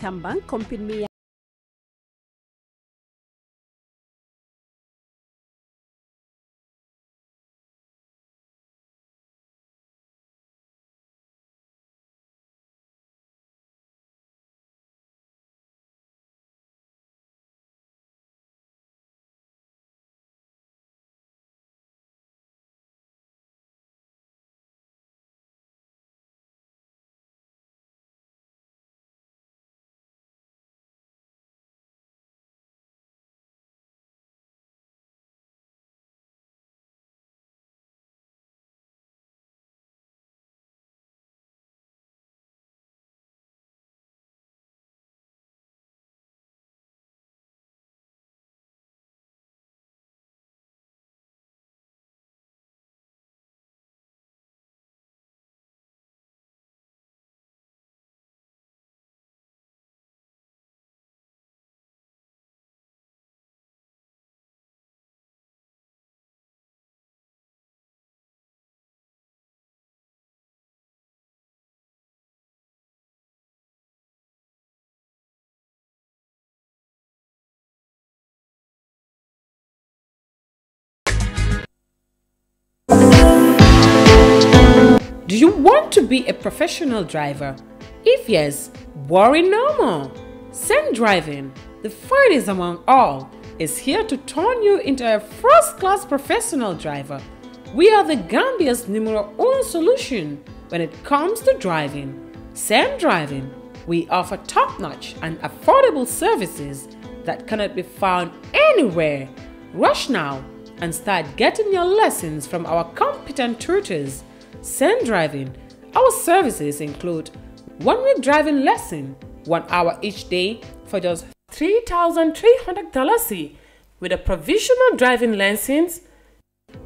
kan ban kɔnpme Do you want to be a professional driver? If yes, worry no more. Send Driving, the finest among all, is here to turn you into a first-class professional driver. We are the Gambia's numero uno solution when it comes to driving. Send Driving, we offer top-notch and affordable services that cannot be found anywhere. Rush now and start getting your lessons from our competent tutors send driving. Our services include one week driving lesson, one hour each day for just $3,300 with a provisional driving license,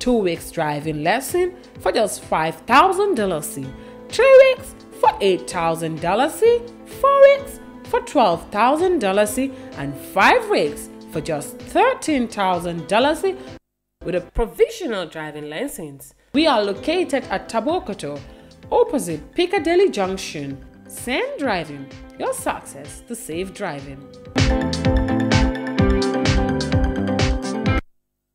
two weeks driving lesson for just $5,000, three weeks for $8,000, four weeks for $12,000, and five weeks for just $13,000 with a provisional driving license. We are located at Tabokoto, opposite Piccadilly Junction. Send driving, your success to safe driving.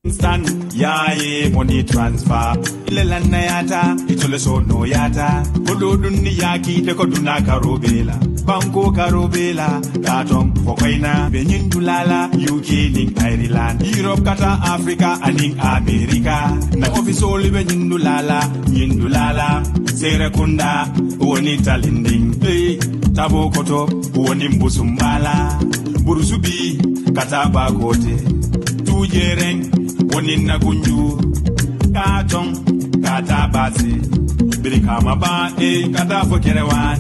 Stan yaye money transfer ilela na yata itole so no yata kodo dunya ki te duna karobela banko karobela katon fokaina benin dulala UK ning Ireland Europe kata Africa aning America na office only benin dulala nin dulala sere kunda woni talinding hey tabo koto woni mbusumbala burusubi kata bakote tujereng oninagunju kaatɔn ka taa baasi birikama baa e ka taa fɔ kɛrɛwaan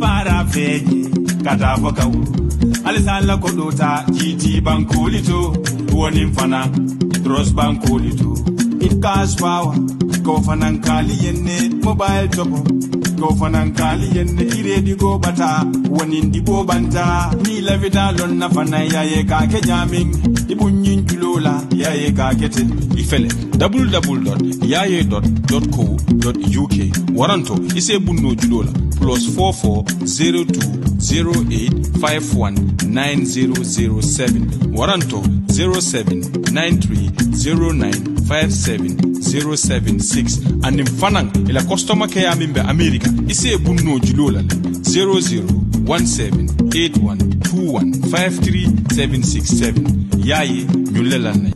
baara fɛɛji ka taa fɔ kawo halisa an lakodɔ ta jiti bankooli to woni fana dros bankooli to i kaasuwawa k'o ye ne mobile tɔpɔ to fanan kaliyen ne iredi gobata wonindi bobanta ni lawita lonna fanan yaye kake nyamin ibunyin julola yaye kake ten ifele www.yaye.co.uk waranto ise bunno julola plus 44 02 440208519007 waranto 07 57 076 ani fana ila customer care min america ise bunno bun n'o julo la le 001781215377 y'a ye ɲolilɛ la nɛ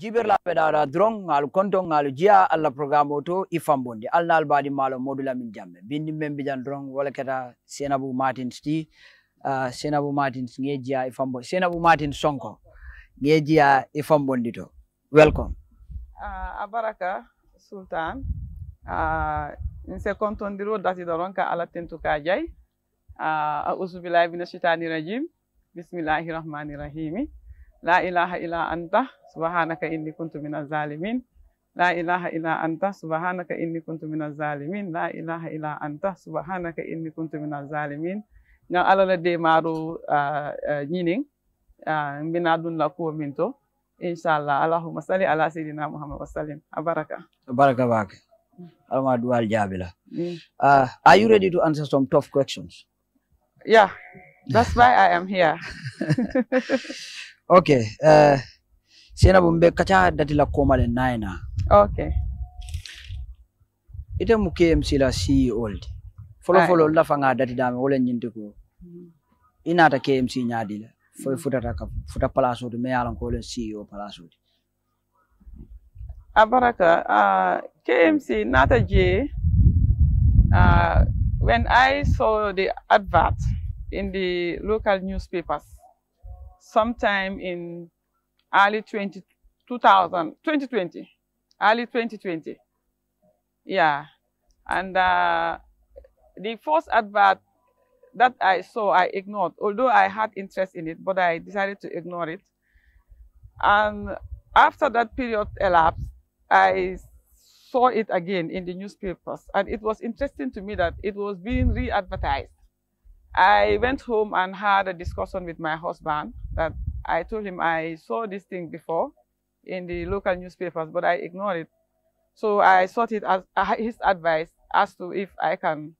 jibir la bedara drong ngal konto ngal jia alla programo to ifambondi al nal badi malo modula min jambe bindi mem bijan drong wala kata senabu martin sti uh, senabu ngejia ifam bondi senabu martin sonko Gejiya Ifam Bondito. Welcome. Uh, abaraka Sultan. Uh, ah, konton kontondiro dati doronka ala tentu kajay. Uh, ah, A'udzu billahi rajim. Bismillahirrahmanirrahim. La ilaha illa anta subhanaka inni kuntu minaz zalimin. La ilaha illa anta subhanaka inni kuntu minaz zalimin. La ilaha illa anta subhanaka inni kuntu minaz zalimin. Nga alala de maru uh, uh, nyining. Ah, mbina bɛna la lakuwo min to inshallah allahumma salli ala sayidina muhammad wasallim abaraka baraka bake alama dual jabila uh, hmm. ah, are you ready to answer some tough questions yeah that's why i am here okay uh, eh, sena bumbe kacha datila komale naina okay ite mu KMC la CEO old. Follow, follow, la fanga dati dame wala nyinte ko hmm. inata KMC nyadi la For the mm. palace futa palaso to me ye a ceo palaso ti Abaraka, kmc nata when i saw the advert in the local newspapers sometime in early 20, 2000, 2020, early 2020. Yeah. And uh, the first advert that I saw, I ignored, although I had interest in it, but I decided to ignore it. And after that period elapsed, I saw it again in the newspapers. And it was interesting to me that it was being re advertised. I went home and had a discussion with my husband that I told him I saw this thing before in the local newspapers, but I ignored it. So I sought his advice as to if I can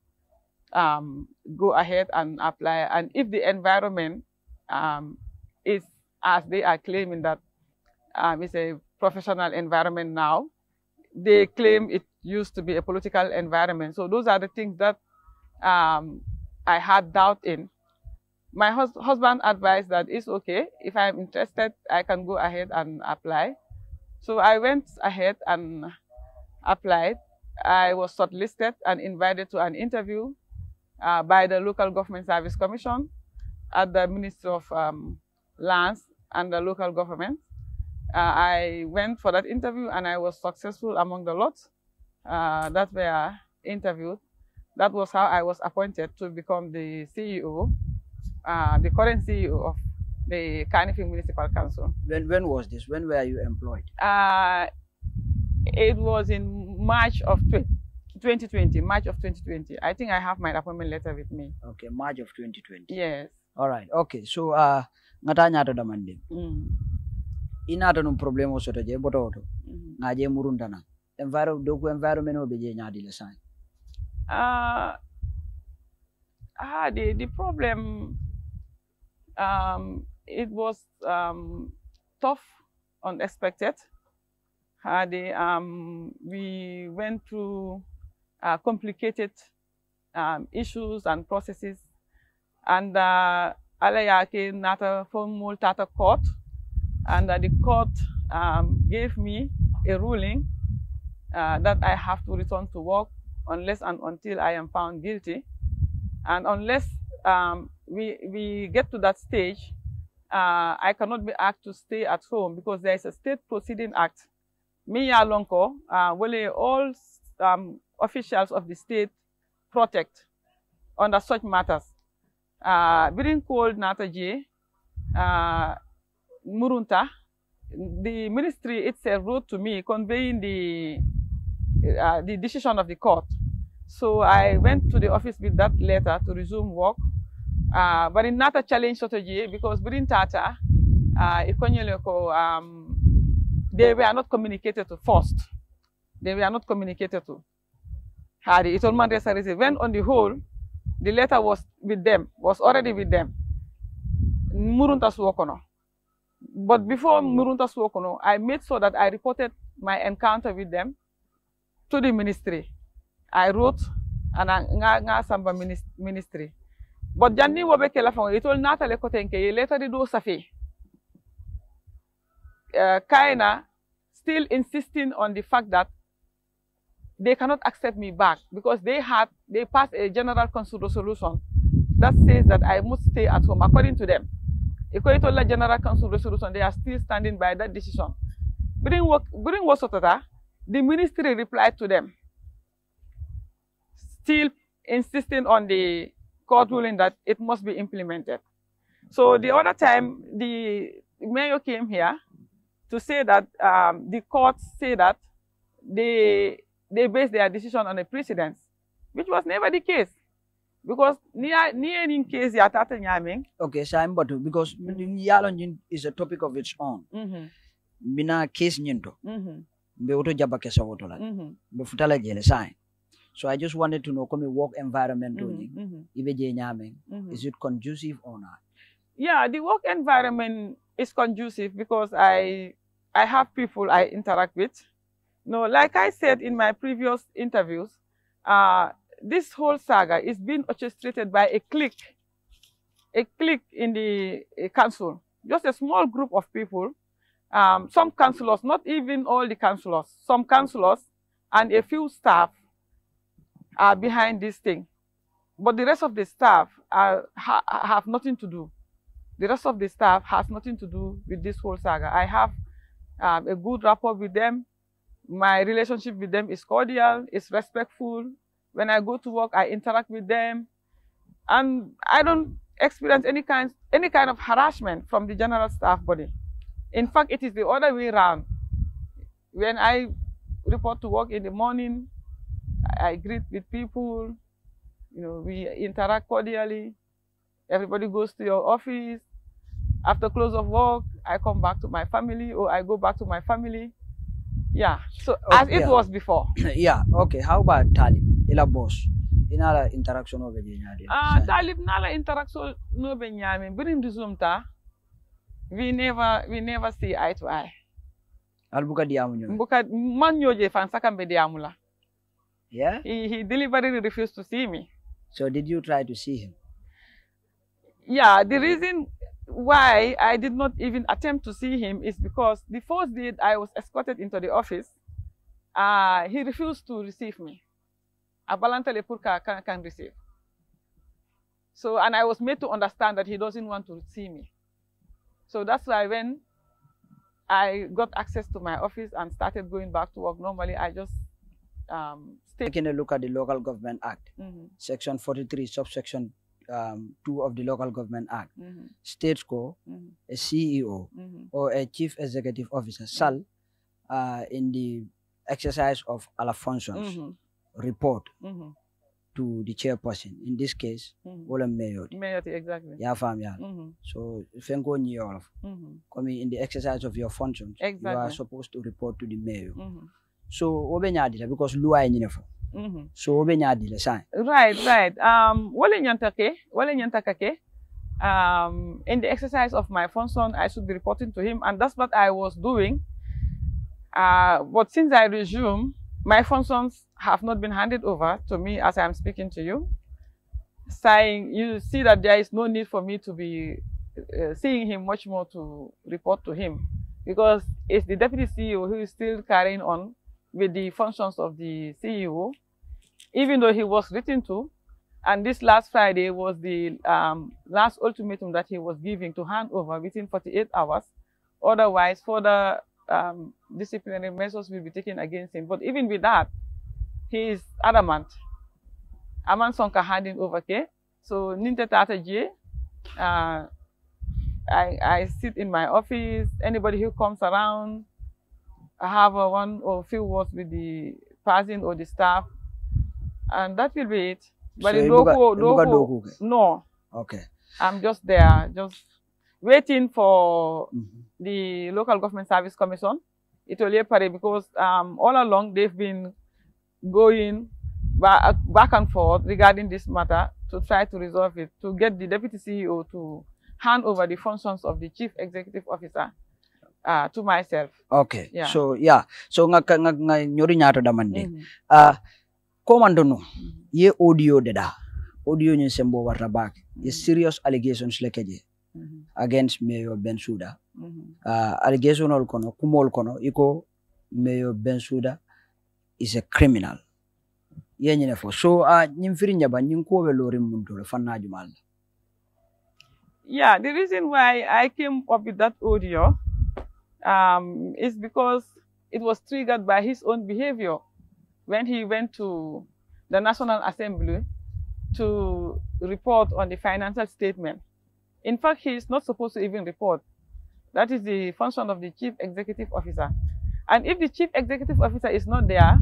um, go ahead and apply. And if the environment um, is as they are claiming that um, it's a professional environment now, they claim it used to be a political environment. So those are the things that um, I had doubt in. My hus husband advised that it's okay. If I'm interested, I can go ahead and apply. So I went ahead and applied. I was shortlisted and invited to an interview uh, by the Local Government Service Commission at the Ministry of um, Lands and the Local Government. Uh, I went for that interview and I was successful among the lot uh, that were interviewed. That was how I was appointed to become the CEO, uh, the current CEO of the Carnifing Municipal Council. When, when was this? When were you employed? Uh, it was in March of 20, 2020, March of 2020. I think I have my appointment letter with me. Okay, March of 2020. Yes. All right. Okay. So uh ngatanya to damande. Mm. Inata num problemo soto je boto oto. Mm. Ngaje murundana. Enviro doku environment be je nyadi le sai. Uh ah the the problem um it was um tough unexpected. Uh, the um, we went through uh, complicated um, issues and processes. And uh, Alayake Nata formal Tata court, and uh, the court um, gave me a ruling uh, that I have to return to work unless and until I am found guilty. And unless um, we, we get to that stage, uh, I cannot be asked to stay at home because there is a State Proceeding Act. Miya Lonko, uh, all um, officials of the state protect under such matters. Uh, during cold Nataji, uh, Murunta, the ministry itself wrote to me conveying the, uh, the decision of the court. So I went to the office with that letter to resume work. Uh, but in Nata challenge because within Tata, uh, um, they were not communicated to first. They were not communicated to had the Itoman Research When on the whole, the letter was with them, was already with them. Murunta suokono. But before Murunta suokono, I made sure that I reported my encounter with them to the ministry. I wrote an nga nga samba ministry. But janni wobe kela it will not let you ye letter di do safi. Uh, Kaina still insisting on the fact that they cannot accept me back because they have they passed a general council resolution that says that I must stay at home according to them. According to the general council resolution, they are still standing by that decision. During work during Wasotata, the ministry replied to them, still insisting on the court ruling that it must be implemented. So the other time, the mayor came here to say that um, the court said that they they based their decision on a precedence, which was never the case. Because near near in case ya tata nyaming. Okay, Sam, but because yalon is a topic of its own. Mm-hmm. Mina case nyinto. Mm-hmm. Be auto jaba kesa auto la. Mm-hmm. Be futala So I just wanted to know, come work environment doing. Mm-hmm. Is it conducive or not? Yeah, the work environment is conducive because I I have people I interact with. No, like I said in my previous interviews, uh, this whole saga is being orchestrated by a clique, a clique in the council, just a small group of people, um, some councillors, not even all the councillors, some councillors and a few staff are behind this thing. But the rest of the staff are, ha have nothing to do. The rest of the staff has nothing to do with this whole saga. I have um, a good rapport with them. My relationship with them is cordial, it's respectful. When I go to work, I interact with them. And I don't experience any kind, any kind of harassment from the general staff body. In fact, it is the other way around. When I report to work in the morning, I, I greet with people, you know, we interact cordially. Everybody goes to your office. After close of work, I come back to my family or I go back to my family. Yeah. So okay, oh, as it yeah. was before. yeah. Okay. How about Talib? Ila boss. Inala interaction over the United. Ah, Talib nala interaction no Bring the zoom ta. We never we never see eye to eye. Albuka diamunyo. Buka manyo je fansaka mbe la. Yeah. He, he deliberately refused to see me. So did you try to see him? Yeah. The reason why I did not even attempt to see him is because the first day I was escorted into the office, uh, he refused to receive me. Abalanta purka can, can receive. So, and I was made to understand that he doesn't want to see me. So that's why when I got access to my office and started going back to work, normally I just um, stayed. Taking a look at the Local Government Act, mm -hmm. Section 43, subsection um, 2 of the Local Government Act mm-hmm. states co mm-hmm. a CEO mm-hmm. or a Chief Executive Officer, SAL, mm-hmm. uh, in the exercise of all functions, report to the chairperson. In this case, mm-hmm. Mayor. exactly. Yeah, fam, yeah. Mm-hmm. So, Fengo Niolf, coming in the exercise of your functions, exactly. you are supposed to report to the mayor. Mm-hmm. So, Obenyadila, because are in Ninefo. Mm -hmm. so be nyadi le sign right right um wala um in the exercise of my function i should be reporting to him and that's what i was doing uh but since i resume my functions have not been handed over to me as i'm speaking to you saying you see that there is no need for me to be uh, seeing him much more to report to him because it's the deputy ceo who is still carrying on with the functions of the CEO, even though he was written to. And this last Friday was the um, last ultimatum that he was giving to hand over within 48 hours. Otherwise, further um, disciplinary measures will be taken against him. But even with that, he is adamant. Aman Sonka handing over Okay, So Ninte Tata J, uh, I, I sit in my office. Anybody who comes around, I have uh, one or few words with the person or the staff, and that will be it. But so in Doku, Doku, Doku, no. Okay. I'm just there, just waiting for mm -hmm. the local government service commission. It will because um, all along they've been going back, back and forth regarding this matter to try to resolve it, to get the deputy CEO to hand over the functions of the chief executive officer uh, to myself. Okay. Yeah. So yeah. So nga nga nga nyori nyato daman de. Mm komando no. Ye audio deda. Audio nyen sembo warta back. Ye mm-hmm. serious allegations lekeje. Mm mm-hmm. Against Mayor Ben Suda. -hmm. Ah, allegation ol kono kumol kono iko Mayor Suda is a criminal. Ye nyene fo. So ah nyim nyaba nyin ko be lori fanna jumal. Yeah, the reason why I came up with that audio um, is because it was triggered by his own behavior when he went to the National Assembly to report on the financial statement. In fact, he is not supposed to even report. That is the function of the chief executive officer. And if the chief executive officer is not there,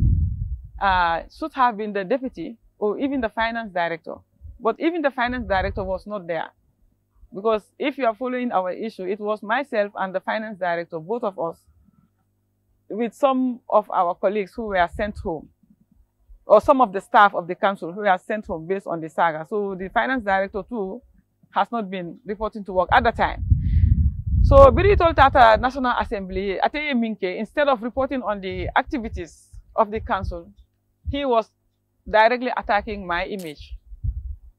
uh, should have been the deputy or even the finance director. But even the finance director was not there. Because if you are following our issue, it was myself and the finance director, both of us, with some of our colleagues who were sent home, or some of the staff of the council who were sent home based on the saga. So the finance director too has not been reporting to work at the time. So Biri told Tata National Assembly, Ateye Minke, instead of reporting on the activities of the council, he was directly attacking my image.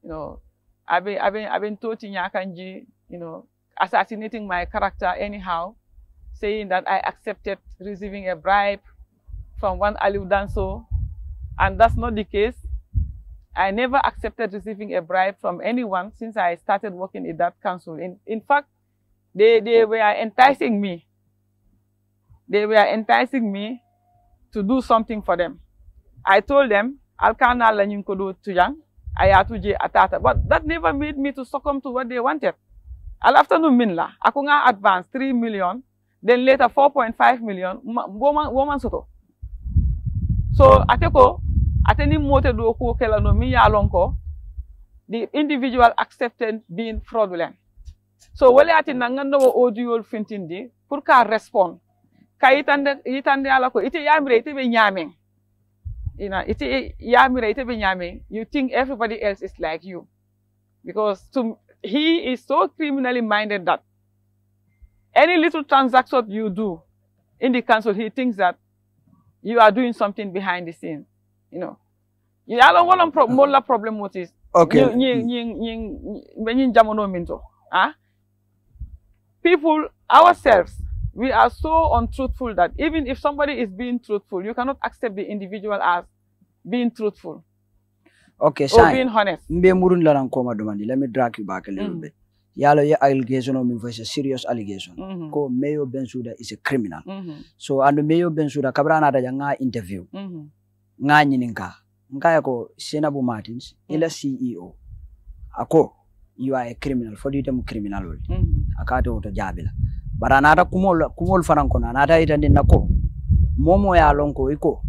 You know, I've been, I've been, I've been told in Yakanji, you know, assassinating my character anyhow, saying that I accepted receiving a bribe from one Aliu Danso, and that's not the case. I never accepted receiving a bribe from anyone since I started working in that council. In, in fact, they, they were enticing me. They were enticing me to do something for them. I told them, Alkana Lanyunkodo Tuyang, ayatuje atata. But that never made me to succumb to what they wanted. Al afternoon minla, ako nga advance 3 million, then later 4.5 million, woman, soto. So ateko, ateni mote do ko kela no mi yalonko, individual accepted being fraudulent. So wale ati nangando wo audio fintindi, pour ka respond. Ka itande, itande alako, ite yamre, ite be nyameng. you know, ite yamira ite benyame, you think everybody else is like you. Because to, he is so criminally minded that any little transaction you do in the council, he thinks that you are doing something behind the scene, you know. You don't want to the problem with this. Okay. People, ourselves, we are so untruthful that even if somebody is being truthful, you cannot accept the individual as being truthful. Okay, Shine. Or being honest. Let me drag you back a little mm. bit. yalo ye allegation of me a serious allegation mm -hmm. ko mayo bensuda is a criminal mm-hmm. so and mayo bensuda kabra na da nga interview mm-hmm. mm -hmm. nga nyininka nga yako senabu martins ila ceo ako you are a criminal for them criminal mm -hmm. akato bara nada kumol kumol fanan kono ida ni nako momo ya alonko iko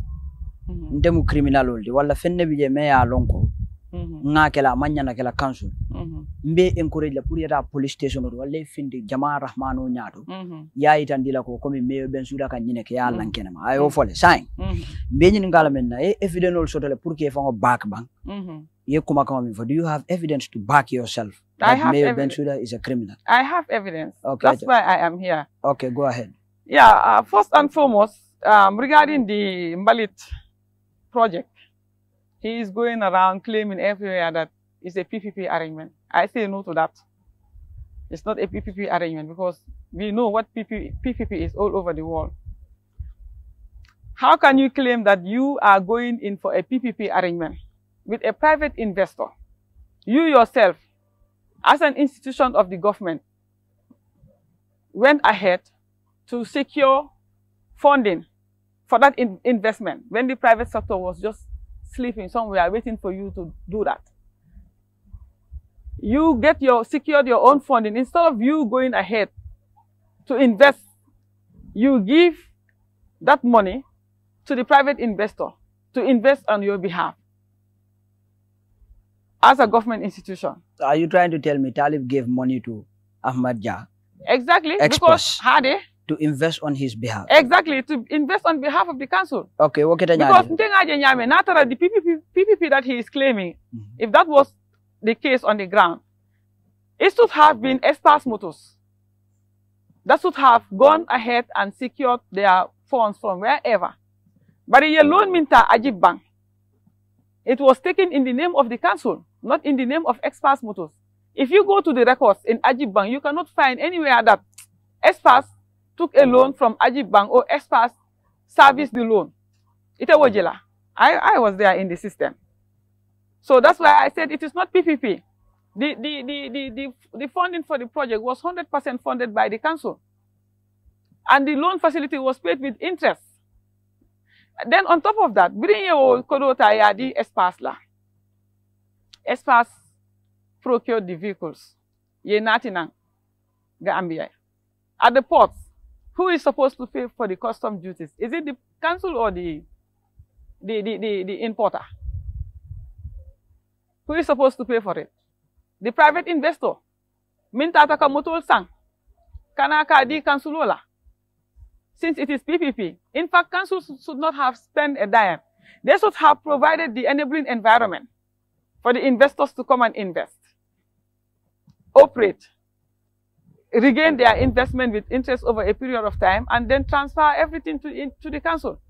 mm -hmm. ndemu criminal oldi walla fenne bije me ya alonko mm -hmm. nga kela manya na kela kansu mm -hmm. mbe encourage la pour yata police station do walla finde jama rahmano nyado mm -hmm. ya itandi la ko komi me ben suda kan nyine ke ya mm -hmm. lankena ma ayo mm-hmm. fole sain mm -hmm. mbe nyin ngala men na e evidence ol sotale pour ke fango back bang mm -hmm. do you have evidence to back yourself that I have Mayor is a criminal? I have evidence. Okay, That's why I am here. Okay, go ahead. Yeah, uh, first and foremost, um, regarding the Mbalit project, he is going around claiming everywhere that it's a PPP arrangement. I say no to that. It's not a PPP arrangement because we know what PPP, PPP is all over the world. How can you claim that you are going in for a PPP arrangement with a private investor, you yourself, as an institution of the government, went ahead to secure funding for that in investment when the private sector was just sleeping somewhere waiting for you to do that. You get your, secured your own funding. Instead of you going ahead to invest, you give that money to the private investor to invest on your behalf as a government institution. Are you trying to tell me Talib gave money to Ahmad Jah? Exactly, because Hadi to invest on his behalf. Exactly, to invest on behalf of the council. Okay, okay. Because Ntengaje Nyame, Natara, the PPP, PPP that he is claiming, mm -hmm. if that was the case on the ground, it should have been Estes Motors. That should have gone ahead and secured their funds from wherever. But in your loan Ajib Bank, it was taken in the name of the council not in the name of Express Motors. If you go to the records in Ajib Bank, you cannot find anywhere that Express took a loan from Ajib Bank or Express serviced the loan. It I, I was there in the system. So that's why I said it is not PPP. The, the, the, the, the, the funding for the project was 100% funded by the council. And the loan facility was paid with interest. Then on top of that, your Kodota Yadi Espasla. espace procure the vehicles ye natinang Gambia. At the port, who is supposed to pay for the custom duties? Is it the council or the, importer? Who is supposed to pay for it? The private investor. Mintata kamotol sang. Kanaka di councilola. Since it is PPP, in fact, councils should not have spent a dime. They should have provided the enabling environment for the investors to come and invest, operate, regain their investment with interest over a period of time, and then transfer everything to, in, to the council.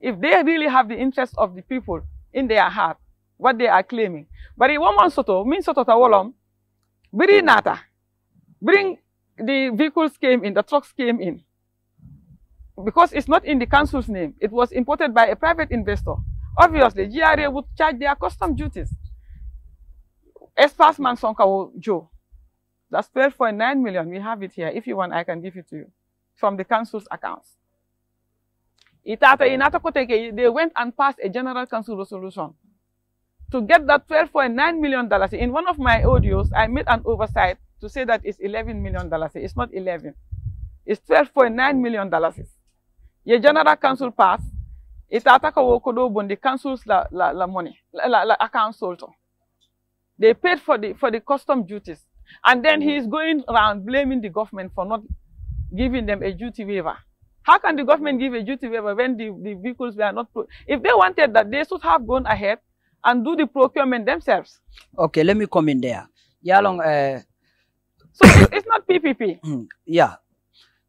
If they really have the interest of the people in their heart, what they are claiming. But in one soto, min soto tawolom, bring nata, bring the vehicles came in, the trucks came in. Because it's not in the council's name, it was imported by a private investor. Obviously, GRA would charge their custom duties. Experts Mansonkawo Joe. That's 12.9 million. We have it here. If you want, I can give it to you from the council's accounts. they went and passed a general council resolution to get that 12.9 million dollars. In one of my audios, I made an oversight to say that it's 11 million dollars. It's not 11. It's 12.9 million dollars. The general council passed. Itata Kawokodo the council's la, la, money, la, la, account they paid for the, for the custom duties. And then he mm. is going around blaming the government for not giving them a duty waiver. How can the government give a duty waiver when the, the vehicles were not... If they wanted that, they should have gone ahead and do the procurement themselves. Okay, let me come in there. Yalong, uh... So it's not PPP. Hmm, yeah.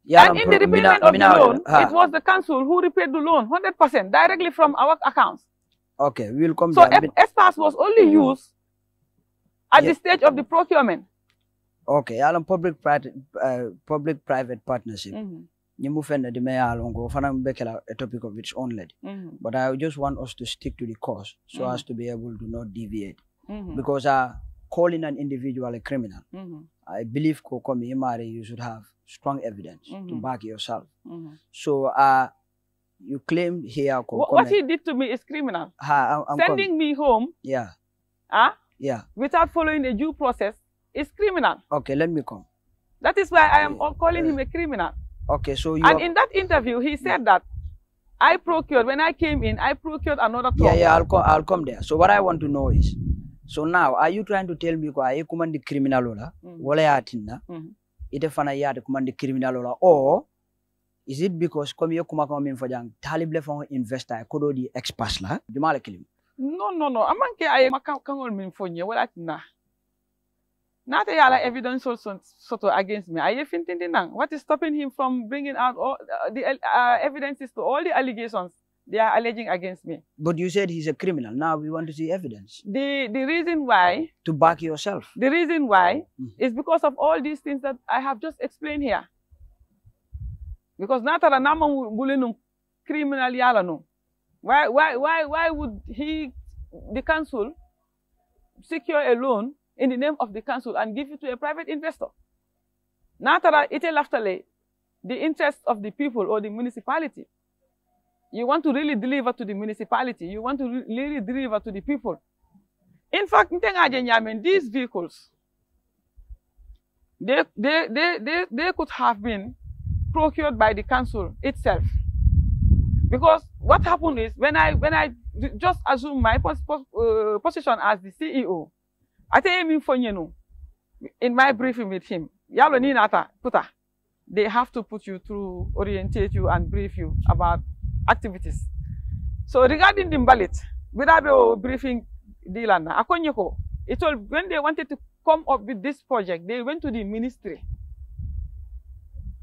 Yalong and in the uh, repayment of the uh, loan, uh, it was the council who repaid the loan 100% directly from our accounts. Okay, we'll come so back. pass was only mm. used at the stage of the procurement. Okay, along public private uh, public private partnership. Mm -hmm. Nimufenda di going to a topic of its own led. Mm -hmm. But I just want us to stick to the course so mm -hmm. as to be able to not deviate. Mm -hmm. Because uh, calling an individual a criminal, mm -hmm. I believe Kokomi Imari, you should have strong evidence mm -hmm. to mm-hmm. back yourself. Mm -hmm. So uh, you claim here. what he did to me is criminal. Ha, I'm, I'm Sending coming. me home. Yeah. Huh? Ah, yeah. without following a due process is criminal. Okay, let me come. That is why I am yeah. calling him a criminal. Okay, so you. And in that interview, he said that I procured, when I came in, I procured another truck. Yeah, yeah, I'll, co I'll come there. So what I want to know is, so now, are you trying to tell me ko aye kumandi criminal ola, mm. wala ya atinna, mm mm-hmm. ite fana ya ate kumandi criminal ola, or is it because komi yo kuma kama min fojang, talible fong investor, kodo di ex-pass la, jumala no, no, no. I'm Amanke for makangol Well, fonye wala tina. Nate yala evidence also sort of against me. Aye fintindi nang. What is stopping him from bringing out all uh, the uh, uh, evidences to all the allegations they are alleging against me? But you said he's a criminal. Now we want to see evidence. The the reason why uh, to back yourself. The reason why mm -hmm. is because of all these things that I have just explained here. Because natara nama bulinu criminal yala no. Why, why, why, why would he, the council, secure a loan in the name of the council and give it to a private investor? Natara ite laftale, the interest of the people or the municipality. You want to really deliver to the municipality. You want to really deliver to the people. In fact, these vehicles, they, they, they, they, they could have been procured by the council itself. Because what happened is when I when I just assumed my pos pos uh, position as the CEO, I tell him in in my briefing with him, they have to put you through, orientate you, and brief you about activities. So regarding the ballot, without a briefing deal, it when they wanted to come up with this project, they went to the ministry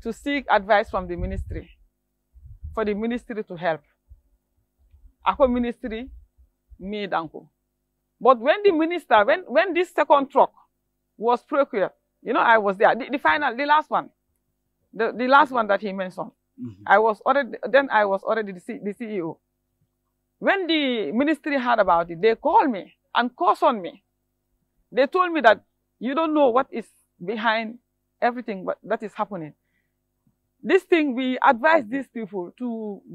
to seek advice from the ministry for the ministry to help. Ako ministry made Anko. But when the minister, when, when this second truck was procured, you know, I was there. The, the final, the last one, the, the last one that he mentioned. Mm -hmm. I was already, then I was already the, C, the CEO. When the ministry heard about it, they called me and cautioned me. They told me that you don't know what is behind everything that is happening. This thing, we advise these people to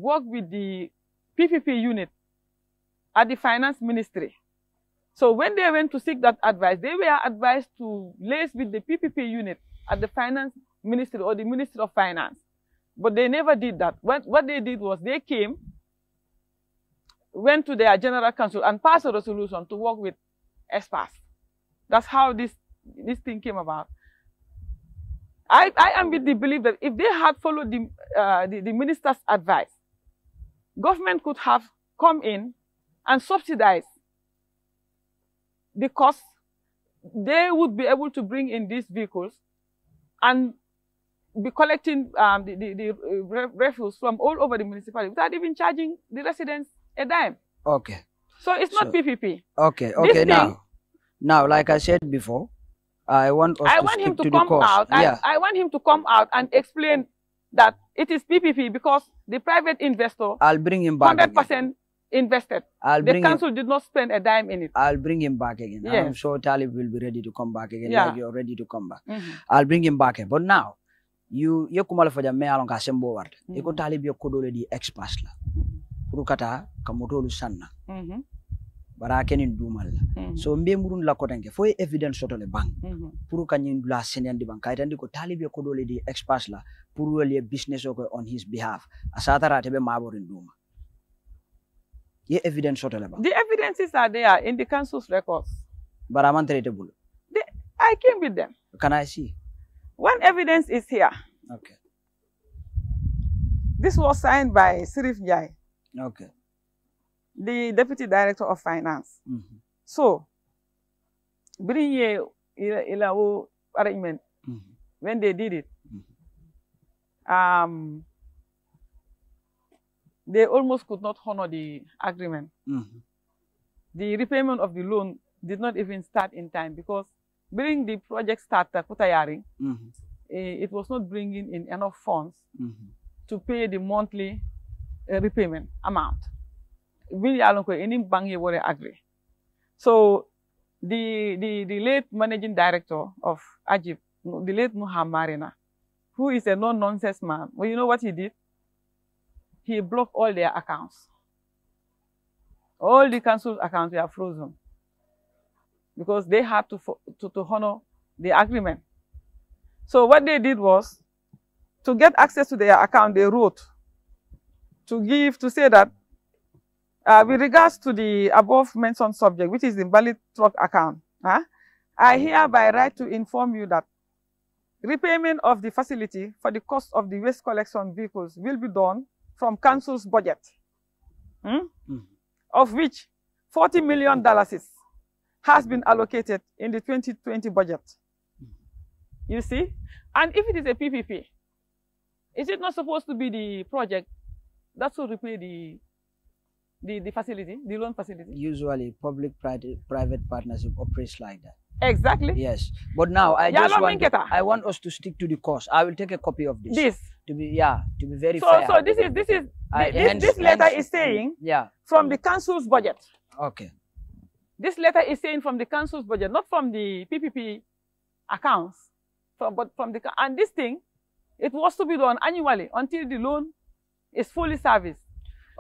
work with the PPP unit at the finance ministry. So when they went to seek that advice, they were advised to liaise with the PPP unit at the finance ministry or the ministry of finance. But they never did that. What, what they did was they came, went to their general council and passed a resolution to work with experts. That's how this, this thing came about. I, I am with the belief that if they had followed the, uh, the, the minister's advice, government could have come in and subsidize because They would be able to bring in these vehicles and be collecting um, the, the, the uh, refuse from all over the municipality without even charging the residents a dime. Okay. So it's not so, PPP. Okay, okay. Thing, now, now, like I said before, I want I want him to, to come out. Yeah. I want him to come out and explain that it is PPP because the private investor I'll bring him back 100% invested. I'll the council him. did not spend a dime in it. I'll bring him back again. Yes. I'm sure Talib will be ready to come back again yeah. like you're ready to come back. Mm -hmm. I'll bring him back again. But now, you ye kumala faja me alon ka sembo warta. word. -hmm. Iko mm-hmm. Talib yo kodole di experts la. Mm-hmm. Kurukata kamotolu sanna. Mm -hmm bara kenin dumal mm -hmm. so mbe murun la kotanke foi e evidence soto le bank mm -hmm. pour kanyin la senen ya di bank. kaitan di ko talibe ko dole di experts la pour le business ok on his behalf asatara tebe maborin duma ye evidence soto le bank the evidences are there in the council's records bara man table the, i came with them can i see one evidence is here okay this was signed by Sirif Jai okay the deputy director of finance. Mm -hmm. So, bring ye ilawo arrangement mm-hmm. when they did it. Mm -hmm. Um, they almost could not honor the agreement. Mm-hmm. The repayment of the loan did not even start in time because during the project started Kutayari, mm it was not bringing in enough funds to pay the monthly uh, repayment amount really with any bank here were agree. So the, the, the late managing director of Ajib, the late Muhammad Marina, who is a no-nonsense man, well, you know what he did? He blocked all their accounts. All the council accounts were frozen because they had to, to, to honor the agreement. So what they did was, to get access to their account, they wrote to give, to say that uh, with regards to the above mentioned subject, which is the Bali truck account, huh, I mm. hereby write to inform you that repayment of the facility for the cost of the waste collection vehicles will be done from council's budget, hmm? mm. of which $40 million mm. has been allocated in the 2020 budget. Mm. You see? And if it is a PPP, is it not supposed to be the project that will repay the the, the facility, the loan facility? Usually, public-private private partnership operates like that. Exactly. Yes. But now I yeah, just want to, I want us to stick to the course. I will take a copy of this. This to be yeah to be very so, fair. So this is this is I, this, hence, this letter hence, is saying yeah from the council's budget. Okay. This letter is saying from the council's budget, not from the PPP accounts, from but from the and this thing, it was to be done annually until the loan is fully serviced.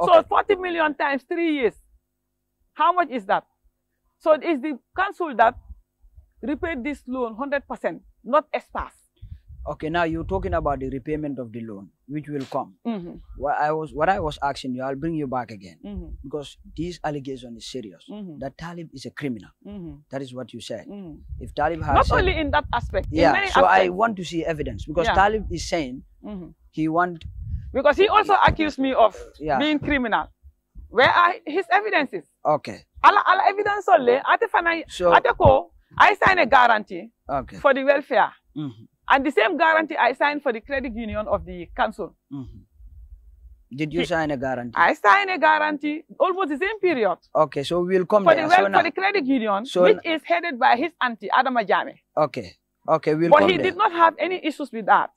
Okay. So 40 million times three years. How much is that? So it is the council that repaid this loan 100%, not SPAS. Okay, now you're talking about the repayment of the loan, which will come. Mm -hmm. What I was what I was asking you, I'll bring you back again mm -hmm. because this allegation is serious. Mm -hmm. That Talib is a criminal. Mm-hmm. That is what you said. Mm-hmm. If Talib has not said, only in that aspect, yeah. so aspects. I want to see evidence because yeah. Talib is saying mm-hmm. he want because he also accused me of yeah. being criminal. Where are his evidences? Okay. Ala ala evidence only. Ate sure. I sign a guarantee okay. for the welfare. Mm -hmm. And the same guarantee I signed for the credit union of the council. Mm -hmm. Did you he, sign a guarantee? I signed a guarantee almost the same period. Okay, so we'll come for there. The, so for the credit union, so which is headed by his auntie, Adam Ajame. Okay, okay, we'll but come But he there. did not have any issues with that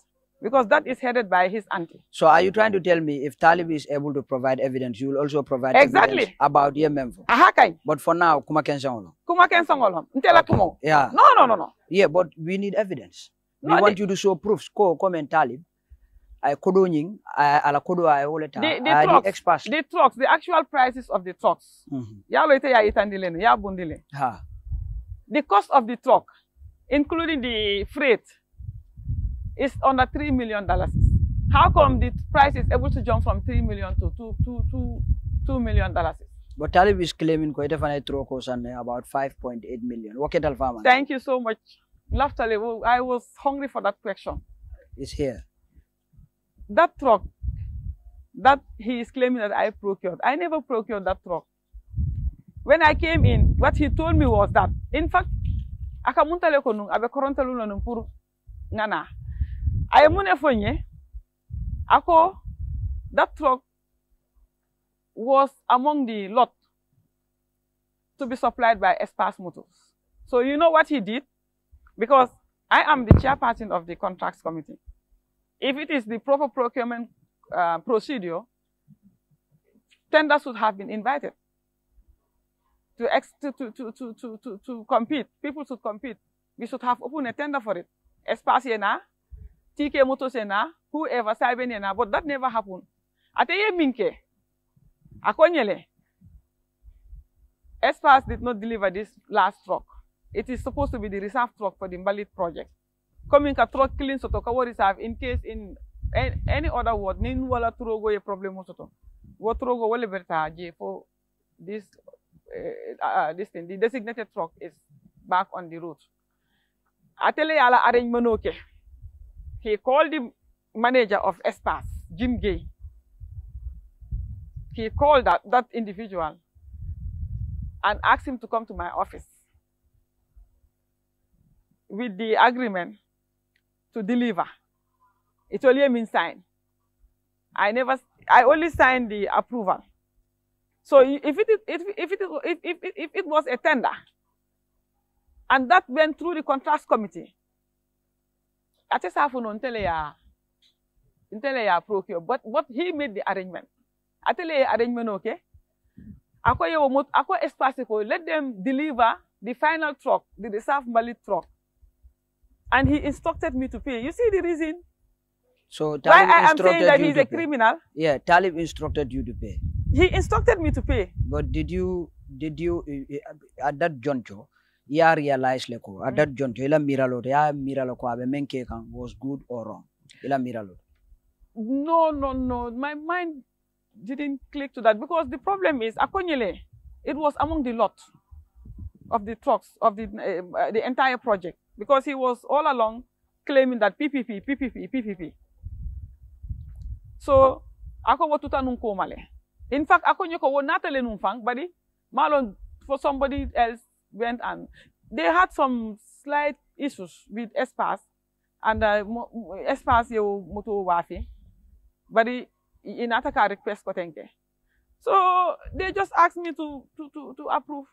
because that is headed by his auntie. So are you trying to tell me if Talib is able to provide evidence, you will also provide exactly. evidence about Yememfo? Ahakai. But for now, Kuma Kensangolo. Kuma Kensangolo. Ntela Kumo. Yeah. No, no, no, no. Yeah, but we need evidence. We want you to show proofs. Ko, come and Talib. I kodo nying, ala kodo ay the, trucks, the trucks, the actual prices of the trucks. Mm-hmm. Ya loite ya itandilene, ya bundile. The cost of the truck, including the freight, it's under $3 million. How come the price is able to jump from $3 to $2, But dollars is claiming 2000000 million? But Talib is claiming uh, about 5.8 million. What can farmer? Thank you so much. Love Talib. I was hungry for that question. It's here. That truck that he is claiming that I procured, I never procured that truck. When I came in, what he told me was that, in fact, I tell akamuntaleko nung abe korontaluna nung pur ngana. I am on ne phone. ako that truck was among the lot to be supplied by Espas Motors. So you know what he did? Because I am the chairperson of the contracts committee. If it is the proper procurement uh, procedure, tenders would have been invited to, to, to, to, to, to, to compete. People should compete. We should have opened a tender for it. Espas now. TK Motosena, whoever, Saibenena, but that never happened. Ateye Minke, Akonyele, experts did not deliver this last truck. It is supposed to be the reserve truck for the Mbalit project. Coming a truck clean Sotokawa reserve in case in any other word, nin wala turogo ye problem soto. Wo turogo wale berta je for eh, ah, this, thing. The designated truck is back on the road. Atele yala arrangement okay. He called the manager of Espas, Jim Gay. He called that, that individual and asked him to come to my office with the agreement to deliver. It only means sign. I never, I only signed the approval. So if it, if, if, it, if, if, if it was a tender, and that went through the contracts committee, ate saafo no ntele ya ntele ya procure but but he made the arrangement atele arrangement okay ako yewo mot ako espace let them deliver the final truck the South Mali truck and he instructed me to pay you see the reason so Talib why I am saying that he's a pay. criminal yeah Talib instructed you to pay he instructed me to pay but did you did you eh, eh, at that juncture i y'a realize le ko a mm. da jonto i la miira lo to i y'a miira ko a bɛ kan was good or wrong i la miira no no no my mind didn't click to that because the problem is akonyele it was among the lot of the trucks of the uh, the entire project because he was all along claiming that PPP, PPP, PPP. So, ako wo tuta nung In fact, ako nyoko wo natale nung fang, badi, malon for somebody else went and they had some slight issues with espas and uh, experts you moto wafi, but in Ataka request kotenge. So they just asked me to, to, to, to approve.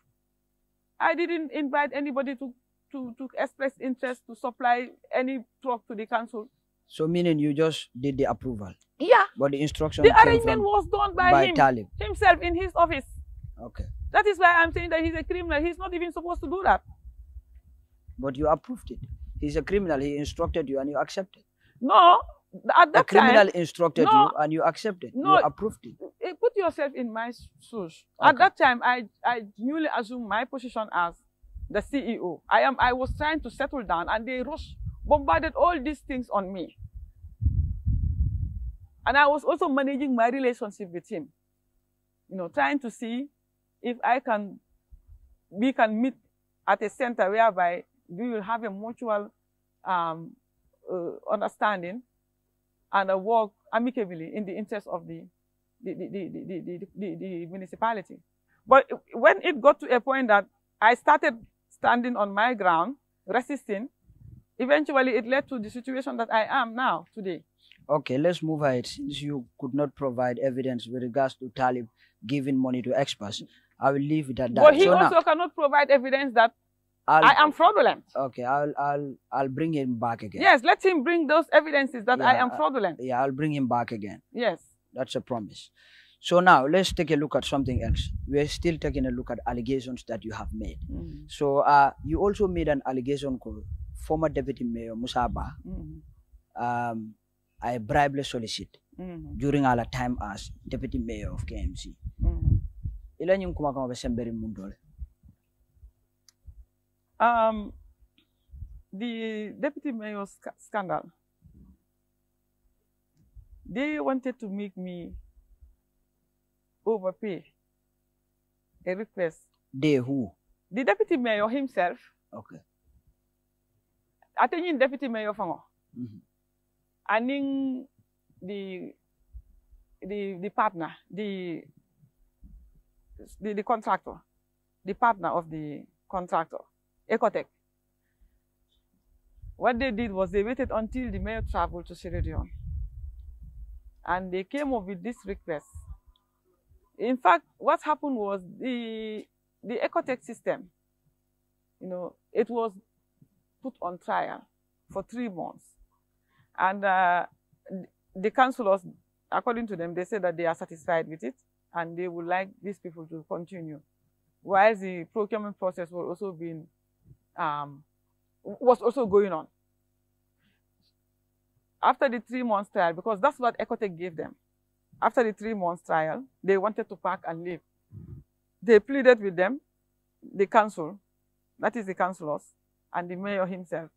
I didn't invite anybody to, to, to express interest to supply any truck to the council. So meaning you just did the approval? Yeah. But the instruction The arrangement was done by, by him, Talib. himself in his office. Okay. That is why I'm saying that he's a criminal. He's not even supposed to do that. But you approved it. He's a criminal. He instructed you and you accepted. No, at that a criminal time, instructed no, you and you accepted. No, you approved it. Eh, put yourself in my shoes. Okay. At that time, I, I newly assumed my position as the CEO. I am. I was trying to settle down, and they rushed, bombarded all these things on me. And I was also managing my relationship with him. You know, trying to see if I can, we can meet at a center whereby we will have a mutual um, uh, understanding and work amicably in the interest of the, the, the, the, the, the municipality. But when it got to a point that I started standing on my ground, resisting, eventually it led to the situation that I am now today. Okay, let's move ahead. Since you could not provide evidence with regards to Talib giving money to experts, I will leave it at that. But he so also now, cannot provide evidence that I'll, I am fraudulent. Okay, I'll I'll I'll bring him back again. Yes, let him bring those evidences that yeah, I am fraudulent. yeah, I'll bring him back again. Yes. That's a promise. So now let's take a look at something else. We're still taking a look at allegations that you have made. Mm -hmm. So uh, you also made an allegation called former deputy mayor Musaba. Mm -hmm. um, I bribed solicit mm -hmm. during our time as deputy mayor of KMC. Mm. ila ñiŋ kama be semberiŋ um, the deputy mayor scandal they wanted to make me overpay a request they who the deputy mayor himself okay ate ñiŋ deputy mayor faŋo mm -hmm. aniŋ the the the partner the the, the contractor, the partner of the contractor, Ecotech. What they did was they waited until the mayor traveled to Sierra Leone. And they came up with this request. In fact, what happened was the, the Ecotech system, you know, it was put on trial for three months. And uh, the councillors, according to them, they said that they are satisfied with it and they would like these people to continue. While the procurement process was also being, um, was also going on. After the three months trial, because that's what Ecotech gave them. After the three months trial, they wanted to pack and leave. They pleaded with them, the council, that is the councillors, and the mayor himself,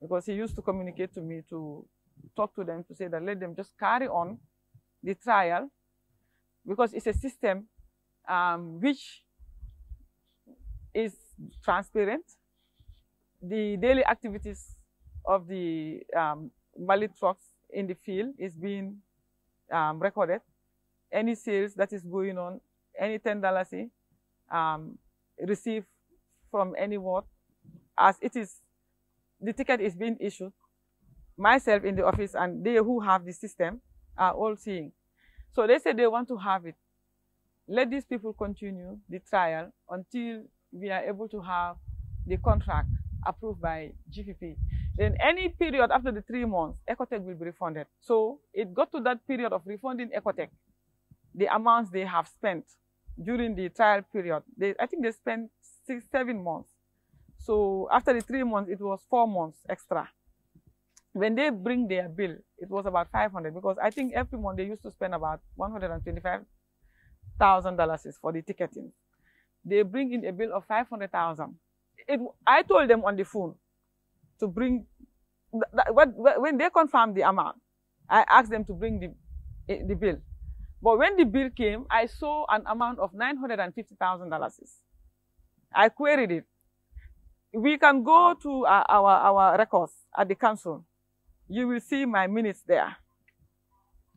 because he used to communicate to me to talk to them to say that let them just carry on the trial because it's a system um, which is transparent. The daily activities of the um, Mali trucks in the field is being um, recorded. Any sales that is going on, any $10 um, received from any as it is, the ticket is being issued. Myself in the office and they who have the system are all seeing. So they said they want to have it. Let these people continue the trial until we are able to have the contract approved by GPP. Then any period after the three months, Ecotech will be refunded. So it got to that period of refunding Ecotech, the amounts they have spent during the trial period. They, I think they spent six, seven months. So after the three months, it was four months extra when they bring their bill, it was about 500 because I think every month they used to spend about $125,000 for the ticketing. They bring in a bill of 500,000. It, I told them on the phone to bring, that, when they confirmed the amount, I asked them to bring the, eh, the bill. But when the bill came, I saw an amount of $950,000. I queried it. We can go to our, uh, our, our records at the council you will see my minutes there.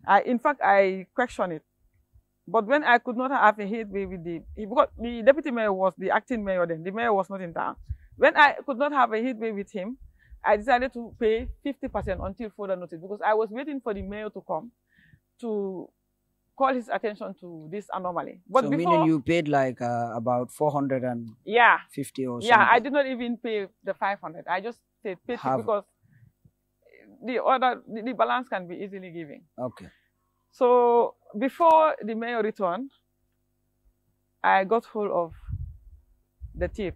I, in fact, I question it. But when I could not have a hit with the, because the deputy mayor was the acting mayor then, the mayor was not in town. When I could not have a hit with him, I decided to pay 50% until further notice because I was waiting for the mayor to come to call his attention to this anomaly. But so before, meaning you paid like uh, about 450 yeah, or something? Yeah, I did not even pay the 500. I just paid 50 because the other, the, the balance can be easily given. Okay. So before the mayor returned, I got hold of the tip.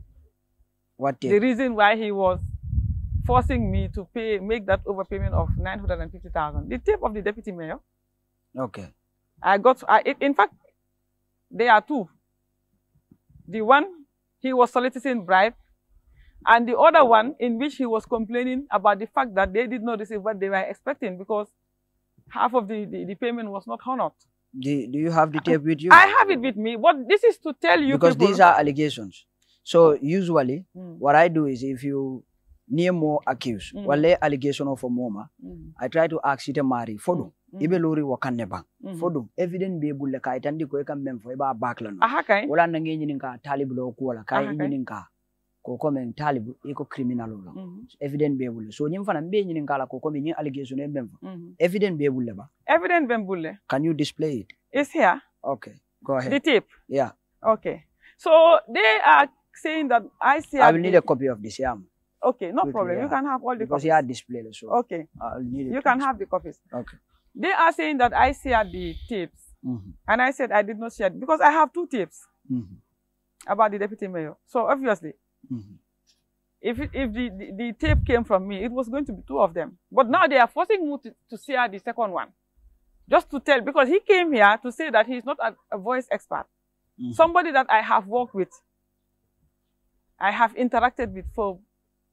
What tip? The reason why he was forcing me to pay, make that overpayment of 950,000. The tip of the deputy mayor. Okay. I got, I, in fact, there are two. The one, he was soliciting bribe and the other one in which he was complaining about the fact that they did not receive what they were expecting because half of the, the, the payment was not honored. Do, do you have the tape with you? I have it with me. What this is to tell you Because people, these are allegations. So usually mm. what I do is if you near more accused, mm. allegation of a moma, mm. I try to ask it mari for ibe lori wakanne bang mm fodum evident be bulle kay tandi ko e kam mem fo e ba bakla wala nangi nyininka talib lo ko komi talibu iko criminal lo mm -hmm. evident be bulle so nyim fana be nyin kala ko komi nyin allegation en ben mm -hmm. evident be bulle ba evident ben bulle can you display it it's here okay go ahead the tape yeah okay so they are saying that i see i will need a copy of this yeah okay no Quickly, problem yeah. you can have all the because copies. you are displayed so okay I'll need you can have the copies okay they are saying that i see the tapes mm -hmm. and i said i did not share because i have two tapes mm-hmm. about the deputy mayor so obviously Mm-hmm. If, if the, the, the, tape came from me, it was going to be two of them. But now they are forcing me to, to the second one. Just to tell, because he came here to say that he's not a, a voice expert. Mm -hmm. Somebody that I have worked with, I have interacted with for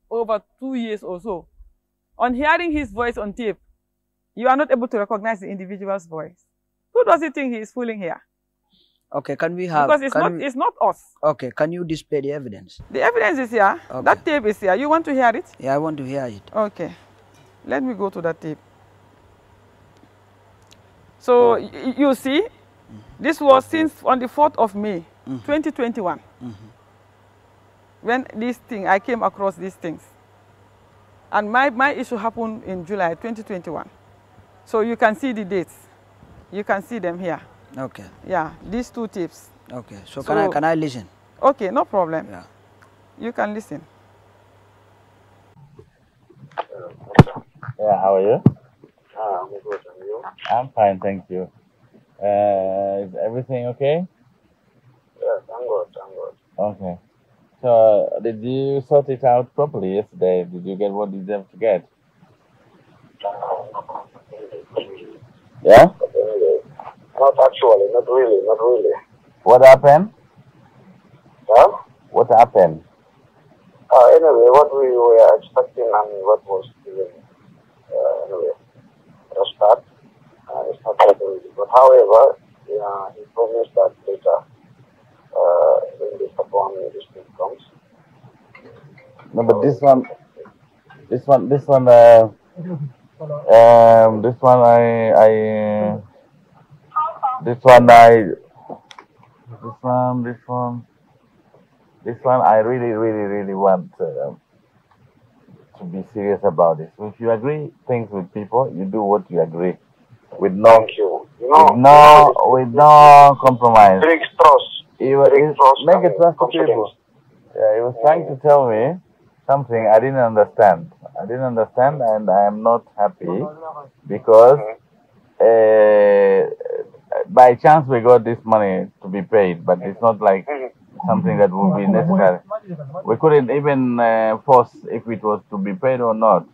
over two years or so. On hearing his voice on tape, you are not able to recognize the individual's voice. Who does he think he is fooling here? Okay, can we have... Because it's, not, we, it's not us. Okay, can you display the evidence? The evidence is here. Okay. That tape is here. You want to hear it? Yeah, I want to hear it. Okay. Let me go to that tape. So, oh. you see, mm-hmm. this was since on the 4th of May, mm -hmm. 2021. Mm -hmm. When this thing, I came across these things. And my, my issue happened in July 2021. So you can see the dates. You can see them here. Okay. Yeah, these two tips. Okay, so, so can, I, can I listen? Okay, no problem. Yeah. You can listen. Yeah, how are you? Ah, I'm good, and you? I'm fine, thank you. Uh, is everything okay? Yes, I'm good, I'm good. Okay. So, did you sort it out properly yesterday? Did you get what you deserve to get? Yeah? Not actually, not really, not really. What happened? Huh? What happened? Uh, anyway, what we were expecting and what was given, uh, anyway, uh, it's not really. But however, yeah, he promised that later, uh, when this upon this thing comes. No, but this one, this one, this one, uh, um, this one I, I, uh, this one I this one this one this one I really really really want uh, to be serious about this. If you agree things with people, you do what you agree with no you with no with no compromise. Break trust. He was, break trust make trust confidence. to people. Yeah, he was trying to tell me something I didn't understand. I didn't understand, and I am not happy mm-hmm. because uh, by chance we got this money to be paid, but it's not like mm-hmm. something that would be necessary. We couldn't even uh, force if it was to be paid or not.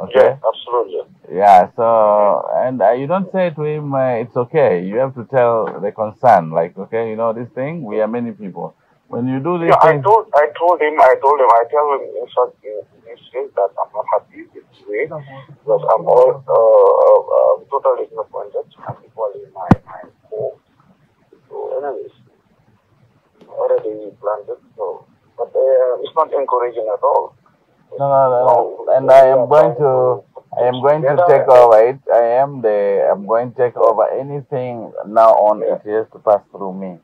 Okay. Yeah, absolutely. Yeah. So, and uh, you don't say to him, uh, "It's okay." You have to tell the concern, like, "Okay, you know this thing. We are many people. When you do this, yeah, thing, I told I told him I told him I tell him in fact he is that I'm not happy with the way because I'm all uh, uh, uh totally disappointed and equally my my home, So anyways, already planted. So but uh, it's not encouraging at all. No, no, no. no. And I am uh, going to. I am going to take over it. I am the. I'm going to take over anything now on. It has to pass through me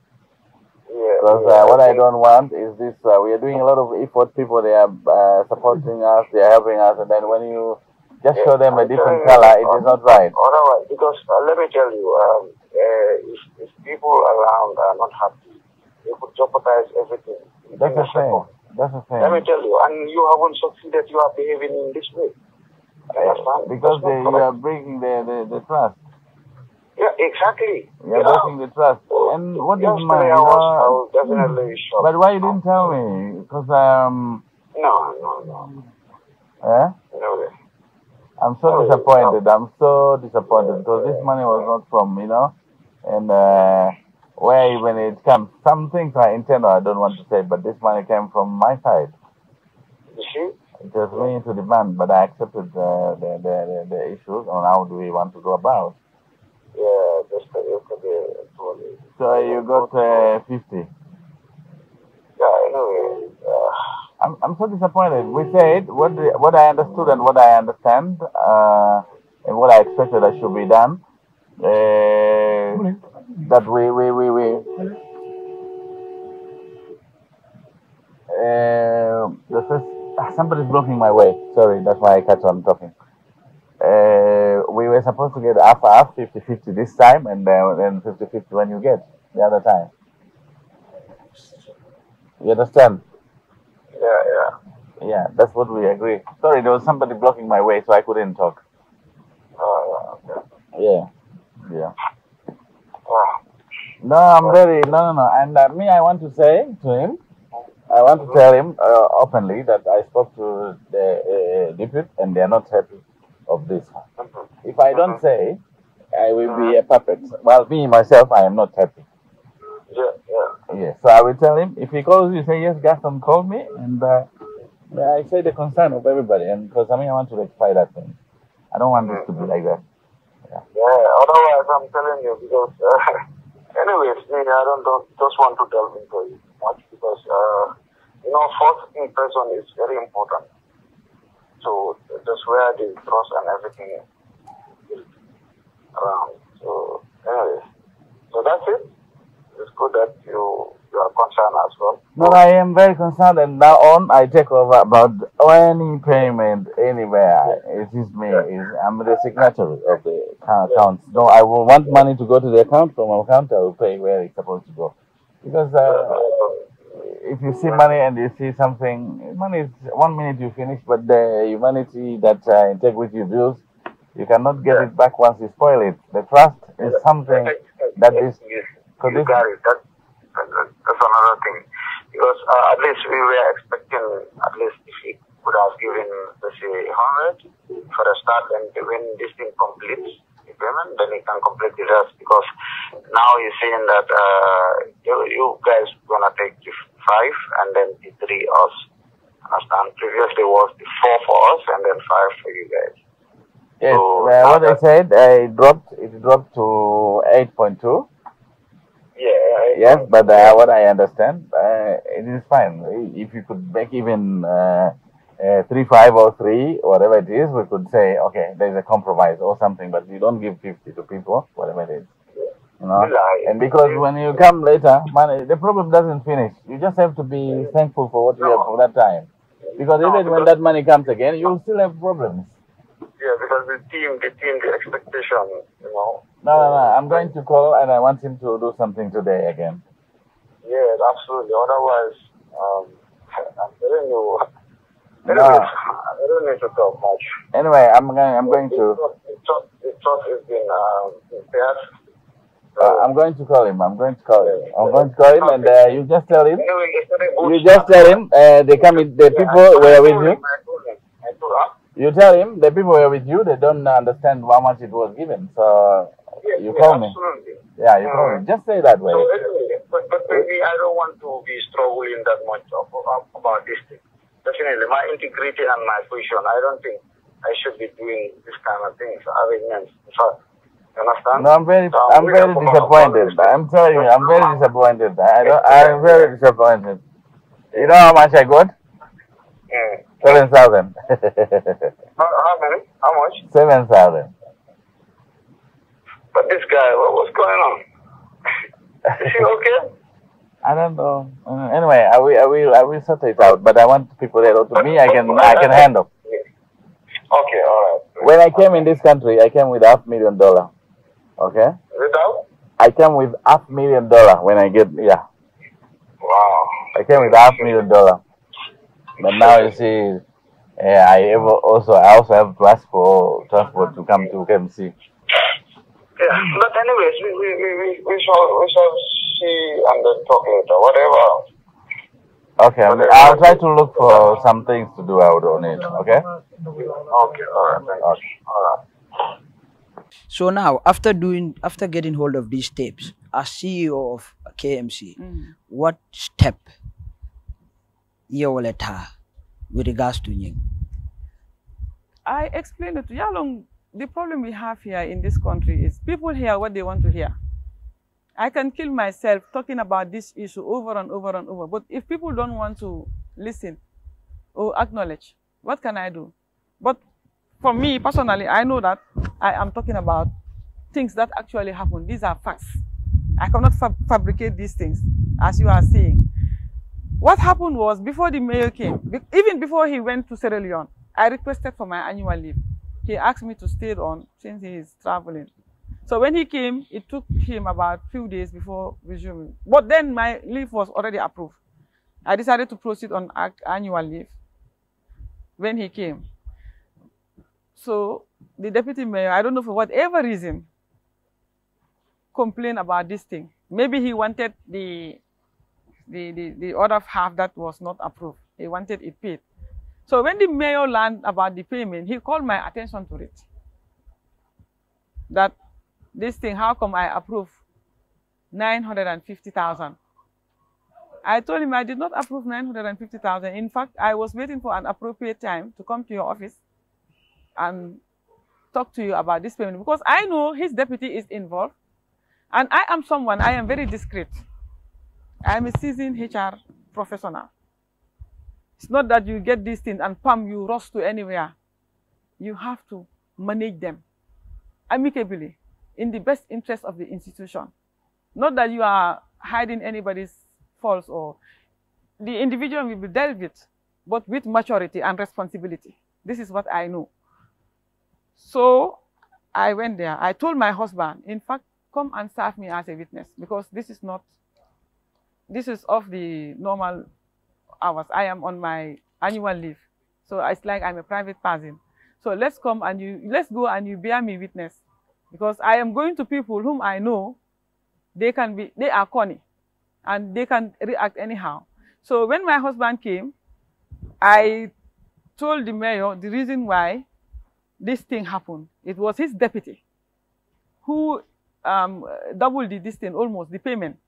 because yeah, uh, what I, don't want is this. Uh, we are doing a lot of effort. People they are uh, supporting us, they are helping us, and then when you just yeah, show them a different color, it on, is not uh, right. All right. because uh, let me tell you, um, if, uh, if, people around are not happy, they could jeopardize everything. That's the thing. That's the thing. Let me tell you, and you haven't succeeded. You are behaving in this way. Because they, you are breaking the, the, the trust. Yeah, exactly. You're yeah. breaking the trust. Oh, and what is my... I was, I was definitely hmm. shocked. But why you didn't tell me? Because, I'm. Um, no, no, no. Yeah. No, I'm so no, disappointed. No. I'm so disappointed because this money was not from, you know, and uh, where even it comes. Some things are internal, I don't want to say, but this money came from my side. You see? It was me to demand, but I accepted the, the, the, the, the issues on how do we want to go about. Yeah, a little bit. So you got uh, 50? Yeah, anyway. Uh, I'm, I'm so disappointed. We said what the, what I understood and what I understand uh, and what I expected I should be done. Uh, that we, we, we, we. Uh, the first, ah, somebody's blocking my way. Sorry, that's why I catch on talking. Uh, we were supposed to get half half 50 50 this time and uh, then 50 50 when you get the other time you understand yeah yeah yeah that's what we agree sorry there was somebody blocking my way so i couldn't talk oh yeah okay. yeah yeah oh. no i'm very no no no and uh, me i want to say to him I want to tell him uh, openly that I spoke to the uh, uh deputy and they are not happy of this. Mm-hmm. If I don't mm-hmm. say, I will be mm-hmm. a puppet. Well, me, myself, I am not happy. Yeah, yeah. Yeah. so I will tell him. If he calls you, say, yes, Gaston called me. And uh, I say the concern of everybody. And because I mean, I want to rectify that thing. I don't want this to be like that. Yeah, yeah otherwise, I'm telling you, because, uh, anyways, me, I don't, don't just want to delve into it much because, uh, you know, first impression is very important. So that's where the trust and everything is around. So anyway, so that's it. It's good that you you are concerned as well. No, I am very concerned, and now on I take over about any payment anywhere. It is me. I'm the signatory of the account. No, I will want money to go to the account. From my account, I will pay where it's supposed to go. Because uh, if you see money and you see something, money is one minute you finish, but the humanity that uh, integrity you you cannot get yeah. it back once you spoil it. The trust is yeah. something that is. You, you got it. That, that, that's another thing. Because uh, at least we were expecting, at least if he could have given, let's say, 100 for a start, and when this thing completes, then you can complete the rest because now you're seeing that uh, you, you guys gonna take the five and then the three us. Understand? Previously was the four for us and then five for you guys. Yes, so uh, what I said, I dropped it dropped to eight point two. Yeah. I, yes, but uh, what I understand, uh, it is fine. If you could make even uh, uh, three five or oh three, whatever it is, we could say, okay, there's a compromise or something, but you don't give fifty to people, whatever it is. You know? And because when you come later, man, the problem doesn't finish. You just have to be thankful for what you have for that time. Because no, even because when that money comes again, you'll still have problems. Yeah, because the team, the team, the expectation, you know. No, no, no. I'm going to call and I want him to do something today again. Yes, absolutely. Otherwise, um, I'm telling you don't ah. need to talk much. Anyway, I'm going. I'm going to. The has been impaired. Um, uh, I'm going to call him. I'm going to call him. I'm going to call him, and uh, you just tell him. You just tell him. Uh, they come. In, the people were with you. You tell him the people were with you. They don't understand how much it was given. So you call me. Yeah, you call me. Just say that way. but, but maybe I don't want to be struggling that much about this thing definitely my integrity and my vision. I don't think I should be doing this kind of things, arrangements. So, you understand? No, I'm very, so I'm, I'm very disappointed. I'm telling you, I'm very disappointed. I don't, I'm very disappointed. You know how much I got? Mm. Seven thousand. how, many? How much? Seven thousand. But this guy, what, what's going on? Is he okay? I don't know. Uh, anyway, I will, I will, I will sort it out. But I want people that to me, I can, I can handle. Okay, all right. When I came in this country, I came with half million dollar. Okay. Without? I came with half million dollar when I get yeah. Wow. I came with half million dollar, but now you see, yeah, I ever also I also have to ask for transport to come to KMC. Yeah, but anyways, we we we we, we shall we shall see and then whatever. Okay, I'll try to look for some things to do out on it, okay? Okay, all right. All right. So now, after doing, after getting hold of these tapes, as CEO of KMC, mm. what step you will let her with regards to you? I explained it to Yalong. The problem we have here in this country is people hear what they want to hear. I can kill myself talking about this issue over and over and over. But if people don't want to listen or acknowledge, what can I do? But for me personally, I know that I am talking about things that actually happen. These are facts. I cannot fabricate these things, as you are seeing. What happened was before the mayor came, be even before he went to Sierra Leone, I requested for my annual leave. He asked me to stay on since he is traveling. So when he came, it took him about few days before resuming. But then my leave was already approved. I decided to proceed on annual leave when he came. So the deputy mayor, I don't know for whatever reason, complained about this thing. Maybe he wanted the, the, the, the other half that was not approved. He wanted it paid. So when the mayor learned about the payment, he called my attention to it. That this thing, how come I approve 950,000? I told him I did not approve 950,000. In fact, I was waiting for an appropriate time to come to your office and talk to you about this payment because I know his deputy is involved and I am someone, I am very discreet. I am a seasoned HR professional. It's not that you get these things and palm you rush to anywhere. You have to manage them amicably in the best interest of the institution. Not that you are hiding anybody's faults or the individual will be dealt with, but with maturity and responsibility. This is what I know. So I went there. I told my husband, in fact, come and serve me as a witness because this is not, this is off the normal hours. I am on my annual leave. So it's like I'm a private person. So let's come and you, let's go and you bear me witness because I am going to people whom I know, they can be, they are corny and they can react anyhow. So when my husband came, I told the mayor the reason why this thing happened. It was his deputy who um, doubled the, distance, almost, the payment.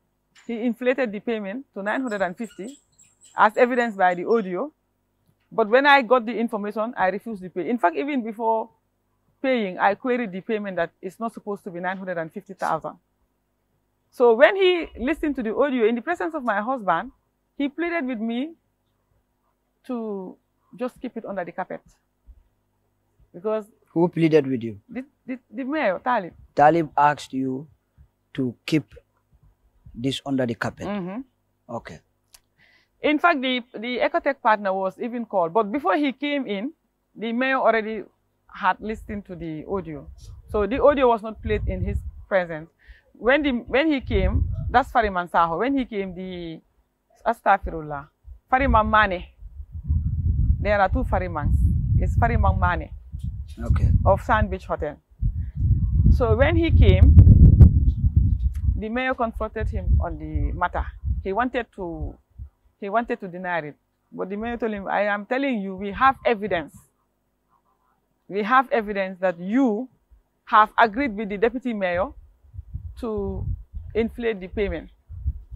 He inflated the payment to 950 as evidenced by the audio. But when I got the information, I refused to pay. In fact, even before paying, I queried the payment that is not supposed to be 950,000. So when he listened to the audio in the presence of my husband, he pleaded with me to just keep it under the carpet. Because who pleaded with you? The, the, the mayor, Talib. Talib asked you to keep this under the carpet. Mm -hmm. Okay. In fact, the, the Ecotech partner was even called. But before he came in, the mayor already had listened to the audio. So the audio was not played in his presence. When, the, when he came, that's Fariman Saho. When he came, the Astafirullah, Fariman Mane. There are two Farimans. It's Fariman Mane okay. of Sand Beach Hotel. So when he came, the mayor confronted him on the matter. He wanted to, he wanted to deny it, but the mayor told him, "I am telling you, we have evidence we have evidence that you have agreed with the deputy mayor to inflate the payment.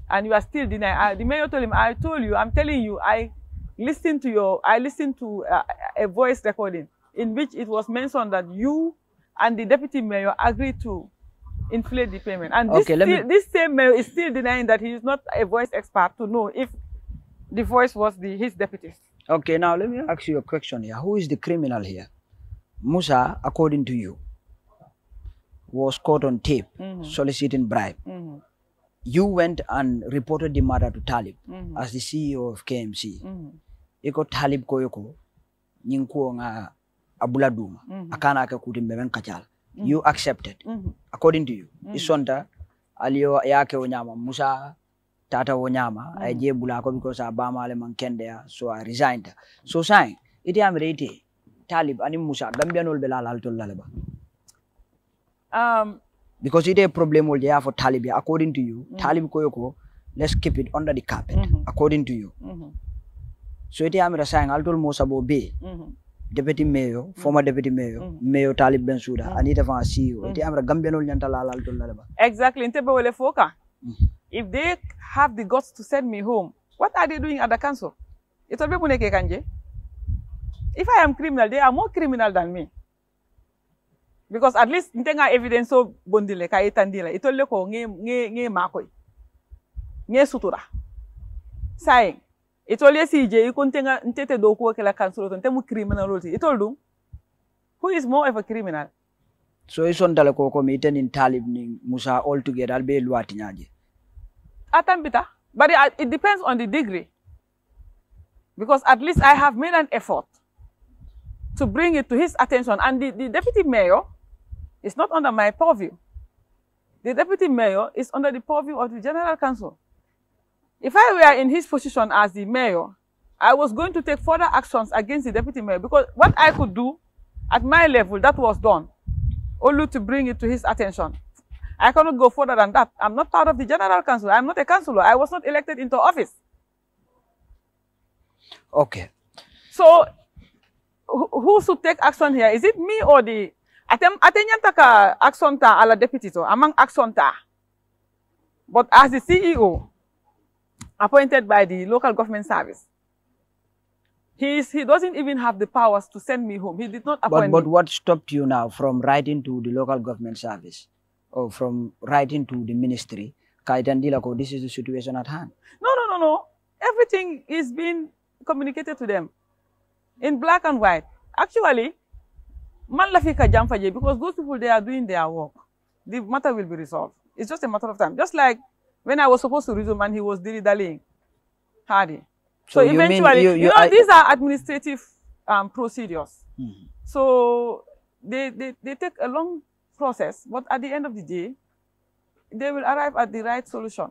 And you are still denying. I, the mayor told him, I told you, I'm telling you, I listened to your, I listened to uh, a voice recording in which it was mentioned that you and the deputy mayor agreed to inflate the payment. And this, okay, still, this same mayor is still denying that he is not a voice expert to know if the voice was the, his deputy. Okay, now let me ask you a question here. Who is the criminal here? Musa, according to you, was caught on tape mm -hmm. soliciting bribe. Mm -hmm. You went and reported the matter to Talib mm -hmm. as the CEO of KMC. Mm-hmm. Iko Talib koyoko nyinkuo nga abula duma mm-hmm. akana ake kuti mbemen kachala. Mm-hmm. You accepted according to you. Isonta aliyo yake onyama Musa tata onyama mm. aje bulako because abama ale mankende so I resigned. So sign it amire ready. talib anin musa gambianol ɓe laalaltollale ba um, because ite problémol je yaa fo talib ya according to you mm -hmm. talib koyo ko let's keep it under the carpet mm -hmm. according to you mm -hmm. so ite yamira sayang altol bo be mm -hmm. deputy mayor mm -hmm. talib ben souda mm -hmm. anita fan ceo mm -hmm. ite ñanta laalaltol lale ba exactly nte be wole foka mm if they have the guts to send me home what are they doing at the council itol be mune ke If I am criminal, they are more criminal than me. Because at least ntenga evidence so bondile ka etandile itolle ko nge nge nge makoy. Nge sutura. Saying itolle si je ikontenga ntete doku ke la kansolo tonte mu criminal loti. Itoldu who is more of a criminal? So ison dala ko ko miten in Talib ni Musa all together albe luati nyaje. Atambita. But it, it depends on the degree. Because at least I have made an effort. to bring it to his attention. And the, the deputy mayor is not under my purview. The deputy mayor is under the purview of the general council. If I were in his position as the mayor, I was going to take further actions against the deputy mayor because what I could do at my level, that was done, only to bring it to his attention. I cannot go further than that. I'm not part of the general council. I'm not a councillor. I was not elected into office. Okay. So who should take action here? Is it me or the atem atenyan taka action ta ala deputy to among action ta? But as the CEO appointed by the local government service, He's, he doesn't even have the powers to send me home. He did not appoint but, but what stopped you now from writing to the local government service or from writing to the ministry? this is the situation at hand. No, no, no, no. Everything is being communicated to them in black and white. Actually, man lafika jamfaje because those people, they are doing their work. The matter will be resolved. It's just a matter of time. Just like when I was supposed to resume and he was dilly-dallying hardy. So, so you eventually, you, you, you, know, I, these are administrative um, procedures. Mm -hmm. So they, they, they take a long process, but at the end of the day, they will arrive at the right solution.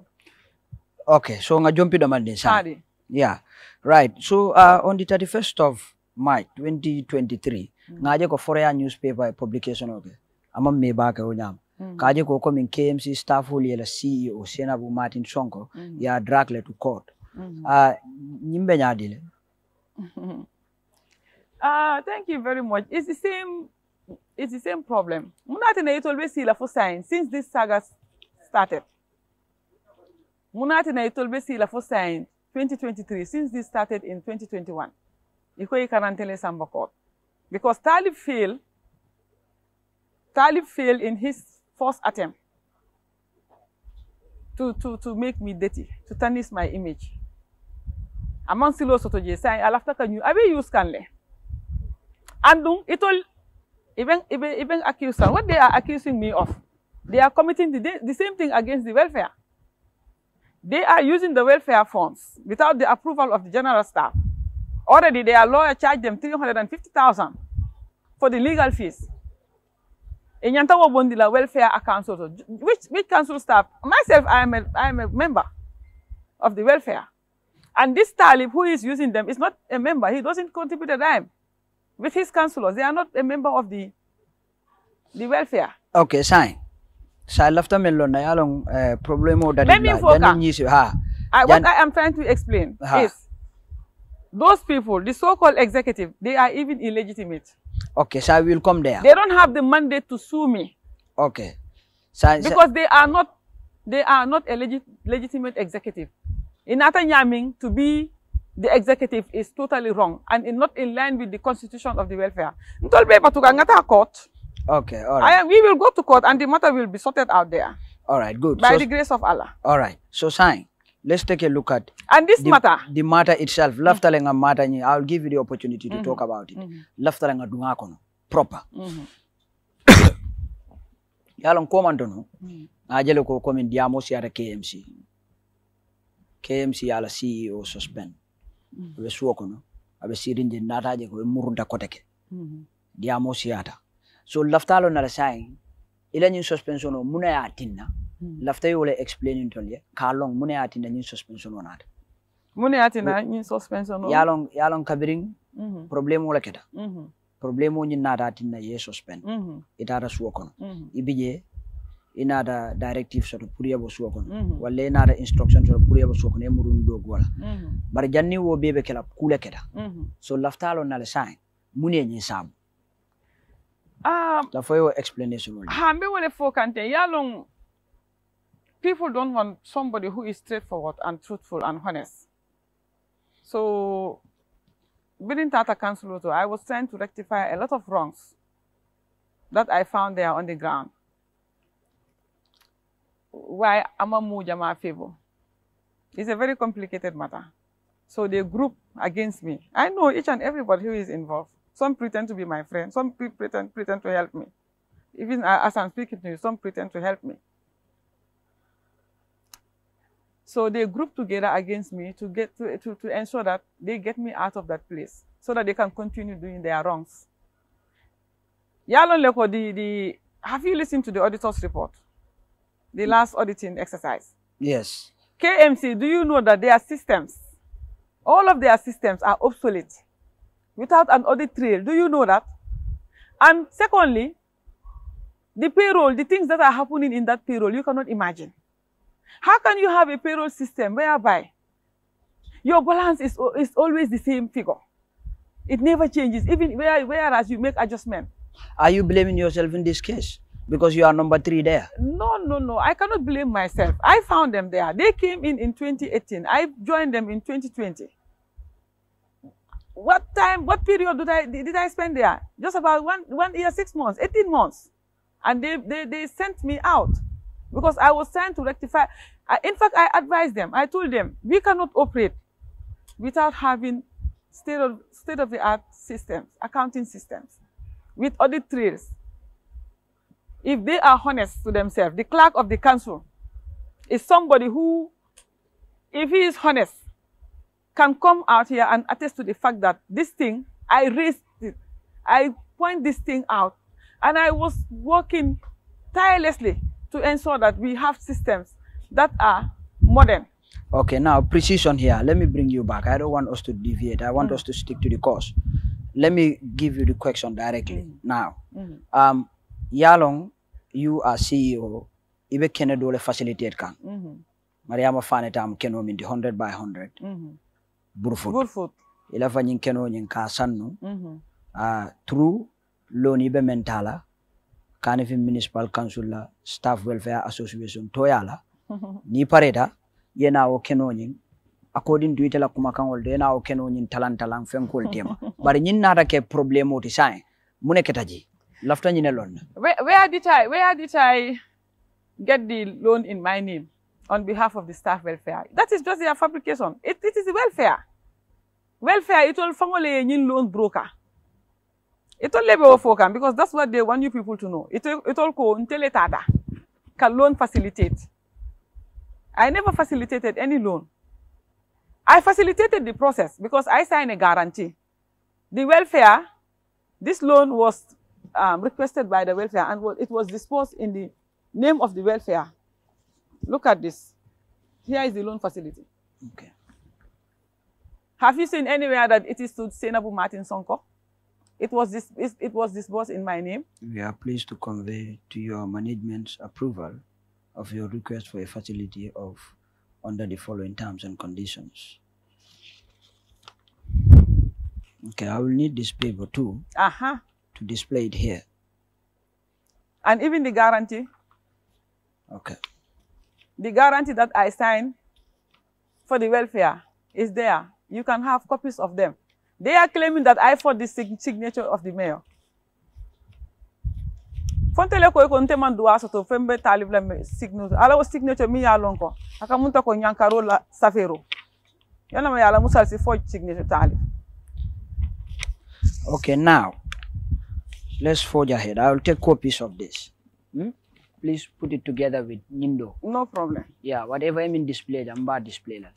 Okay, so nga jumpi naman din sa. Yeah, right. So uh, on the 31st of March 2023 mm. ngaje ko foreign newspaper publication oke amma me ba ka onyam mm. kaje ko ko min KMC staff ho le CEO sena bu Martin Sonko mm. ya drag le to court mm -hmm. uh, nyimbe ah uh, thank you very much it's the same it's the same problem munati na itolbe la for sign since this saga started munati na itolbe la for sign 2023 since this started in 2021 iko karantele sambakot because Talib failed. Talib failed in his first attempt to, to, to make me dirty, to tarnish my image. Among silo soto je sai alafta kan you abe use kan le. Andung itol even even even accuse what they are accusing me of. They are committing the, the same thing against the welfare. They are using the welfare funds without the approval of the general staff Already their lawyer charged them 350,000 for the legal fees. In Yantawa Bondila Welfare Council, which, which council staff, myself, I am, a, I am a member of the welfare. And this Talib who is using them is not a member. He doesn't contribute a dime with his councillors. They are not a member of the, the welfare. Okay, sign. So Sai lafta I have a problem dadi la. Let me focus. What I am trying to explain ha. is Those people, the so-called executive, they are even illegitimate. Okay, so I will come there. They don't have the mandate to sue me. Okay. So, because so they are not they are not a legit, legitimate executive. In Atanyaming, to be the executive is totally wrong and not in line with the constitution of the welfare. court. Okay, all right. I, we will go to court and the matter will be sorted out there. All right, good. By so, the grace of Allah. All right. So, sign. let's take a look at and this the, matter the matter itself mm lafta lenga matter nyi i'll give you the opportunity to mm -hmm. talk about it mm -hmm. lafta lenga dunga kono proper mm-hmm. mm -hmm. yalon komando no mm -hmm. ajele ko komin diamo si ara KMC KMC yala CEO suspend mm -hmm. abe suwo kono abe sirinje nataje ko murunda koteke mm -hmm. diamo si ata so laftalo na la sai ila suspension no muna ya tinna mm Hmm. lafta yole explain tol ye ka long mune ati na nyin suspension onata mune ati na nyin suspension ya long ya long kabiring mhm problem wala keta mhm -hmm. problem o nyin ati na ye suspend mhm ita rasu suwa kono mm -hmm. ibije inada directive soto puriya bo suwa kono mm ina da inada instruction soto puriya bo suwa kono e murun do gola mm -hmm. bar janni wo bebe kala kula keta hmm. so lafta lo na le sign mune nyin sabu um, ah. la foyo explanation wala hambe wala fo kante ya long people don't want somebody who is straightforward and truthful and honest. So, being Tata Council, I was trying to rectify a lot of wrongs that I found there on the ground. Why Amamu Jama favor? It's a very complicated matter. So they group against me. I know each and everybody who is involved. Some pretend to be my friend. Some pretend, pretend to help me. Even as I'm speaking to you, some pretend to help me. So they grouped together against me to, get, to, to, to ensure that they get me out of that place so that they can continue doing their wrongs. Yalon Leko, the, the, have you listened to the auditor's report? The mm. last auditing exercise? Yes. KMC, do you know that their systems, all of their systems are obsolete without an audit trail? Do you know that? And secondly, the payroll, the things that are happening in that payroll, you cannot imagine. How can you have a payroll system whereby your balance is, is always the same figure? It never changes, even where, whereas you make adjustment. Are you blaming yourself in this case? Because you are number three there. No, no, no. I cannot blame myself. I found them there. They came in in 2018. I joined them in 2020. What time, what period did I, did I spend there? Just about one, one year, six months, 18 months. And they, they, they sent me out because I was trying to rectify. I, in fact, I advised them. I told them we cannot operate without having state of state of the art systems, accounting systems, with audit trails. If they are honest to themselves, the clerk of the council is somebody who, if he is honest, can come out here and attest to the fact that this thing I raised it, I point this thing out, and I was working tirelessly to ensure that we have systems that are modern. Okay, now precision here. Let me bring you back. I don't want us to deviate. I want mm. us to stick to the course. Let me give you the question directly mm. now. Mm. Um, Yalong, you are CEO. Ibe kene dole facilitate kan. Mm-hmm. Mariama fane tam the 100 by 100. Mm-hmm. Burfoot. Burfoot. Ila fa nyin keno nyin ka sannu. Mm-hmm. Ah, through Kanifin Municipal Council la uh, Staff Welfare Association toyala ni pareda yena o kenoñin according to itela kuma kangol de yena o kenoñin talan talan fenkol tema bari ñin nata ke problème oti sain mune ketaji lafta ñine lon where, where did I where did I get the loan in my name on behalf of the staff welfare that is just their fabrication it, it is welfare welfare itol fangole ñin loan broker It all o fo kan because that's what they want you people to know It all ko ntele tada can loan facilitate i never facilitated any loan i facilitated the process because i signed a guarantee the welfare this loan was um, requested by the welfare and it was disposed in the name of the welfare look at this here is the loan facility okay have you seen anywhere that it is to Senabu Martin Sonko? It was this it, it was in my name. We are pleased to convey to your management's approval of your request for a facility of under the following terms and conditions. Okay, I will need this paper too uh -huh. to display it here. And even the guarantee. Okay. The guarantee that I signed for the welfare is there. You can have copies of them. They are claiming that I forged the signature of the mayor. fontele ko ko nte man duwa soto fembe talibla me signature ala wo signature mi ya lonko aka munta ko nyankaro la safero yana ma yala musal si fo signature talib okay now let's forge ahead i will take copies of this hmm? please put it together with nindo no problem yeah whatever i mean display jamba display la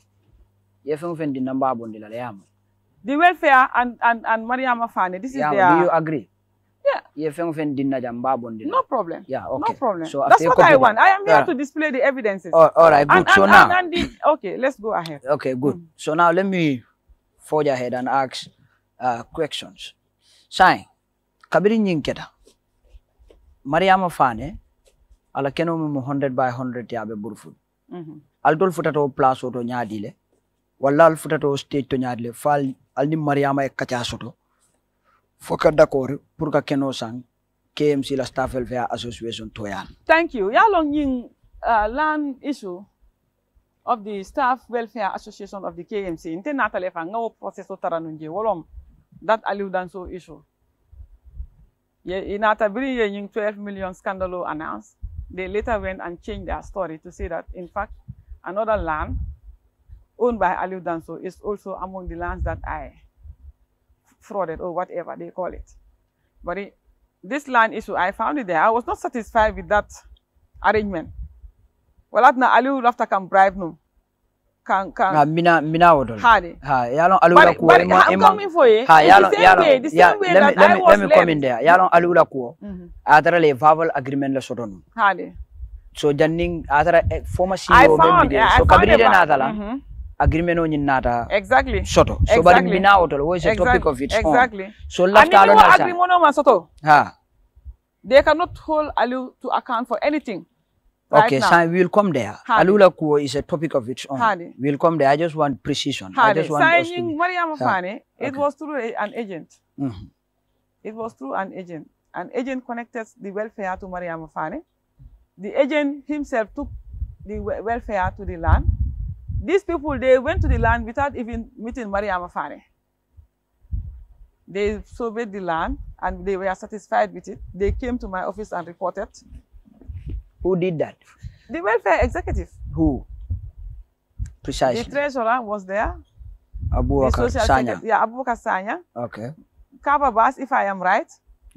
yefen fen di number bondila la yamu the welfare and, and, and Mariam Afane, this is their... Do you agree? Yeah. No problem. Yeah, okay. No problem. So That's what I want. I am here yeah. to display the evidences. all, all right, good. And, so and, now... And, the, okay, let's go ahead. Okay, good. Mm. So now let me forge ahead and ask uh, questions. Sai, kabiri nyinketa. Mariama Fane, ala keno mu 100 by 100 yabe burfud. Mm-hmm. Al -hmm. Aldol futato plus oto nyadile. Wala al futato state to nyadile. Fal alni mariama e kacha soto foka d'accord pour ka keno sang KMC la staff welfare association toyan thank you ya long yin uh, land issue of the staff welfare association of the KMC inte natale fa ngaw process taranu taranunje wolom that aliu danso issue ye inata bri ye ying 12 million scandalo announced they later went and changed their story to say that in fact another land owned by Aliu Danso is also among the lands that I frauded or whatever they call it. But it, this land issue, I found it there. I was not satisfied with that arrangement. Well, at now, Aliu after can bribe no. Can, can. Ha, ah, mina, mina wodol. Hadi. Ha, yalon Aliu la kuwa. But, but I'm coming for you. Ha, yalon, the same way, the same way that I let was Let me come in there. Yalon Aliu la kuwa. Mm -hmm. Atara le verbal agreement la sodonu. Hadi. So, janning, atara eh, former CEO. I found, yeah, I found. So, kabiri den atala. Mm -hmm agreement on nata exactly so exactly. but mina otol what is the topic of it exactly own. so left alone agreement no soto ha they cannot hold alu to account for anything right okay now. so we'll come there Hadi. alula kuo is a topic of its own we'll come there i just want precision Hadi. i just want signing to... mariam Fane, it okay. was through a, an agent mm -hmm. it was through an agent an agent connected the welfare to mariam Fane. the agent himself took the welfare to the land these people, they went to the land without even meeting Maria Mafane. They surveyed the land and they were satisfied with it. They came to my office and reported. Who did that? The welfare executive. Who? Precisely. The treasurer was there. Abu Sanya. Yeah, Abu Sanya. Okay. Kaba Bas, if I am right.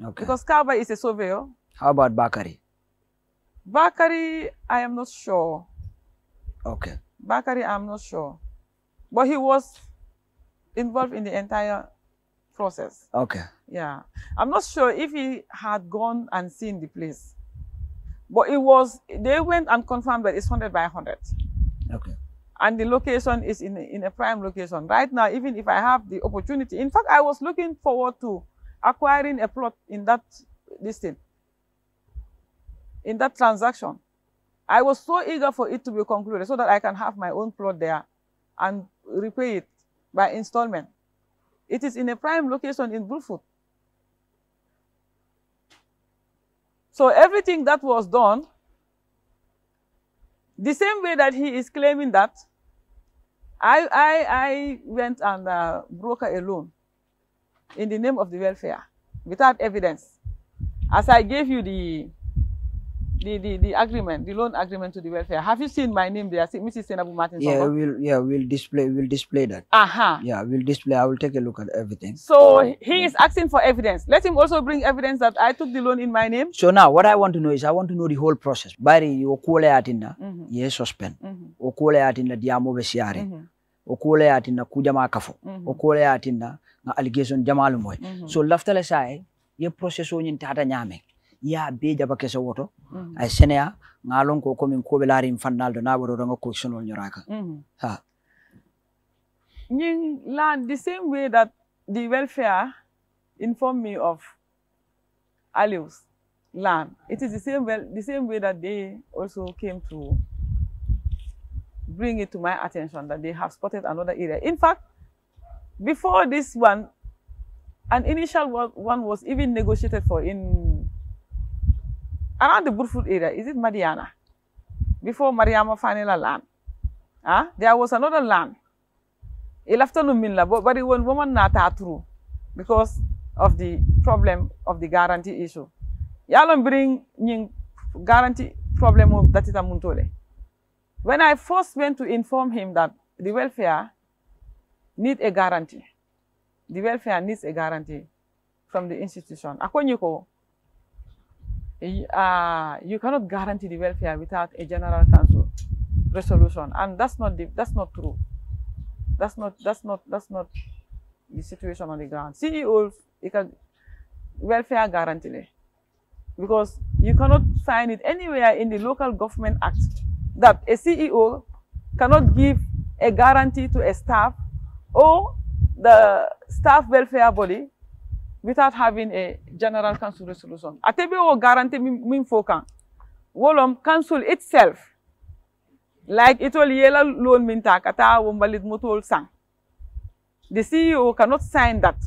Okay. Because Kaba is a surveyor. How about Bakari? Bakari, I am not sure. Okay. Bakari, I'm not sure. But he was involved in the entire process. Okay. Yeah. I'm not sure if he had gone and seen the place. But it was, they went and confirmed that it's 100 by 100. Okay. And the location is in, in a prime location. Right now, even if I have the opportunity, in fact, I was looking forward to acquiring a plot in that listing, in that transaction. I was so eager for it to be concluded so that I can have my own plot there and repay it by installment. It is in a prime location in Bullfoot. So everything that was done, the same way that he is claiming that, I, I, I went and uh, broke a loan in the name of the welfare without evidence. As I gave you the the, the, the agreement, the loan agreement to the welfare. Have you seen my name there, Mrs. Senabu Martin? Yeah, we'll yeah we'll display we'll display that. Aha. Uh -huh. Yeah, we'll display. I will take a look at everything. So he yeah. is asking for evidence. Let him also bring evidence that I took the loan in my name. So now what I want to know is I want to know the whole process. Bari okule atinda mm-hmm. ye suspend. Mm-hmm. Okule atinda diamo besiare. Mm-hmm. Okule atinda kujama kafo. Okule atinda na allegation jamalu moy. So laftale sai ye process o nyin tata nyame be jaba woto mm ay ngalon ko komin ko ronga ko sonol nyoraka mm ha ñing land the same way that the welfare informed me of Alius land it is the same well the same way that they also came to bring it to my attention that they have spotted another area in fact before this one an initial one was even negotiated for in around the Burfoot area, is it Madiana? Before Mariama Fanila land. Huh? Ah, there was another land. It left Minla, but, but it was woman not through because of the problem of the guarantee issue. Yalon bring nying guarantee problem of Datita Muntole. When I first went to inform him that the welfare need a guarantee, the welfare a guarantee from the uh, you cannot guarantee the welfare without a general council resolution, and that's not the, that's not true. That's not that's not that's not the situation on the ground. CEO can welfare guarantee because you cannot find it anywhere in the local government act that a CEO cannot give a guarantee to a staff or the staff welfare body without having a general council resolution. Atebe guarantee min fokan. Wolom council itself, like it will yela loan minta kata wombalit mutual sang. The CEO cannot sign that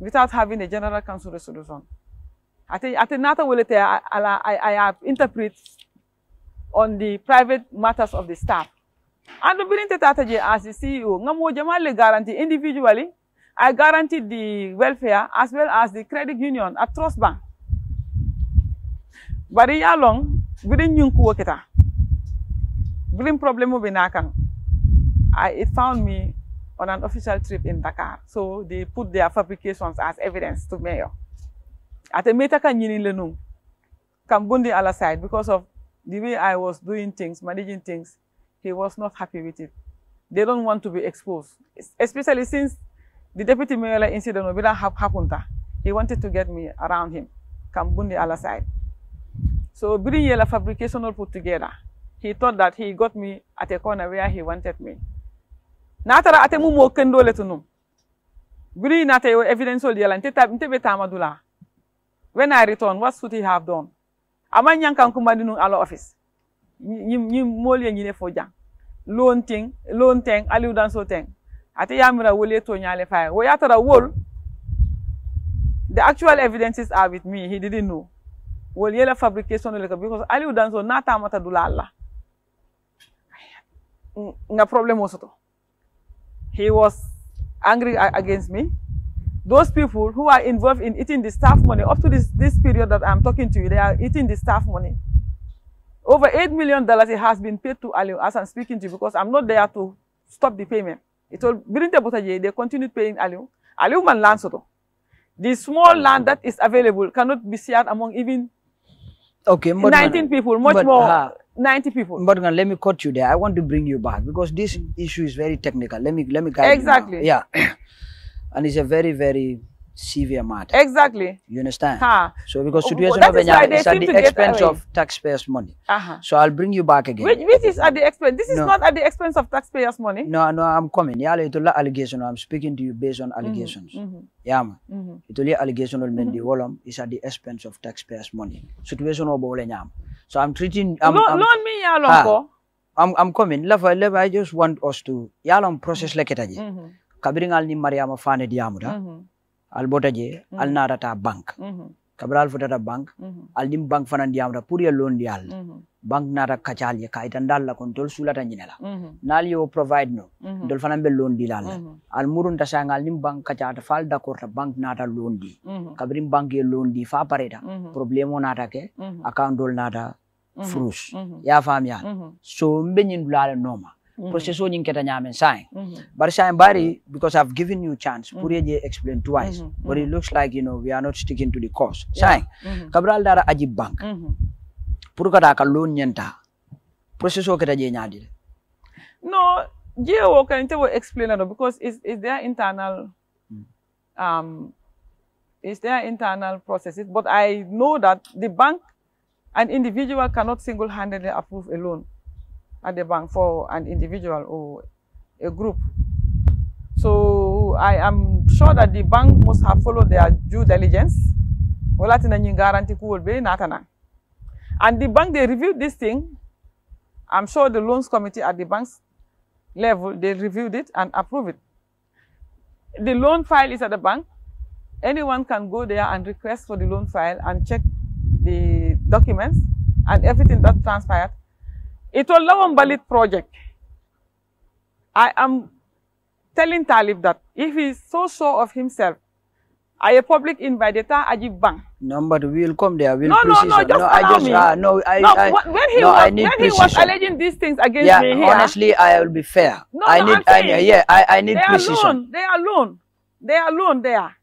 without having a general council resolution. Ate ate nata wolete ala I I interpret on the private matters of the staff. And the billing tata as the CEO, ngamu jamali guarantee individually I guaranteed the welfare as well as the credit union at Trust Bank. But Bari yalong, within Nyunku Wakita, within problem Binakang, I, it found me on an official trip in Dakar. So they put their fabrications as evidence to mayor. At a meter can yin lenum, Kambundi ala side because of the way I was doing things, managing things, he was not happy with it. They don't want to be exposed, especially since The deputy mayor incident bila hapunta. He wanted to get me around him. Kambundi ala side. So bring yela fabrication all put together. He thought that he got me at a corner where he wanted me. Natara ate mumo kendo letunum. Bring nate evidence all yela nte nte betamadula. When I return, what should he have done? Amanyan kankumba dinu ala office. Nyim nyim moli nyine foja. Loan thing, loan thing, aliudan so thing. ate yamira wole to nyale fire wo yatara wol the actual evidences are with me he didn't know wol yela fabrication le because ali udanzo nata mata dulala nga problem osoto he was angry against me those people who are involved in eating the staff money up to this this period that i'm talking to you they are eating the staff money over eight million dollars it has been paid to ali as i'm speaking to you because i'm not there to stop the payment It'll building the botaje, they continue paying Aliu. Aliu man land soto. The small oh. land that is available cannot be shared among even okay, 19 people, much but, more uh, 90 people. But let me cut you there. I want to bring you back because this issue is very technical. Let me let me guide exactly. you. Exactly. Yeah. and it's a very, very severe matter. Exactly. You understand? Ha. So because situation well, of Kenya is at the expense of taxpayers' money. Uh -huh. So I'll bring you back again. Which, which is at the expense? This is no. not at the expense of taxpayers' money. No, no, I'm coming. Yeah, it's allegation. I'm speaking to you based on mm-hmm, allegations. Mm -hmm. Yeah, man. Mm -hmm. It's only allegation of Mendi mm-hmm. Wolom is at the expense of taxpayers' money. Situation of Olenyam. So I'm treating. I'm, loan, I'm, loan me, yeah, I'm, I'm coming. Love, love, I just want us to. Yeah, process like it. Mm-hmm. Kabiringal ni Maria Fane Diamuda. Mm -hmm. al bota je mm-hmm. al naatata banque kabra al futata banque al ɗin banque fana ndiyamata pour ye londi al mm-hmm. banque naata kacal ye kayitan dal la kon tol sulata ñine la mm-hmm. naal yo provide no dol fana be londi la la al murunta sanga al ɗin banque kacata fal d'accord ta banque naata londi kabrin banque ye londi fa pareta probléme o naata ke account dol naata frus ya faamiyal so mbe ñindulale nooma Mm-hmm. process o nyin keda nyamen sign mm-hmm. but sign bari because i've given you chance pure mm-hmm. je explain twice but it looks like you know we are not sticking to the course sign kabral dara aji bank pour kada ka loan nyenta process o keda je nyadi no je wo kan te wo explain it because is is there internal mm. um is there internal processes but i know that the bank an individual cannot single-handedly approve a loan at the bank for an individual or a group. So I am sure that the bank must have followed their due diligence. And the bank, they reviewed this thing. I'm sure the loans committee at the bank's level, they reviewed it and approved it. The loan file is at the bank. Anyone can go there and request for the loan file and check the documents and everything that transpired it was Lawan Balit project. I am telling Talib that if he is so sure of himself, I a public invitator Ajib Bang. No, but we will come there. We'll no, no, no, just no, I just, me. Uh, no, I, no, I, when he, no, was, I need when he was alleging these things against yeah, me here, honestly, I will be fair. No, I no, need, I'm saying, I, yeah, I, I need they precision. Are alone, they are alone. They are alone there.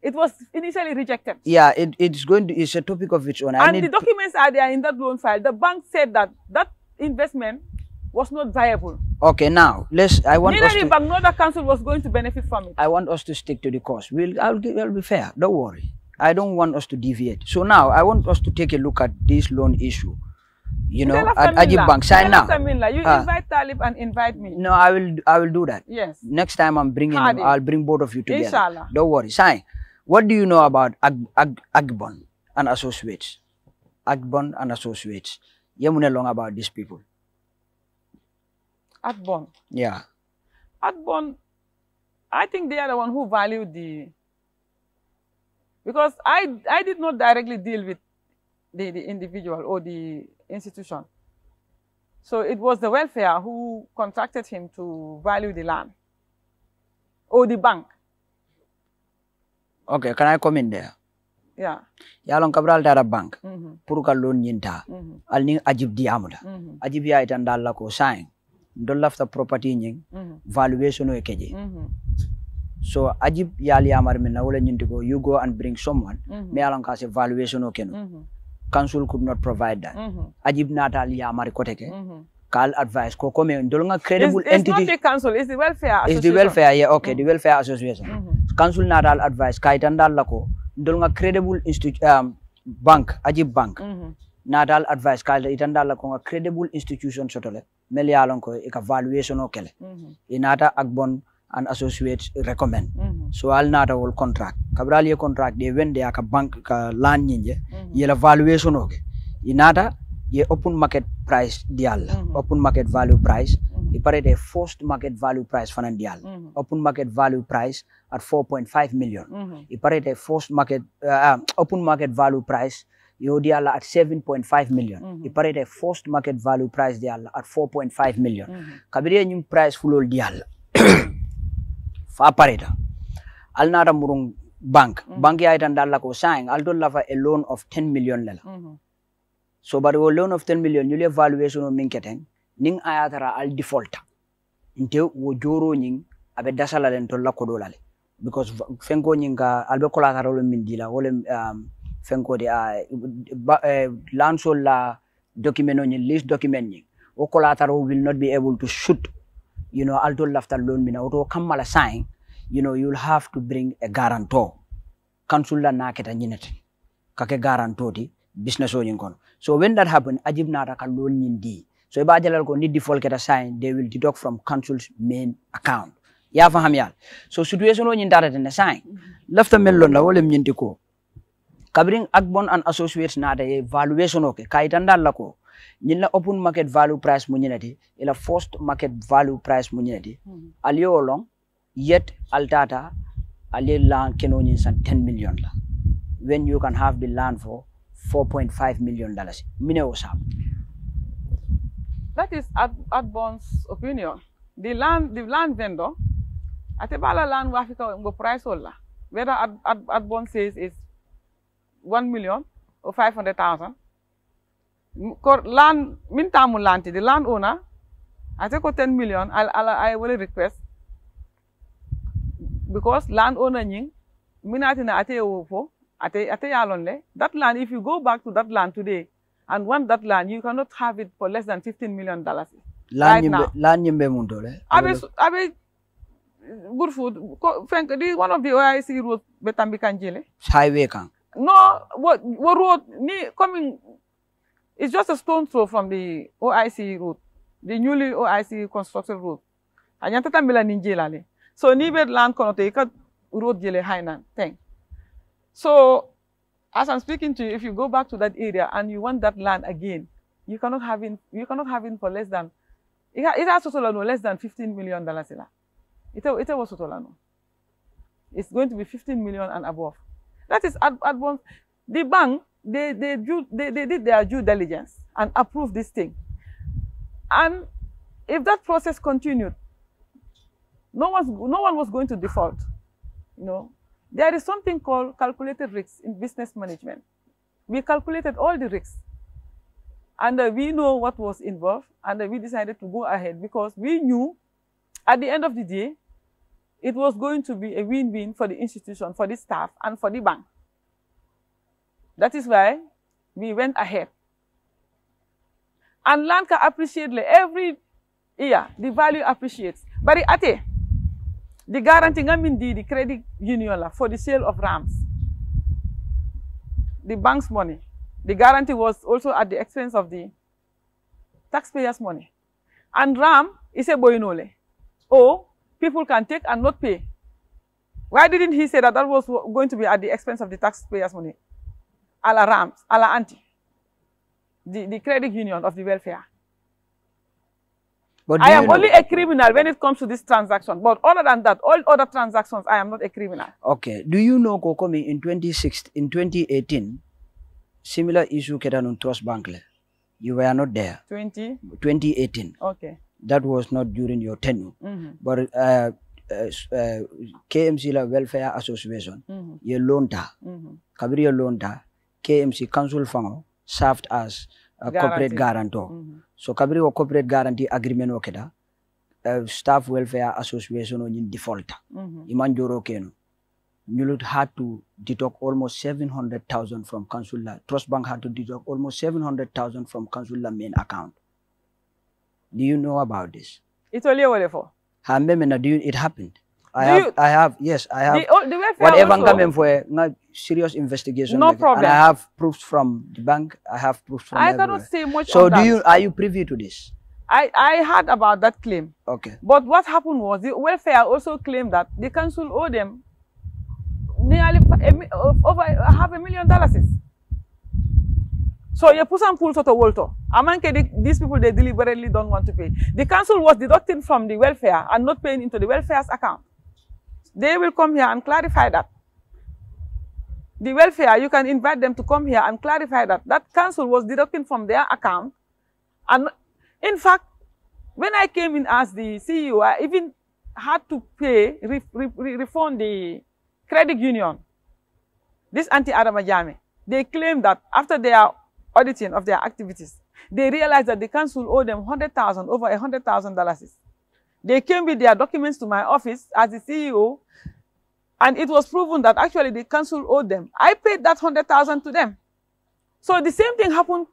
It was initially rejected. Yeah, it, it's going to, it's a topic of its own. I and the documents are there in that loan file. The bank said that that investment was not viable. Okay, now let's. I want. Neither us the to, Bagnoda Council was going to benefit from it. I want us to stick to the course. We'll. I'll, I'll be fair. Don't worry. I don't want us to deviate. So now I want us to take a look at this loan issue. You know, at Ajib Bank. Sign now. You uh, invite Talib and invite me. No, I will. I will do that. Yes. Next time I'm bringing. Hadi. I'll bring both of you together. Inshallah. Don't worry. Sign. What do you know about Ag, Ag, Agbon and Associates? Agbon and Associates. Yemune long about these people. Bon. Yeah. Bon, I think they are the one who value the. Because I, I did not directly deal with the, the individual or the institution. So it was the welfare who contracted him to value the land or the bank. Okay, can I come in there? yeah. yalon kabral ta bank mm-hmm. pour ka loan nyinta mm-hmm. alni ajib di amuda mm-hmm. ajib ya itan dalla ko sain do lafta property nyin mm -hmm. valuation o keje so ajib yal yamar min wala nyinti ko you go and bring someone mm -hmm. me yalon ka se valuation o kenu mm council could not provide that ajib natal yamar koteke mm -hmm. Call advice ko come ndolnga credible it's, it's entity it's not the council it's the welfare association it's the welfare yeah okay the welfare association council natal advice kaitan dalla ko dolnga credible institution um, bank aji bank mm -hmm. natal advice ka itan dalla ko credible institution sotole mel yalon ko e ka valuation o kele mm -hmm. inata ak bon and associate recommend mm -hmm. so al nata wol contract kabral ye contract de wende aka bank ka lan nyinje mm la yela valuation oke inata ye open market price dial mm -hmm. open market value price mm -hmm. i pare de forced market value price fana di al mm -hmm. open market value price at 4.5 million mm -hmm. i pare a forced market uh, um, open market value price yo di alla at million i pare de forced market value price di alla at million mm -hmm. kabiri price fulol di alla fa pare al nata murung bank mm -hmm. bank ya itan dalla ko saying al don lava a loan of 10 million lela mm-hmm. so bari wo loan of 10 million yule valuation o minketeng nin a y'a tara al defaulta nte wo joro ñin a be dasala len tolla kodo la le because fenko ñin ka al be kolatara lo min dila wole um, fenko de ah, a uh, uh, eh, lansol la document o ñin list wo will not be able to shoot you know al tol laftal lon mina woto kammala sign you know you'll have to bring a guarantor council la naketa ñinete kake guarantor di business o ñin kono so when that happen ajib nata ka lon ñin di so i b'a jalal ko ni default kɛra sa yen they will deduct from council's main account y'a faham yal so situation o ñin dara tene sa yen lafta mel lon la wolem ñinti ko kabirin akbon and associates naata ye evaluation o ke kayitan dal la ko ñin la open market value price mu ñinati ila forced market value price mu ñinati mm -hmm. aliyo long yet altata ali land keno ñin san 10 million la when you can have the land for 4.5 million dollars mine o saabu That is Ad Adbon's opinion. The land, the land vendor, Atebala land Africa go price all Whether Ad, Ad, Adbon says is one million or five hundred thousand. Land mintamu lanti, the landowner, I take ten million, I'll, I'll, I will request because landowner nying minati na ate wo fo ate ate le that land if you go back to that land today and want that land, you cannot have it for less than $15 million land right now. Land I mundole. Abe, abe, good food. Frank, this one of the OIC road betambi kanjile. Highway kan. No, what, what road, ni coming, it's just a stone throw from the OIC road, the newly OIC constructed road. Anyanta tambila ninjila le. So ni bed land konote, ikat road jile hainan, thank. So, As I'm speaking to you, if you go back to that area and you want that land again, you cannot have it, you cannot have for less than, it has total no less than 15 million dollars. It, it was total no. It's going to be 15 million and above. That is at, at once. The bank, they, they, due, they, they did their due diligence and approved this thing. And if that process continued, no, one's, no one was going to default. You know, there is something called calculated risks in business management. We calculated all the risks and uh, we know what was involved and uh, we decided to go ahead because we knew at the end of the day, it was going to be a win-win for the institution, for the staff and for the bank. That is why we went ahead. And Lanka appreciates every year, the value appreciates. But it, the guarantee I mean the credit union la for the sale of rams. The bank's money. The guarantee was also at the expense of the taxpayers' money. And ram is a boinole. Oh, people can take and not pay. Why didn't he say that that was going to be at the expense of the taxpayers' money? A la rams, a la anti. The, the credit union of the welfare. But I am only a criminal when it comes to this transaction. But other than that, all other transactions, I am not a criminal. Okay. Do you know, Kokomi, in, 26, in 2018, similar issue Ketan on Trust Bank, you were not there. 20? 2018. Okay. That was not during your tenure. Mm -hmm. But uh, uh, uh KMC la Welfare Association, mm -hmm. ye loan da, mm -hmm. loan KMC Council Fango served as uh, corporate o mm -hmm. so kabiri wo corporate guarantee agreement o keda uh, staff welfare association o ñin defaulta mm -hmm. iman joro keno Newlut had to deduct almost 700,000 from Consular. Trust Bank had to deduct almost 700,000 from Consular main account. Do you know about this? It's only over for. Her meme, it happened. I have, you, I have, yes, I have. whatever also? coming for a not serious investigation. No like problem. I have proofs from the bank. I have proofs from. I everywhere. cannot say much. So, do that. you are you privy to this? I I heard about that claim. Okay. But what happened was the welfare also claimed that the council owed them nearly over half a million dollars. So you put some pulls out of Walter. Among these people, they deliberately don't want to pay. The council was deducting from the welfare and not paying into the welfare's account. They will come here and clarify that. The welfare, you can invite them to come here and clarify that. That council was deducting from their account. And in fact, when I came in as the CEO, I even had to pay, re, re, refund the credit union. This anti aramajami they claim that after their auditing of their activities, they realized that the council owed them 100,000, over $100,000. They came with their documents to my office as the CEO, and it was proven that actually the council owed them. I paid that 100,000 to them. So the same thing happened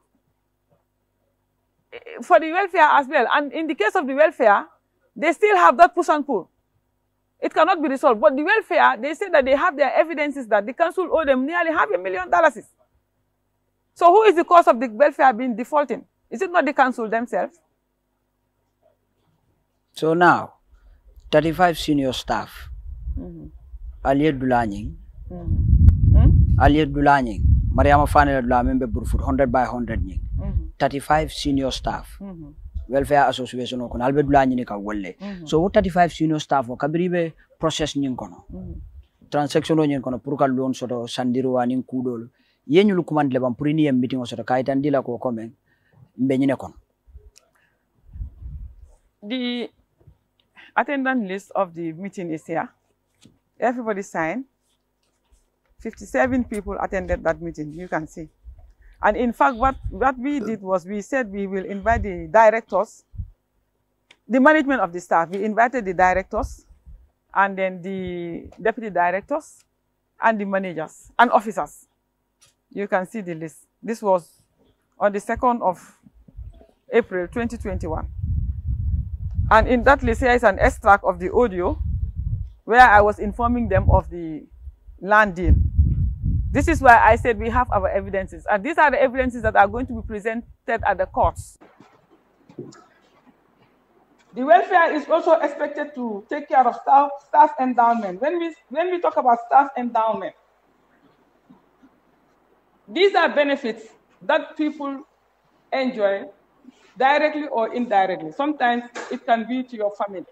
eh, for the welfare as well. And in the case of the welfare, they still have that push and pull. It cannot be resolved. But the welfare, they say that they have their evidences that the council owed them nearly half a million dollars. So who is the cause of the welfare being defaulting? Is it not the council themselves? So now, 35 senior staff, mm -hmm. Aliye dulanyin mm -hmm. Aliye Dulanying, Mariama Fanela Dulamembe Burfut, 100 by 100 nying, 35 senior staff, mm -hmm. Welfare Association okono, Albe dulanyin ka wolle Mm -hmm. So 35 senior staff, wakabiribe process nying kono, mm -hmm. transaction nying kono, puruka loan soto, sandiru nying kudol ye ñulu kumandi le ban pour ni yem meeting osoto kaitan dila ko komen mbe nyine kono di attendance list of the meeting is here. Everybody signed. 57 people attended that meeting, you can see. And in fact, what, what we did was we said we will invite the directors, the management of the staff. We invited the directors and then the deputy directors and the managers and officers. You can see the list. This was on the 2nd of April 2021. And in that list here is an extract of the audio where I was informing them of the landing. This is why I said we have our evidences. And these are the evidences that are going to be presented at the courts. The welfare is also expected to take care of staff, staff endowment. When we, when we talk about staff endowment, these are benefits that people enjoy directly or indirectly. Sometimes it can be to your family,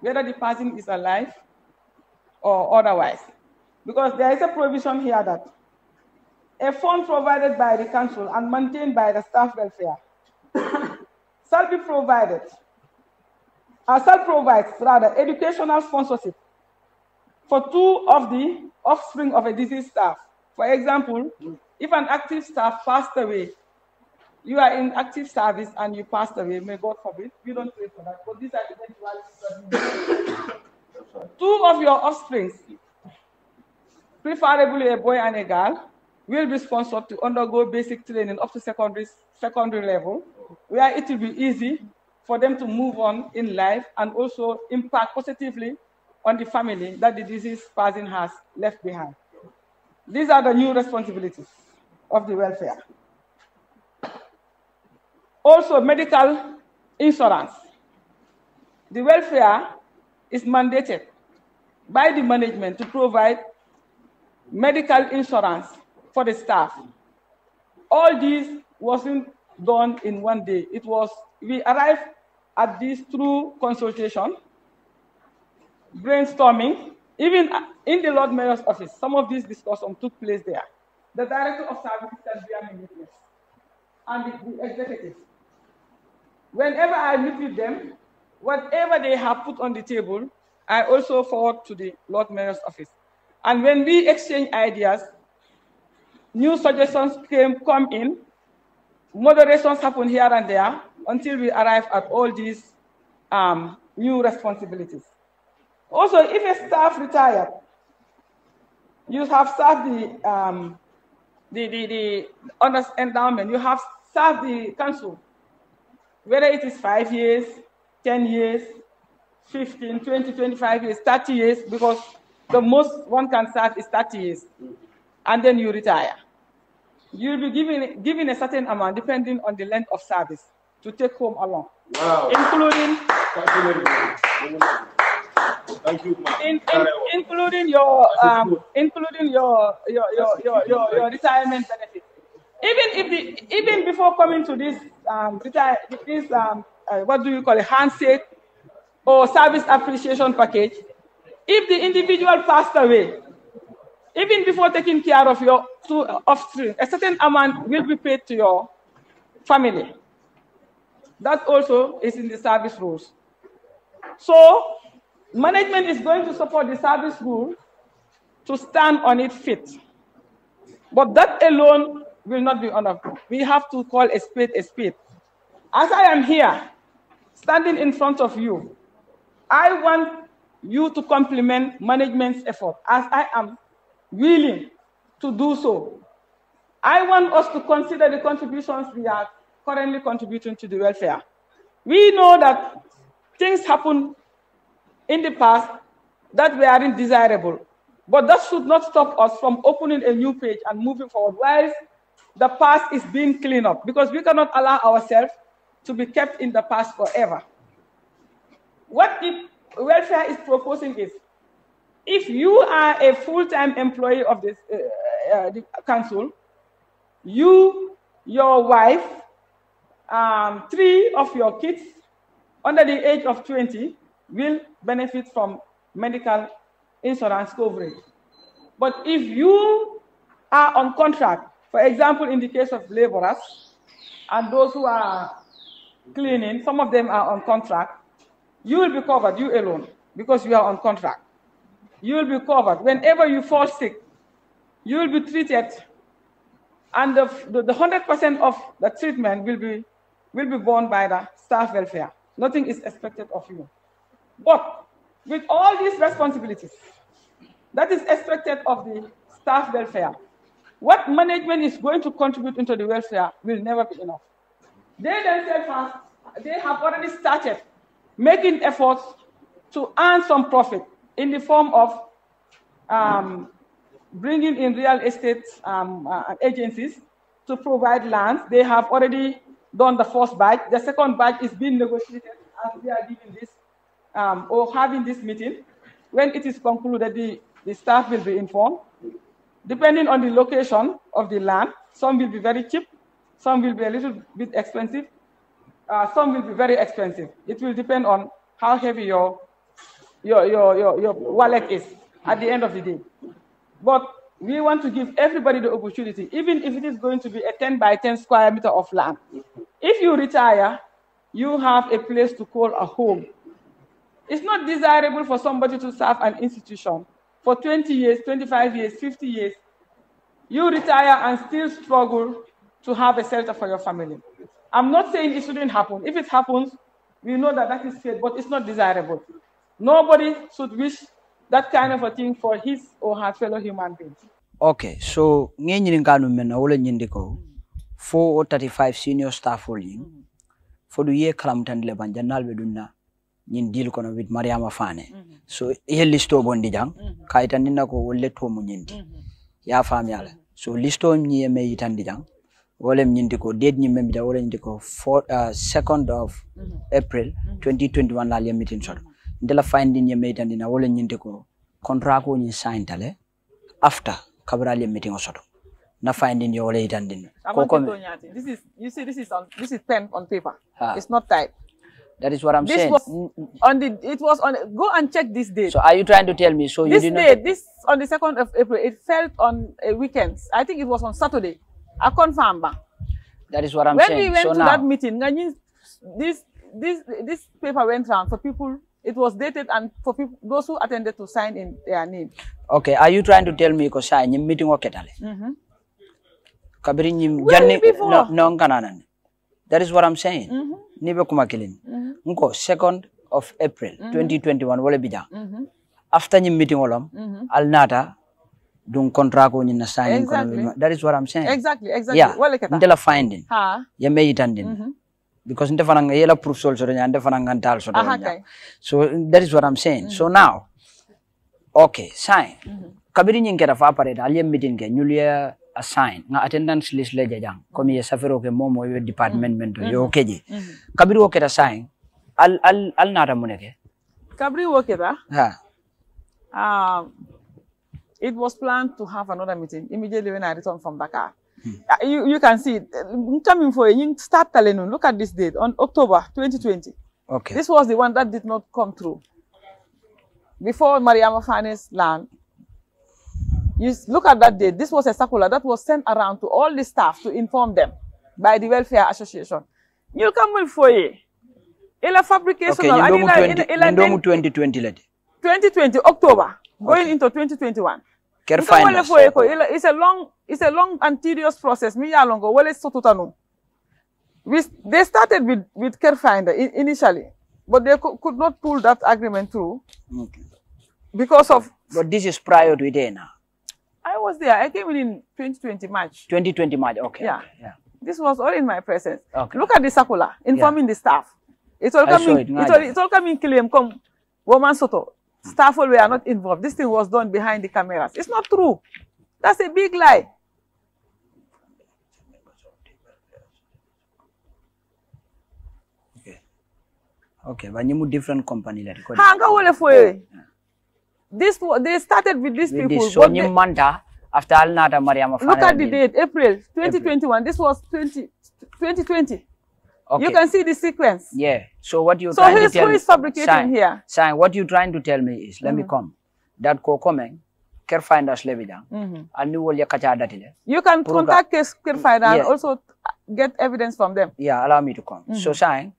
whether the person is alive or otherwise. Because there is a provision here that a fund provided by the council and maintained by the staff welfare shall be provided, or uh, shall provide rather educational sponsorship for two of the offspring of a deceased staff. For example, if an active staff passed away you are in active service and you passed away, may God forbid, we don't pray for that. But these are eventualities. Two of your offsprings, preferably a boy and a girl, will be sponsored to undergo basic training up to secondary, secondary level, where it will be easy for them to move on in life and also impact positively on the family that the disease person has left behind. These are the new responsibilities of the welfare. Also, medical insurance. The welfare is mandated by the management to provide medical insurance for the staff. All this wasn't done in one day. It was, we arrived at this through consultation, brainstorming, even in the Lord Mayor's office, some of these discussions took place there. The director of services and and the, Executive. Whenever I meet with them, whatever they have put on the table, I also forward to the Lord Mayor's office. And when we exchange ideas, new suggestions came, come in, moderations happen here and there until we arrive at all these um, new responsibilities. Also, if a staff retired, you have served the, um, the, the, the endowment, you have served the council, whether it is five years, 10 years, 15, 20, 25 years, 30 years, because the most one can serve is 30 years, and then you retire. You'll be given, given a certain amount depending on the length of service to take home along, wow. including Thank you, in, in, including your um, including your your, your your, your, your retirement benefit. Even if the, even before coming to this um, this um, uh, what do you call it, handshake or service appreciation package, if the individual passed away, even before taking care of your two offspring, a certain amount will be paid to your family. That also is in the service rules. So management is going to support the service rule to stand on its feet. But that alone will not be honored. We have to call a spade a spade. As I am here, standing in front of you, I want you to compliment management's effort as I am willing to do so. I want us to consider the contributions we are currently contributing to the welfare. We know that things happen in the past that were indesirable, but that should not stop us from opening a new page and moving forward, whilst the past is being cleaned up because we cannot allow ourselves to be kept in the past forever. What the welfare is proposing is if you are a full-time employee of this uh, uh, council, you, your wife, um, three of your kids under the age of 20 will benefit from medical insurance coverage. But if you are on contract for example, in the case of laborers and those who are cleaning, some of them are on contract, you will be covered, you alone, because you are on contract. You will be covered. Whenever you fall sick, you will be treated, and the 100% of the treatment will be, will be borne by the staff welfare. Nothing is expected of you. But with all these responsibilities, that is expected of the staff welfare, what management is going to contribute into the welfare will never be enough. They themselves have, they have already started making efforts to earn some profit in the form of um, bringing in real estate um, uh, agencies to provide lands. They have already done the first batch. The second batch is being negotiated as we are giving this um, or having this meeting. When it is concluded, the, the staff will be informed. Depending on the location of the land, some will be very cheap, some will be a little bit expensive, uh, some will be very expensive. It will depend on how heavy your, your, your, your, your wallet is at the end of the day. But we want to give everybody the opportunity, even if it is going to be a 10 by 10 square meter of land. If you retire, you have a place to call a home. It's not desirable for somebody to serve an institution for 20 years, 25 years, 50 years, you retire and still struggle to have a shelter for your family. I'm not saying it shouldn't happen. If it happens, we know that that is sad, but it's not desirable. Nobody should wish that kind of a thing for his or her fellow human beings. Okay, so nge nyiringano mena 435 senior staff holding for the year kalamtandile banja nalbe veduna. ñin deal kono with mariama fane mm-hmm. so ye listo bondi jang mm-hmm. kayitanninna ko wolle to tomu nyindi mm-hmm. ya faamyala so listo ñiye me yitandi jang wolem nyindi ko date membi da wole ñindi ko uh, second of april 2021 la ye meeting soto ndela findin ye me yitandina wole nyindi ko contrat ko nyi sign tale after kabral ye meeting o soto na finding yo wole yitandin ko ko this is you see this is on this is pen on paper uh, it's not type That is what I'm this saying. Was mm, mm. on the, it was on, go and check this date. So are you trying to tell me, so this you did day, not... This on the 2nd of April, it fell on a weekend. I think it was on Saturday. I confirm. That is what I'm when saying. When we went so to now, that meeting, this, this, this paper went around for people it was dated and for people, those who attended to sign in their name. Okay, are you trying to tell me because I am meeting oketale? Mhm. Where Kabiri nyim janni no no no. That is what I'm saying. Mm-hmm. Nibe kuma kilini. Mm-hmm. Nko 2nd of April mm -hmm. 2021 wala bida. Mm -hmm. After nyi meeting walam mm -hmm. al nata dung contract ko nyina signing exactly. Kono, that is what I'm saying. Exactly, exactly. Yeah. Wala kata. Ndela finding. Ha. Ya meyitandin. Mm -hmm. Because nte fananga yela proof sol so nya nte fananga ntal so nya. Okay. So that is what I'm saying. Mm -hmm. So now okay, sign. Mm -hmm. Kabiri nyi nyinkera fa pareda al yem meeting ke nyulia assign nga attendance list le jajang komi ye safero ke momo yo department mm-hmm. men do yo mm-hmm. keje mm-hmm. kabiri wo keta sign al al al nata muneke kabiri wo keta ha um it was planned to have another meeting immediately when I returned from Dakar. Hmm. Uh, you, you can see, I'm coming for you. Start telling look at this date, on October 2020. Okay. This was the one that did not come through. Before Mariama Fane's land, you look at that date. This was a circular that was sent around to all the staff to inform them by the Welfare Association. ñul kam mul foye ila fabrication okay, ila 2020 lady. 2020 october going into 2021 ker fine it's a long it's a long and tedious process mi yalongo wala sotuta nun we they started with with Carefinder initially but they could, not pull that agreement through okay. because of but this is prior to it eh, now I was there. I came in in 2020 March. 2020 March, okay. Yeah. yeah. This was all in my presence. Okay. Look at the circular informing yeah. the staff. It's all coming, it, it's, all, it's all coming claim, come, woman soto. Staff all are not involved. This thing was done behind the cameras. It's not true. That's a big lie. Okay. Okay, but you different company. Hanga wole for you. This they started with these with people. This so they, Manda after Alnada Mariam. Look at the date, April 2021. April. This was 20, 2020. Okay. You can see the sequence. Yeah. So what you so trying to tell who is fabricating sign, here? Sign. What you trying to tell me is let mm -hmm. me mm-hmm. come. That ko coming. Care finders levidan. Mm-hmm. And you will You can contact care mm, finder yeah. and also get evidence from them. Yeah, allow me to come. Mm -hmm. So mm-hmm. sign.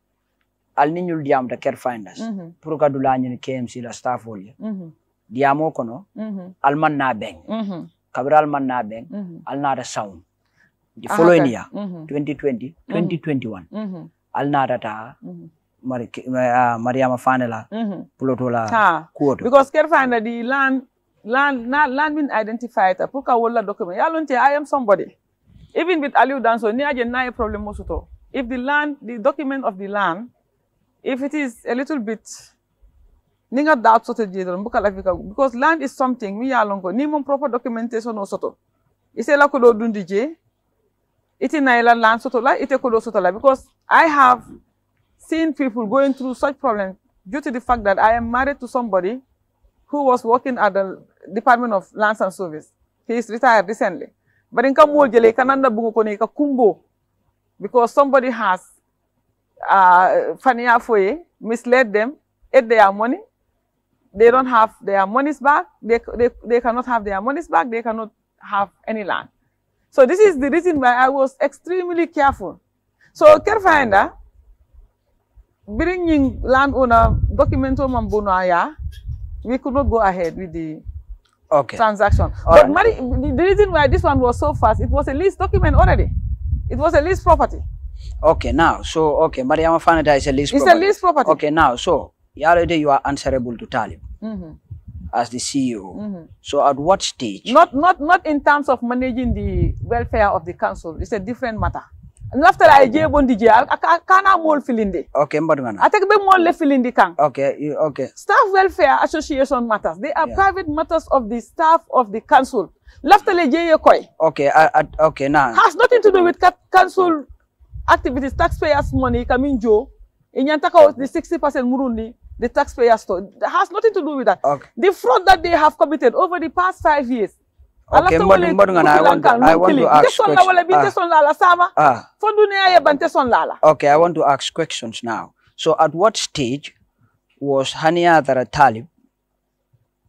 Al ninyul diam to care finders. Mm -hmm. Pruka dulanya ni KMC la staff wall. Mm -hmm. diyamo kono mm-hmm. alman na beng mm-hmm. kabira alman na beng alnada sound the following year 2020 2021 alnada ta Mari, Mariama Fanela mm-hmm. Ah, mm-hmm. Pulotola ha. Kuoto. Because Kerfana the land land na, land been identified a wala document. Yalunte I am somebody. Even with Aliu Danso, near na problem mosuto. If the land the document of the land, if it is a little bit because land is something mi yalongo ni mon proper documentation o soto ise la ko do dundi je ite na ila land soto la ite ko do soto la because i have seen people going through such problems due to the fact that i am married to somebody who was working at the department of lands and service he is retired recently but in kamuol jele kananda bungo ko ne ka kumbo because somebody has uh, Fania misled them, ate their money, they don't have their monies back, they, they, they cannot have their monies back, they cannot have any land. So this is the reason why I was extremely careful. So Carefinder, bringing landowner documentum and bonaya, we could not go ahead with the okay. transaction. All but right. Mary, the reason why this one was so fast, it was a lease document already. It was a lease property. Okay, now, so, okay, Mariama Fanada is a lease it's property. It's a lease property. Okay, now, so, already you are answerable to Talib mm -hmm. as the CEO. Mm -hmm. So at what stage? Not, not, not in terms of managing the welfare of the council. It's a different matter. After I je bon DJ, I kana mol filindi. Okay, mbadungana. I take be mol le filindi kang. Okay, okay. Staff welfare association matters. They are private matters of the staff of the council. After the je koi. Okay, okay, now. Has nothing to do with council activities, taxpayers' money, coming In Yantaka, the 60% murundi. the taxpayer store. That has nothing to do with that. Okay. The fraud that they have committed over the past five years. Okay, mbod mbod ngana I want to, I want to ask questions. Ah. Ah. Ya okay, I want to ask questions now. So at what stage was Hania Tarat Talib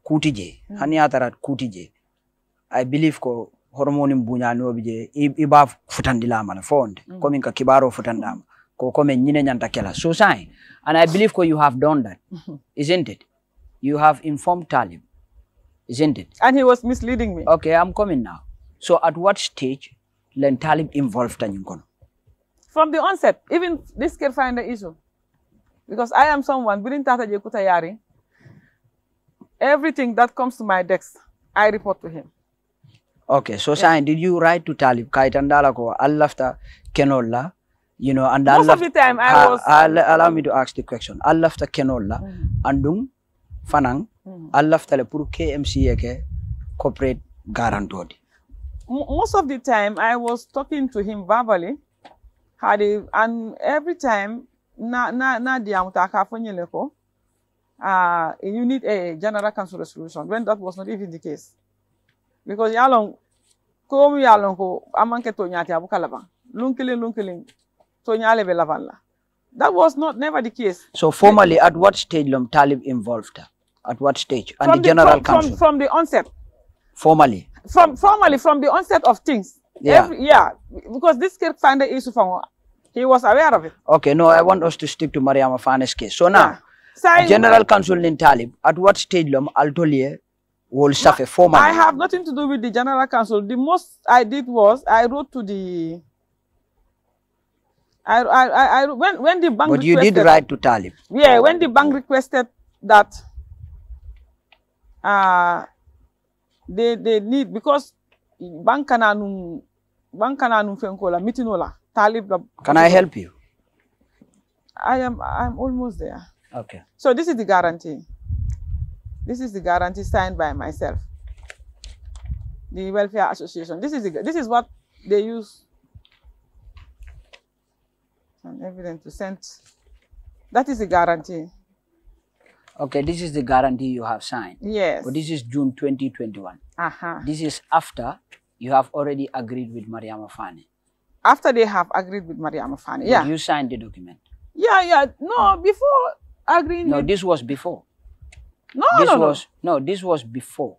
Kutije? Mm. Hania Tarat Kutije. I believe ko hormone mbunya no bije iba futandila mana fond. Mm. Komin ka kibaro futandama. Ko komen nyine nyanta kela. So sai And I believe you have done that, mm-hmm. isn't it? You have informed Talib, isn't it? And he was misleading me. Okay, I'm coming now. So at what stage then Talib involved Tanyunkono? From the onset, even this can find the issue. Because I am someone, within Tata yari. everything that comes to my desk, I report to him. Okay, so yeah. did you write to Talib, Kaitandalako, Allafta, Kenola, you know, and most I of the time I was. I, I, allow me to ask the question. I left a kenola, mm. andung, fanang, mm. I left a puru KMCA corporate guarantor. Most of the time I was talking to him verbally, had a, and every time na na na the mutaka fanyeleko. Uh, you need a general council resolution when that was not even the case because yalong ko mi yalong ko amanke to nyati abukalaban lunkilin lunkilin lavanla. That was not never the case. So formally, at what stage Lom Talib involved? At what stage? And from the, the General from, Council? From, from the onset. Formally? From Formally, from the onset of things. Yeah. Every, yeah, because this case finder issue from he was aware of it. Okay, no, I want us to stick to Mariam Afane's case. So now, yeah. so General Council in Talib, at what stage Lom Altolier will suffer formally? I have nothing to do with the General Council. The most I did was I wrote to the I, I, I, when, when the bank. But you did write to Talib. Yeah, oh, when the bank requested that uh, they, they need, because bank anum bank kananum meeting ola Talib. Can I help you? I am, I'm almost there. Okay. So this is the guarantee. This is the guarantee signed by myself. The Welfare Association. This is, the, this is what they use evidence to send. That is a guarantee. Okay, this is the guarantee you have signed. Yes. But this is June 2021. Uh-huh. This is after you have already agreed with Mariama Fani. After they have agreed with Mariama Fani, yeah. You signed the document. Yeah, yeah. No, oh. before agreeing No, with... this was before. No, this no, was, no. No, this was before.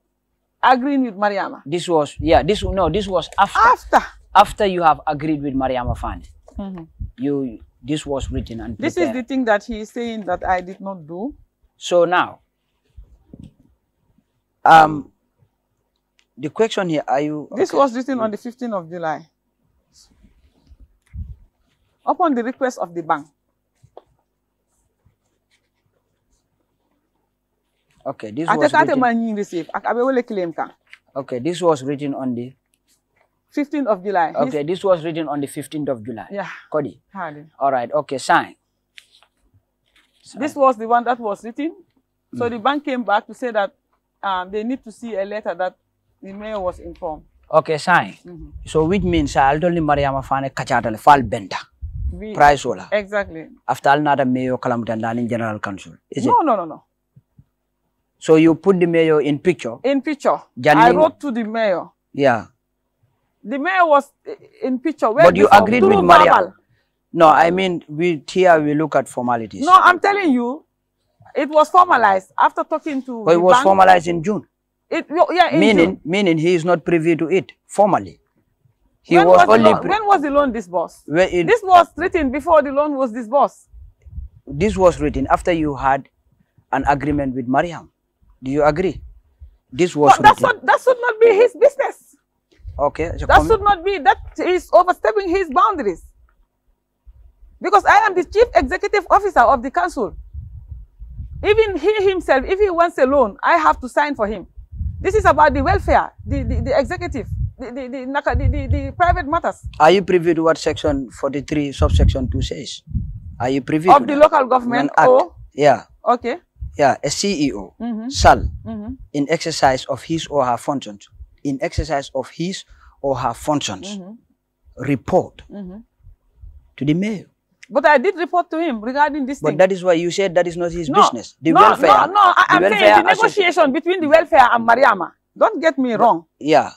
Agreeing with Mariama. This was, yeah, this, no, this was after. After. After you have agreed with Mariama Fani mm -hmm. you this was written and prepared. this is the thing that he is saying that i did not do so now um the question here are you this okay. was written on mm. the 15th of july upon the request of the bank okay this was written... okay this was written on the 15th of July. Okay, this was written on the 15th of July. Yeah. Cody. Hardy. All right, okay, sign. This was the one that was written. So mm. the bank came back to say that um, they need to see a letter that the mayor was informed. Okay, sign. Mm -hmm. So which means I'll tell Mariama Fane Kachatale Fal Benta. Price wala. Exactly. After another mayor in General Council. Is no, it? no, no, no. So you put the mayor in picture? In picture. January. I wrote to the mayor. Yeah. The mayor was in picture. Where but you agreed with Maria. No, I mean, we here we look at formalities. No, I'm telling you, it was formalized after talking to. But it was bank. formalized in June. It yeah. meaning June. meaning he is not privy to it formally. He when was, was only. When was the loan disbursed? It, this was written before the loan was disbursed. This was written after you had an agreement with Mariam. Do you agree? This was. No, that should, that should not be his business. Okay. That should not be, that is overstepping his boundaries. Because I am the chief executive officer of the council. Even he himself, if he wants a loan, I have to sign for him. This is about the welfare, the, the, the executive, the, the, the, the, private matters. Are you privy to what section 43, subsection 2 says? Are you privy Of the local government or? Yeah. Okay. Yeah, a CEO mm-hmm. shall, mm-hmm. in exercise of his or her functions, in exercise of his or her functions, mm-hmm. report mm-hmm. to the mayor. But I did report to him regarding this but thing. that is why you said that is not his no, business. The no, welfare. No, no, I, am saying the negotiation between the welfare and Mariama. Don't get me wrong. Yeah.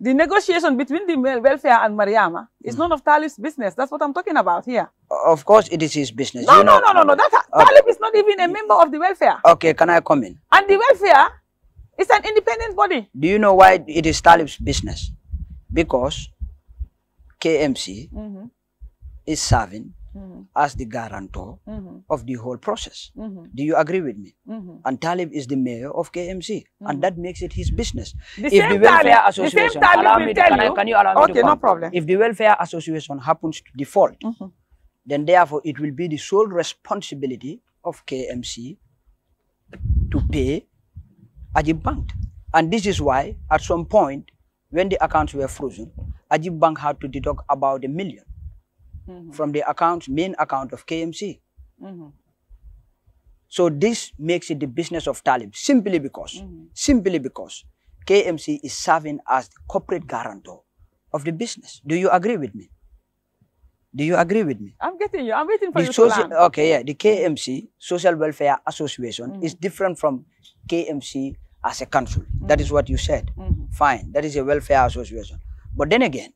The negotiation between the welfare and Mariama is mm. none of Talib's business. That's what I'm talking about here. Of course it is his business. No, no, no, no, no. That, okay. Talib is not even a member of the welfare. Okay, can I come in? And the welfare it's an independent body. Do you know why it is Talib's business? Because KMC mm -hmm. is serving mm -hmm. as the guarantor mm -hmm. of the whole process. Mm-hmm. Do you agree with me? Mm-hmm. And Talib is the mayor of KMC, and mm-hmm. that makes it his business. The if the welfare Talib, association, the allow me to, tell you, I, can you allow me okay, to no problem. If the welfare association happens to default, then therefore it will be the sole responsibility of KMC to pay Ajib Bank. And this is why, at some point, when the accounts were frozen, Ajib Bank had to deduct about a 1000000 mm -hmm. from the account, main account of KMC. Mm -hmm. So this makes it the business of Talib simply because, mm -hmm. simply because KMC is serving as the corporate guarantor of the business. Do you agree with me? Do you agree with me? I'm getting you. I'm waiting for the you Okay, yeah. The KMC, Social Welfare Association, mm. is different from KMC as a council. Mm. That is what you said. Mm. Fine. That is a welfare association. But then again,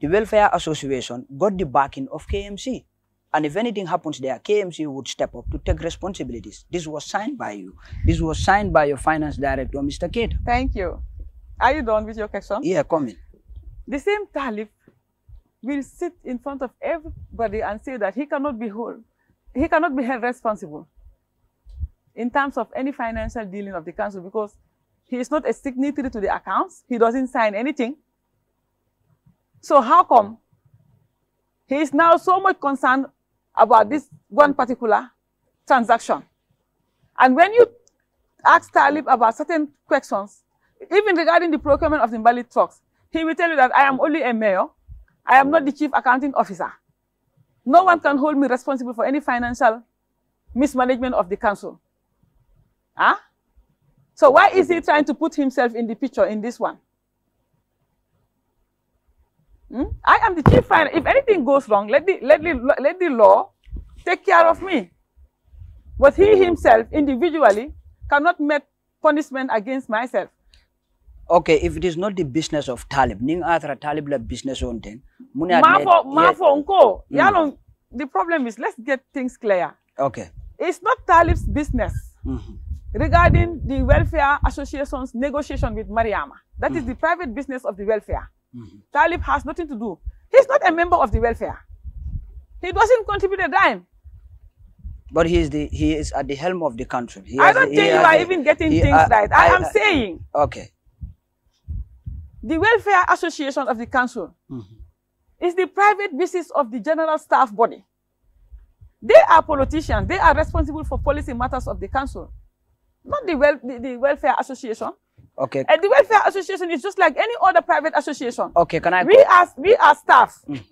the Welfare Association got the backing of KMC. And if anything happens there, KMC would step up to take responsibilities. This was signed by you. This was signed by your finance director, Mr. Kate. Thank you. Are you done with your question? Yeah, coming. The same tariff will sit in front of everybody and say that he cannot be held, he cannot be held responsible in terms of any financial dealing of the council because he is not a signatory to the accounts. He doesn't sign anything. So how come he is now so much concerned about this one particular transaction? And when you ask Talib about certain questions, even regarding the procurement of the Mbali trucks, he will tell you that I am only a mayor I am not the chief accounting officer. No one can hold me responsible for any financial mismanagement of the council. Huh? So why is he trying to put himself in the picture in this one? Hmm? I am the chief finance. If anything goes wrong, let the, let, the, let the law take care of me. But he himself, individually, cannot make punishment against myself okay if it is not the business of talib ning athra talib la business on ten mafo mafo unko hmm. yalo the problem is let's get things clear okay it's not talib's business mm -hmm. regarding the welfare association's negotiation with mariama that mm -hmm. is the private business of the welfare -hmm. talib has nothing to do he's not a member of the welfare he doesn't contribute a dime but he is the he is at the helm of the country. He I don't the, think you are a, even getting things right. I, I am saying. Okay. The Welfare Association of the Council mm -hmm. is the private business of the general staff body. They are politicians. They are responsible for policy matters of the council, not the, wel the, the Welfare Association. Okay. And the Welfare Association is just like any other private association. Okay, can I? We are, we are staff. Mm.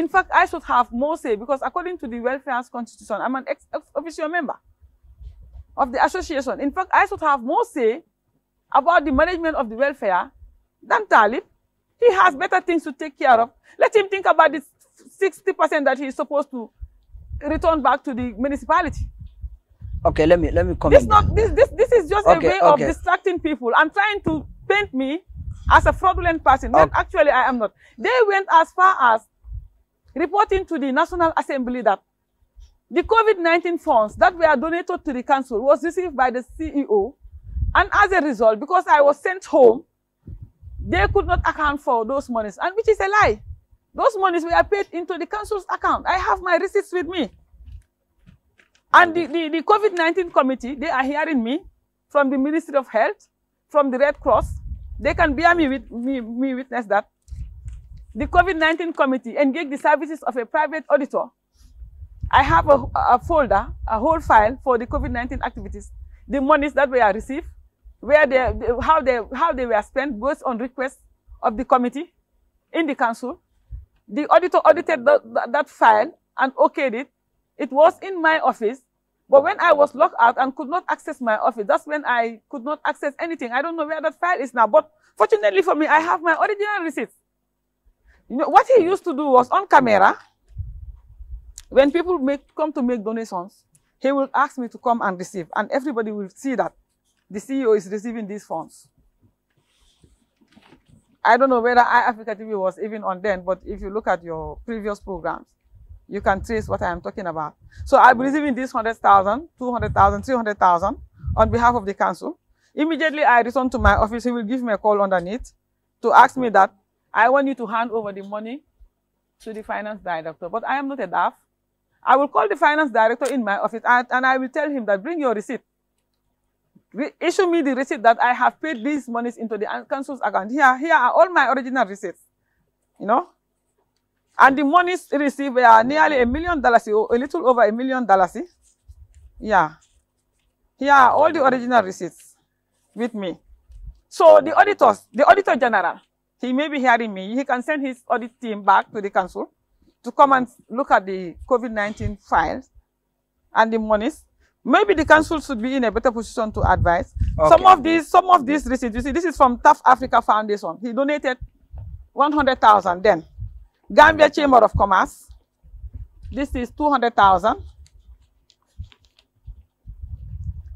In fact, I should have more say because according to the welfare constitution, I'm an ex, official member of the association. In fact, I should have more say about the management of the welfare than Talib. He has better things to take care of. Let him think about the 60% that he is supposed to return back to the municipality. Okay, let me let me come This not this this this is just okay, a way okay. of distracting people. and trying to paint me as a fraudulent person. Okay. actually I am not. They went as far as reporting to the National Assembly that the COVID-19 funds that were donated to the council was received by the CEO. And as a result, because I was sent home, they could not account for those monies, and which is a lie. Those monies were paid into the council's account. I have my receipts with me. And the, the, the COVID-19 committee, they are hearing me from the Ministry of Health, from the Red Cross. They can bear me, with, me, me witness that. The COVID-19 committee engaged the services of a private auditor. I have a, a folder, a whole file for the COVID-19 activities, the monies that are received, where they, how they, how they were spent both on request of the committee in the council. The auditor audited that file and okayed it. It was in my office, but when I was locked out and could not access my office, that's when I could not access anything. I don't know where that file is now, but fortunately for me, I have my original receipt. You know, what he used to do was on camera, when people make, come to make donations, he will ask me to come and receive, and everybody will see that the CEO is receiving these funds. I don't know whether iAfrica TV was even on then, but if you look at your previous programs, you can trace what I am talking about. So I'll be receiving this 100,000, 200,000, 300,000 on behalf of the council. Immediately I return to my office, he will give me a call underneath to ask me that I want you to hand over the money to the finance director, but I am not a DAF. I will call the finance director in my office and, and I will tell him that bring your receipt issue me the receipt that I have paid these monies into the council's account. Here, here are all my original receipts, you know. And the monies received are nearly a million dollars, a little over a million dollars. Yeah. Here are all the original receipts with me. So the auditors, the auditor general, he may be hearing me. He can send his audit team back to the council to come and look at the COVID-19 files and the monies Maybe the council should be in a better position to advise. Okay. Some of these, some of these receipts, you see, this is from Tough Africa Foundation. He donated 100,000 then. Gambia Chamber of Commerce, this is 200,000.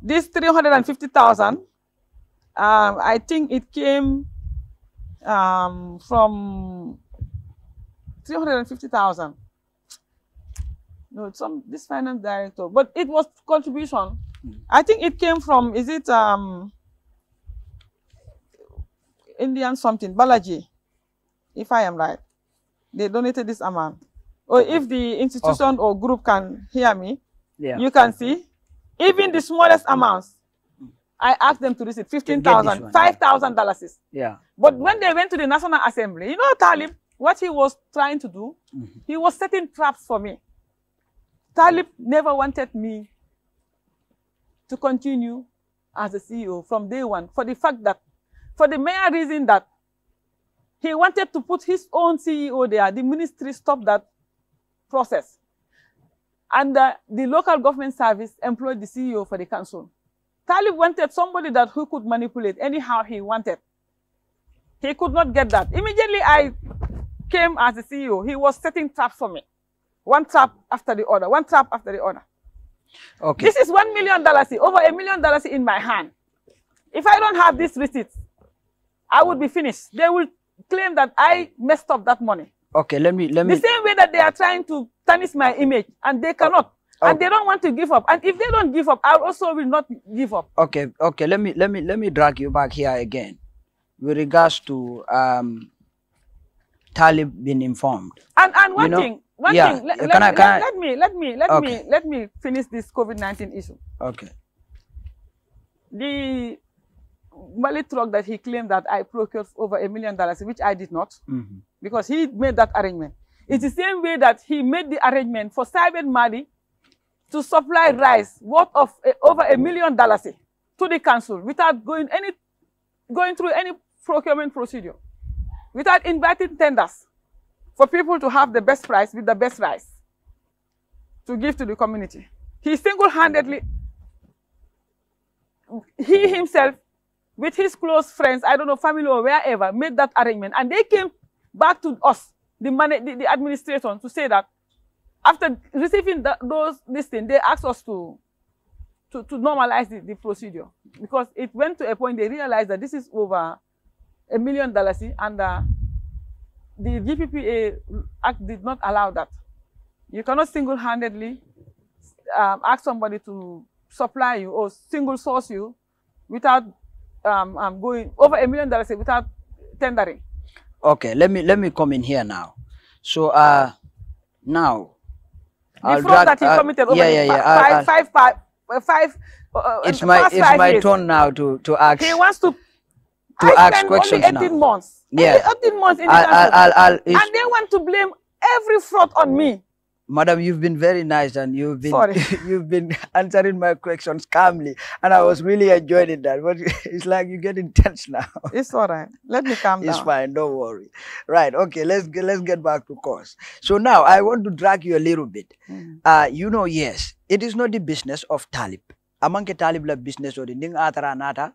This 350,000, um, I think it came um, from 350,000. No, some this finance director, but it was contribution. Mm. I think it came from is it um Indian something Balaji, if I am right. They donated this amount. Or okay. if the institution okay. or group can hear me, yeah. you can see even the smallest amounts. I asked them to receive 15,000, 5,000 dollars. Yeah. But when they went to the National Assembly, you know, Talib, what he was trying to do, mm -hmm. he was setting traps for me. Talib never wanted me to continue as a CEO from day one for the fact that, for the mere reason that he wanted to put his own CEO there. The ministry stopped that process. And uh, the local government service employed the CEO for the council. Talib wanted somebody that who could manipulate anyhow he wanted. He could not get that. Immediately I came as a CEO. He was setting traps for me. One tap after the other, one tap after the other. Okay. This is one million dollars, over a million dollars in my hand. If I don't have this receipt, I would be finished. They will claim that I messed up that money. Okay, let me let me. The same way that they are trying to tarnish my image, and they cannot. Oh. and they don't want to give up. And if they don't give up, I also will not give up. Okay, okay. Let me let me let me drag you back here again, with regards to um, Talib being informed. And and one you know, thing, one yeah. thing, let, can let, I, can let, let, me, let me, let okay. me, let me finish this COVID-19 issue. Okay. The Mali truck that he claimed that I procured over a million dollars, which I did not, mm -hmm. because he made that arrangement. It's the same way that he made the arrangement for Simon Mali to supply okay. rice worth of eh, over a million dollars eh, to the council without going any going through any procurement procedure, without inviting tenders for people to have the best price with the best rice to give to the community. He single-handedly, he himself, with his close friends, I don't know, family or wherever, made that arrangement. And they came back to us, the, the, the administration, to say that after receiving the, those, this they asked us to, to, to normalize the, the, procedure. Because it went to a point they realized that this is over a million dollars and uh, the VPPA Act did not allow that. You cannot single-handedly um, ask somebody to supply you or single source you without um, um, going over a million dollars without tendering. Okay, let me let me come in here now. So uh, now the I'll fraud drag, that he uh, committed uh, over yeah, yeah, yeah, five, I'll, I'll, five uh, uh, uh, it's my it's my years. turn now to to ask. He wants to. to I ask questions only 18 now. months yeah. 18 months in I'll, I'll, I'll, and they want to blame every fraud on me. Madam, you've been very nice and you've been you've been answering my questions calmly. And I was really enjoying that. But it's like you get intense now. It's all right. Let me calm it's down. It's fine, don't worry. Right, okay, let's get let's get back to course. So now I want to drag you a little bit. Mm. Uh, you know, yes, it is not the business of Talib. Among Talib la business or the Ning Atara Nata,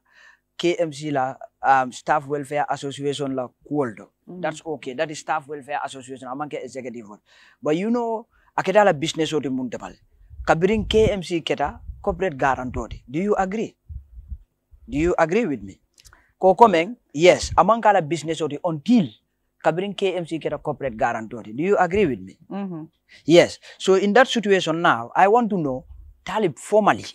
KMC la um, Staff Welfare Association la Kuoldo. Mm -hmm. That's okay. That is Staff Welfare Association. Amanke executive one. But you know, akeda la business odi mundabal. Kabirin KMC keta corporate guarantee. Do you agree? Do you agree with me? Kokomeng, yes. Amanka kala business odi until Kabirin KMC keta corporate guarantee. Do you agree with me? Mm -hmm. Yes. So in that situation now, I want to know, Talib formally,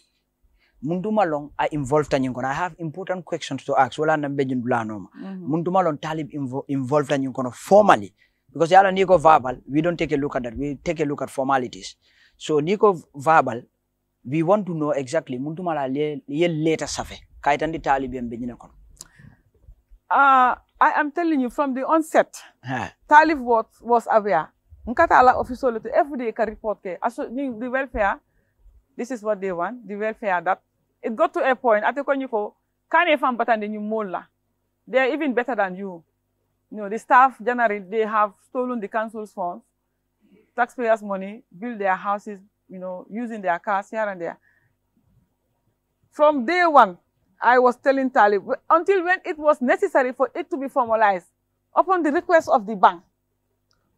mundumalong a involved tanyin I have important questions to ask. Wala nambe jundulano ma. Mhm. Mundumalong talib involved tanyin kono formally. Because yala niko verbal, we don't take a look at that. We take a look at formalities. So niko verbal, we want to know exactly mundumala ye, ye later survey. Kaitandi talib yambe jina kono. Uh, I am telling you from the onset, Talib was, was aware. Nkatala official to every day can report ke. the welfare this is what they want, the welfare that it got to a point, At the ko, kane fan better than you mola. They are even better than you. You know, the staff generally, they have stolen the council's funds, taxpayers' money, build their houses, you know, using their cars here and there. From day one, I was telling Talib, until when it was necessary for it to be formalized, upon the request of the bank.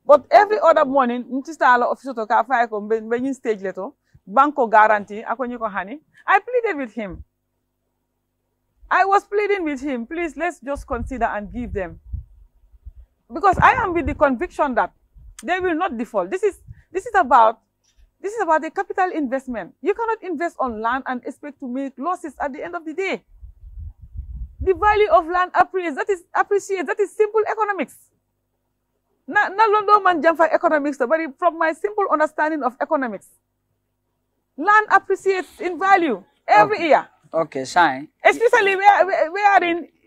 But every other morning, Ntistala official to Kafaiko, Benin stage letter, banko guarantee ako hani i pleaded with him i was pleading with him please let's just consider and give them because i am with the conviction that they will not default this is this is about this is about the capital investment you cannot invest on land and expect to make losses at the end of the day the value of land appreciates that is appreciates that is simple economics na na londo man jump for economics But from my simple understanding of economics Land appreciates in value every year. Especially where,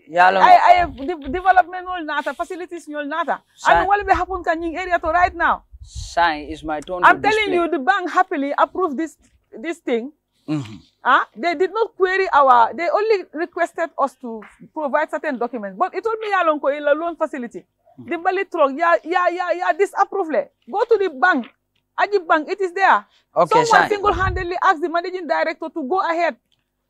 I, I development all nata, facilities all nata. Sign. And what will happen can in area to right now? I'm telling you, the bank happily approved this thing. Mm-hmm. Ah, they did not query our, they only requested us to provide certain documents. But it told me Yalong a facility. The Bali truck, yeah, yeah, Go to the bank Ajib it is there. Okay, Someone single-handedly asked the managing director to go ahead.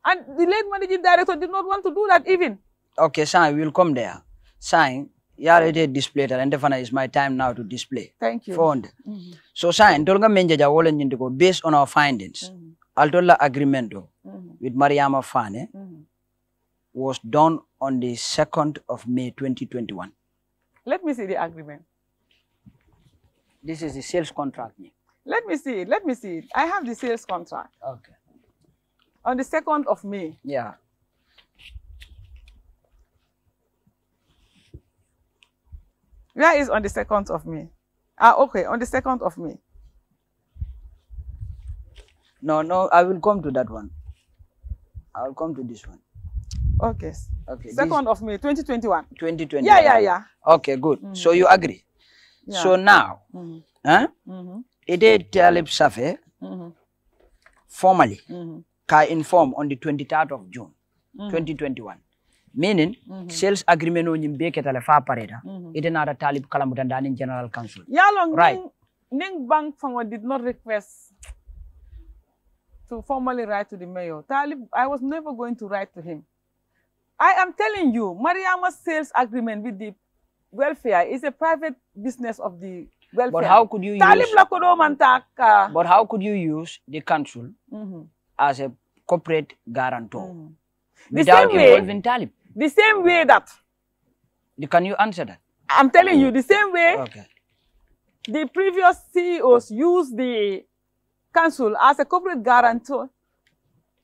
And the late managing director did not want to do that even. Okay, Shine, we'll come there. Shine, you already displayed that, and definitely it's my time now to display. Thank you. Found. Mm -hmm. So, Shine, Dolga Menjaja go. based on our findings, mm -hmm. Altola agreement mm -hmm. with Mariama Fane mm -hmm. was done on the 2nd of May 2021. Let me see the agreement. This is the sales contract. Let me see it. Let me see it. I have the sales contract. Okay. On the 2nd of May. Yeah. Where is on the 2nd of May? Ah, okay, on the 2nd of May. No, no, I will come to that one. I will come to this one. Okay. Okay. 2nd of May, 2021. 2021. Yeah, yeah, yeah. Okay, good. Mm -hmm. So you agree. Yeah. So now, mm -hmm. huh? Mm -hmm. Ede Talib Safe formally mm-hmm. ka inform on the 23rd of June mm-hmm. 2021 meaning mm -hmm. sales agreement on ñim beke talifa fa pareda mm -hmm. ite nata talib kalamu tan general council yalo right ning bank fango did not request to formally write to the mayor talib i was never going to write to him i am telling you mariama's sales agreement with the welfare is a private business of the welfare. But how could you use? But how could you use the council mm -hmm. as a corporate guarantor mm -hmm. without involving Talib? The same way that. Can you answer that? I'm telling you, mm. the same way. Okay. The previous CEOs used the council as a corporate guarantor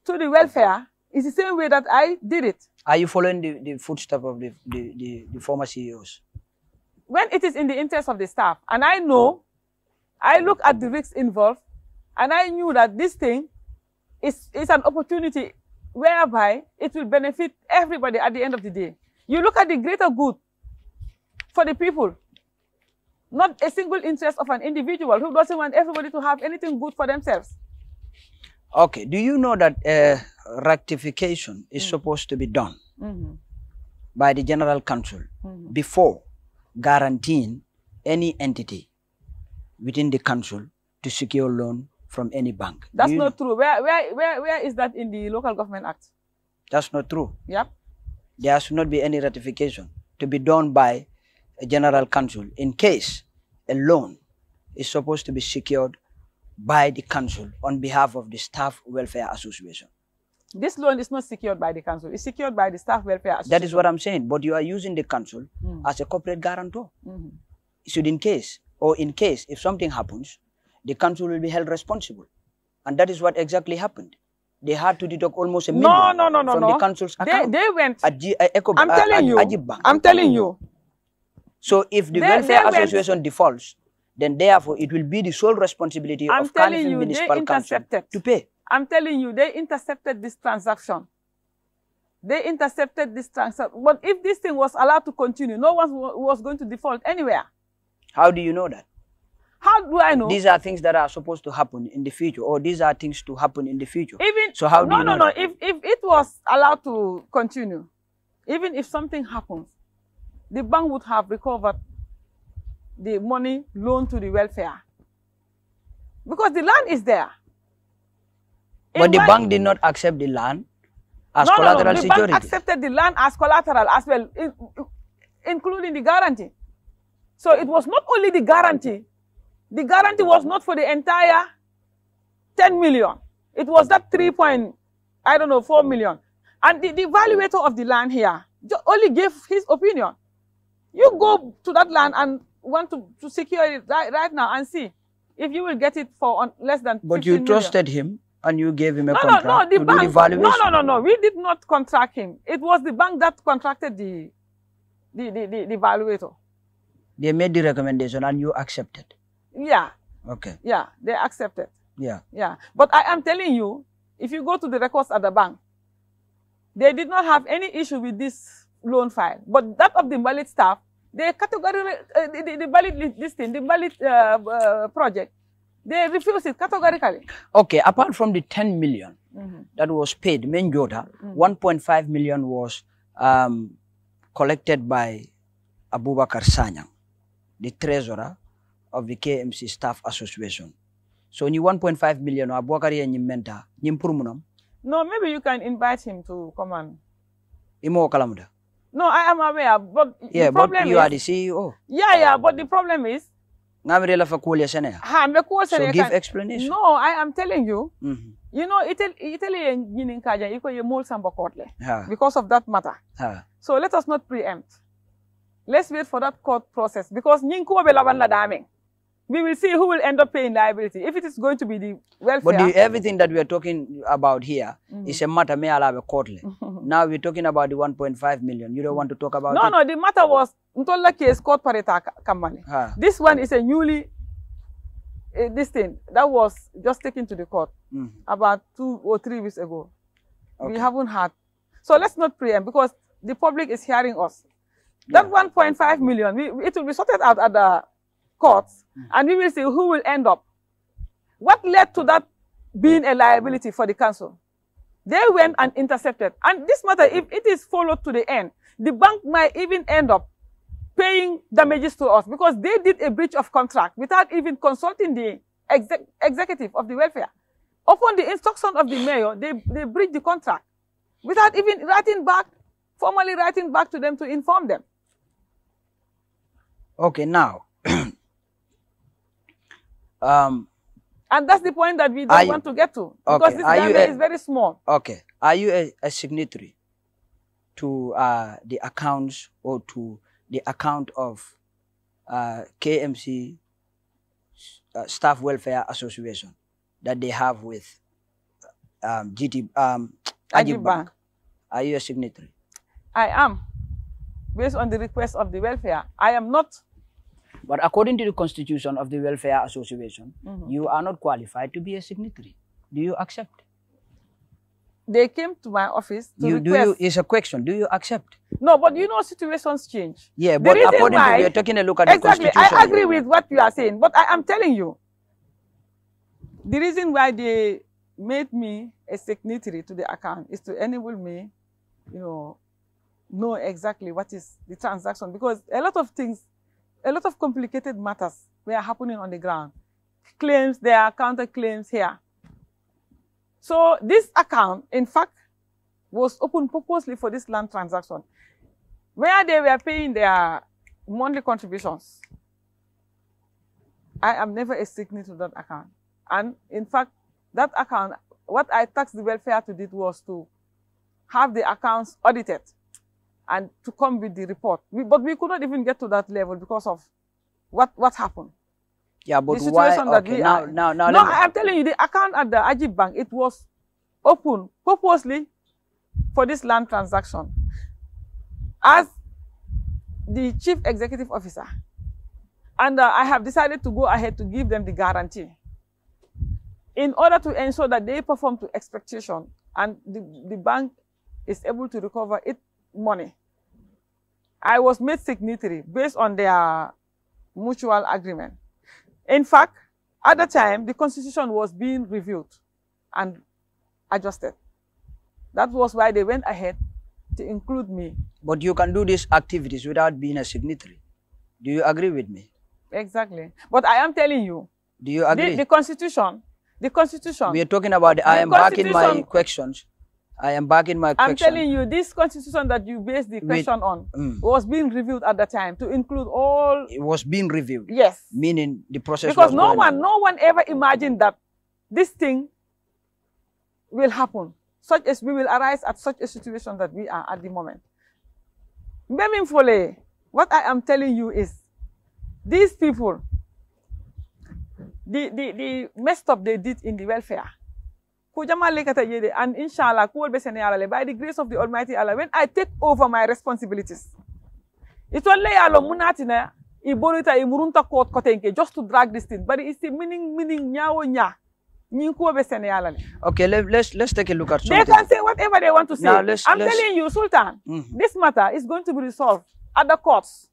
to the welfare It's the same way that I did it. Are you following the, the footsteps of the, the, the, the former CEOs? when it is in the interest of the staff, and I know, oh. I look at the risks involved, and I knew that this thing is, is an opportunity whereby it will benefit everybody at the end of the day. You look at the greater good for the people, not a single interest of an individual who doesn't want everybody to have anything good for themselves. Okay, do you know that uh, rectification is mm -hmm. supposed to be done mm -hmm. by the General Council mm -hmm. before guaranteeing any entity within the council to secure loan from any bank. That's you, not true. Where, where, where, where is that in the Local Government Act? That's not true. Yep. There should not be any ratification to be done by a general council in case a loan is supposed to be secured by the council on behalf of the Staff Welfare Association. This loan is not secured by the council. It's secured by the staff welfare association. That is what I'm saying. But you are using the council mm. as a corporate guarantor. Mm mm-hmm. Should in case, or in case, if something happens, the council will be held responsible. And that is what exactly happened. They had to deduct almost a million no, no, no, from no. the council's account. They, they went. At G, uh, eh, Eco, I'm uh, telling you. Bank, I'm telling you. So if the they, welfare they association went. defaults, then therefore it will be the sole responsibility I'm of Califin Municipal Council to pay. I'm telling you, they intercepted this transaction. They intercepted this transaction. But if this thing was allowed to continue, no one was going to default anywhere. How do you know that? How do I know? These are things that are supposed to happen in the future, or these are things to happen in the future. Even so, how do no, know? No, no, no. If if it was allowed to continue, even if something happens, the bank would have recovered the money loaned to the welfare because the land is there. But the bank did not accept the land as no, collateral no, no. The security. bank accepted the land as collateral as well, in, including the guarantee. So it was not only the guarantee. The guarantee was not for the entire 10 million. It was that 3 point, I don't know, 4 million. And the, the of the land here only gave his opinion. You go to that land and want to, to secure it right, right now and see if you will get it for less than But you trusted million. him and you gave him a no, contract no, no, the to bank, do the valuation. No, no, no, no. We did not contract him. It was the bank that contracted the, the, the, the, the valuator. They made the recommendation and you accepted. Yeah. Okay. Yeah, they accepted. Yeah. Yeah. But I am telling you, if you go to the records at the bank, they did not have any issue with this loan file. But that of the valid staff, they category, uh, the, the valid listing, the valid uh, uh, project, they refuse it categorically. Okay, apart from the 10 million mm -hmm. that was paid, main Jota, mm -hmm. 1.5 million was um, collected by Abubakar Sanyang, the treasurer of the KMC Staff Association. So, ni 1.5 million, Abubakar ni menta, ni No, maybe you can invite him to come and. Imo kalamuda. No, I am aware, but yeah, the problem but you is, are the CEO. Yeah, yeah, oh, but the problem is ngamri la fakul ya shana ha mbekuwa sana so give explanation no i am telling you mm -hmm. you know italy italy nyinin kaja iko ye mol samba kotle because of that matter ha. so let us not preempt let's wait for that court process because nyin ko be laban la daming we will see who will end up paying liability. If it is going to be the welfare. But the, everything that we are talking about here mm -hmm. is a matter may allow a courtly. now we're talking about the 1.5 million. You don't want to talk about No, it? no, the matter was Ntola case court parita kamane. This one is a newly uh, this thing that was just taken to the court mm -hmm. about two or three weeks ago. Okay. We haven't had. So let's not preempt because the public is hearing us. That yeah. 1.5 million, we, it will be sorted out at the courts, mm. and we will see who will end up. What led to that being a liability for the council? They went and intercepted. And this matter, if it is followed to the end, the bank might even end up paying damages to us because they did a breach of contract without even consulting the exec executive of the welfare. Upon the instruction of the mayor, they, they breached the contract without even writing back, formally writing back to them to inform them. Okay, now, um, and that's the point that we don't want to get to because okay. this are a, is very small. Okay. Are you a, a signatory to uh, the accounts or to the account of uh, KMC uh, Staff Welfare Association that they have with um, GT um, Ajib Bank? Are you a signatory? I am, based on the request of the welfare. I am not but according to the constitution of the Welfare Association, mm -hmm. you are not qualified to be a signatory. Do you accept? They came to my office to you, request. Do you, it's a question. Do you accept? No, but you know situations change. Yeah, but according why, to you're taking a look at exactly, the constitution. I agree with what you are saying, but I am telling you, the reason why they made me a signatory to the account is to enable me, you know, know exactly what is the transaction because a lot of things a lot of complicated matters were happening on the ground. Claims there, are counterclaims here. So this account, in fact, was opened purposely for this land transaction, where they were paying their monthly contributions. I am never a signatory to that account. And in fact, that account, what I taxed the welfare to do was to have the accounts audited and to come with the report. We, but we could not even get to that level because of what, what happened. Yeah, but the situation why? That we now, now, now, no, I'm telling you, the account at the Ajib Bank, it was open purposely for this land transaction. As the chief executive officer, and uh, I have decided to go ahead to give them the guarantee in order to ensure that they perform to expectation and the, the bank is able to recover it money. I was made signatory based on their mutual agreement. In fact, at the time, the constitution was being reviewed and adjusted. That was why they went ahead to include me. But you can do these activities without being a signatory. Do you agree with me? Exactly. But I am telling you. Do you agree? The, the constitution, the constitution. We are talking about, I am backing my questions. I am back in my I'm telling you, this constitution that you based the question on mm, was being reviewed at the time to include all. It was being reviewed. Yes. Meaning the process. Because no one, on. no one ever imagined that this thing will happen, such as we will arise at such a situation that we are at the moment. Meaningfully, what I am telling you is, these people, the, the, the messed up they did in the welfare, and inshallah, by the grace of the Almighty Allah, when I take over my responsibilities, it's only munati iborita imurunta court kotenke just to drag this thing. But it's the meaning meaning nyawo nya. Okay, let, let's let's take a look at something. They can say whatever they want to say. Now, let's, I'm let's... telling you, Sultan, mm -hmm. this matter is going to be resolved at the courts.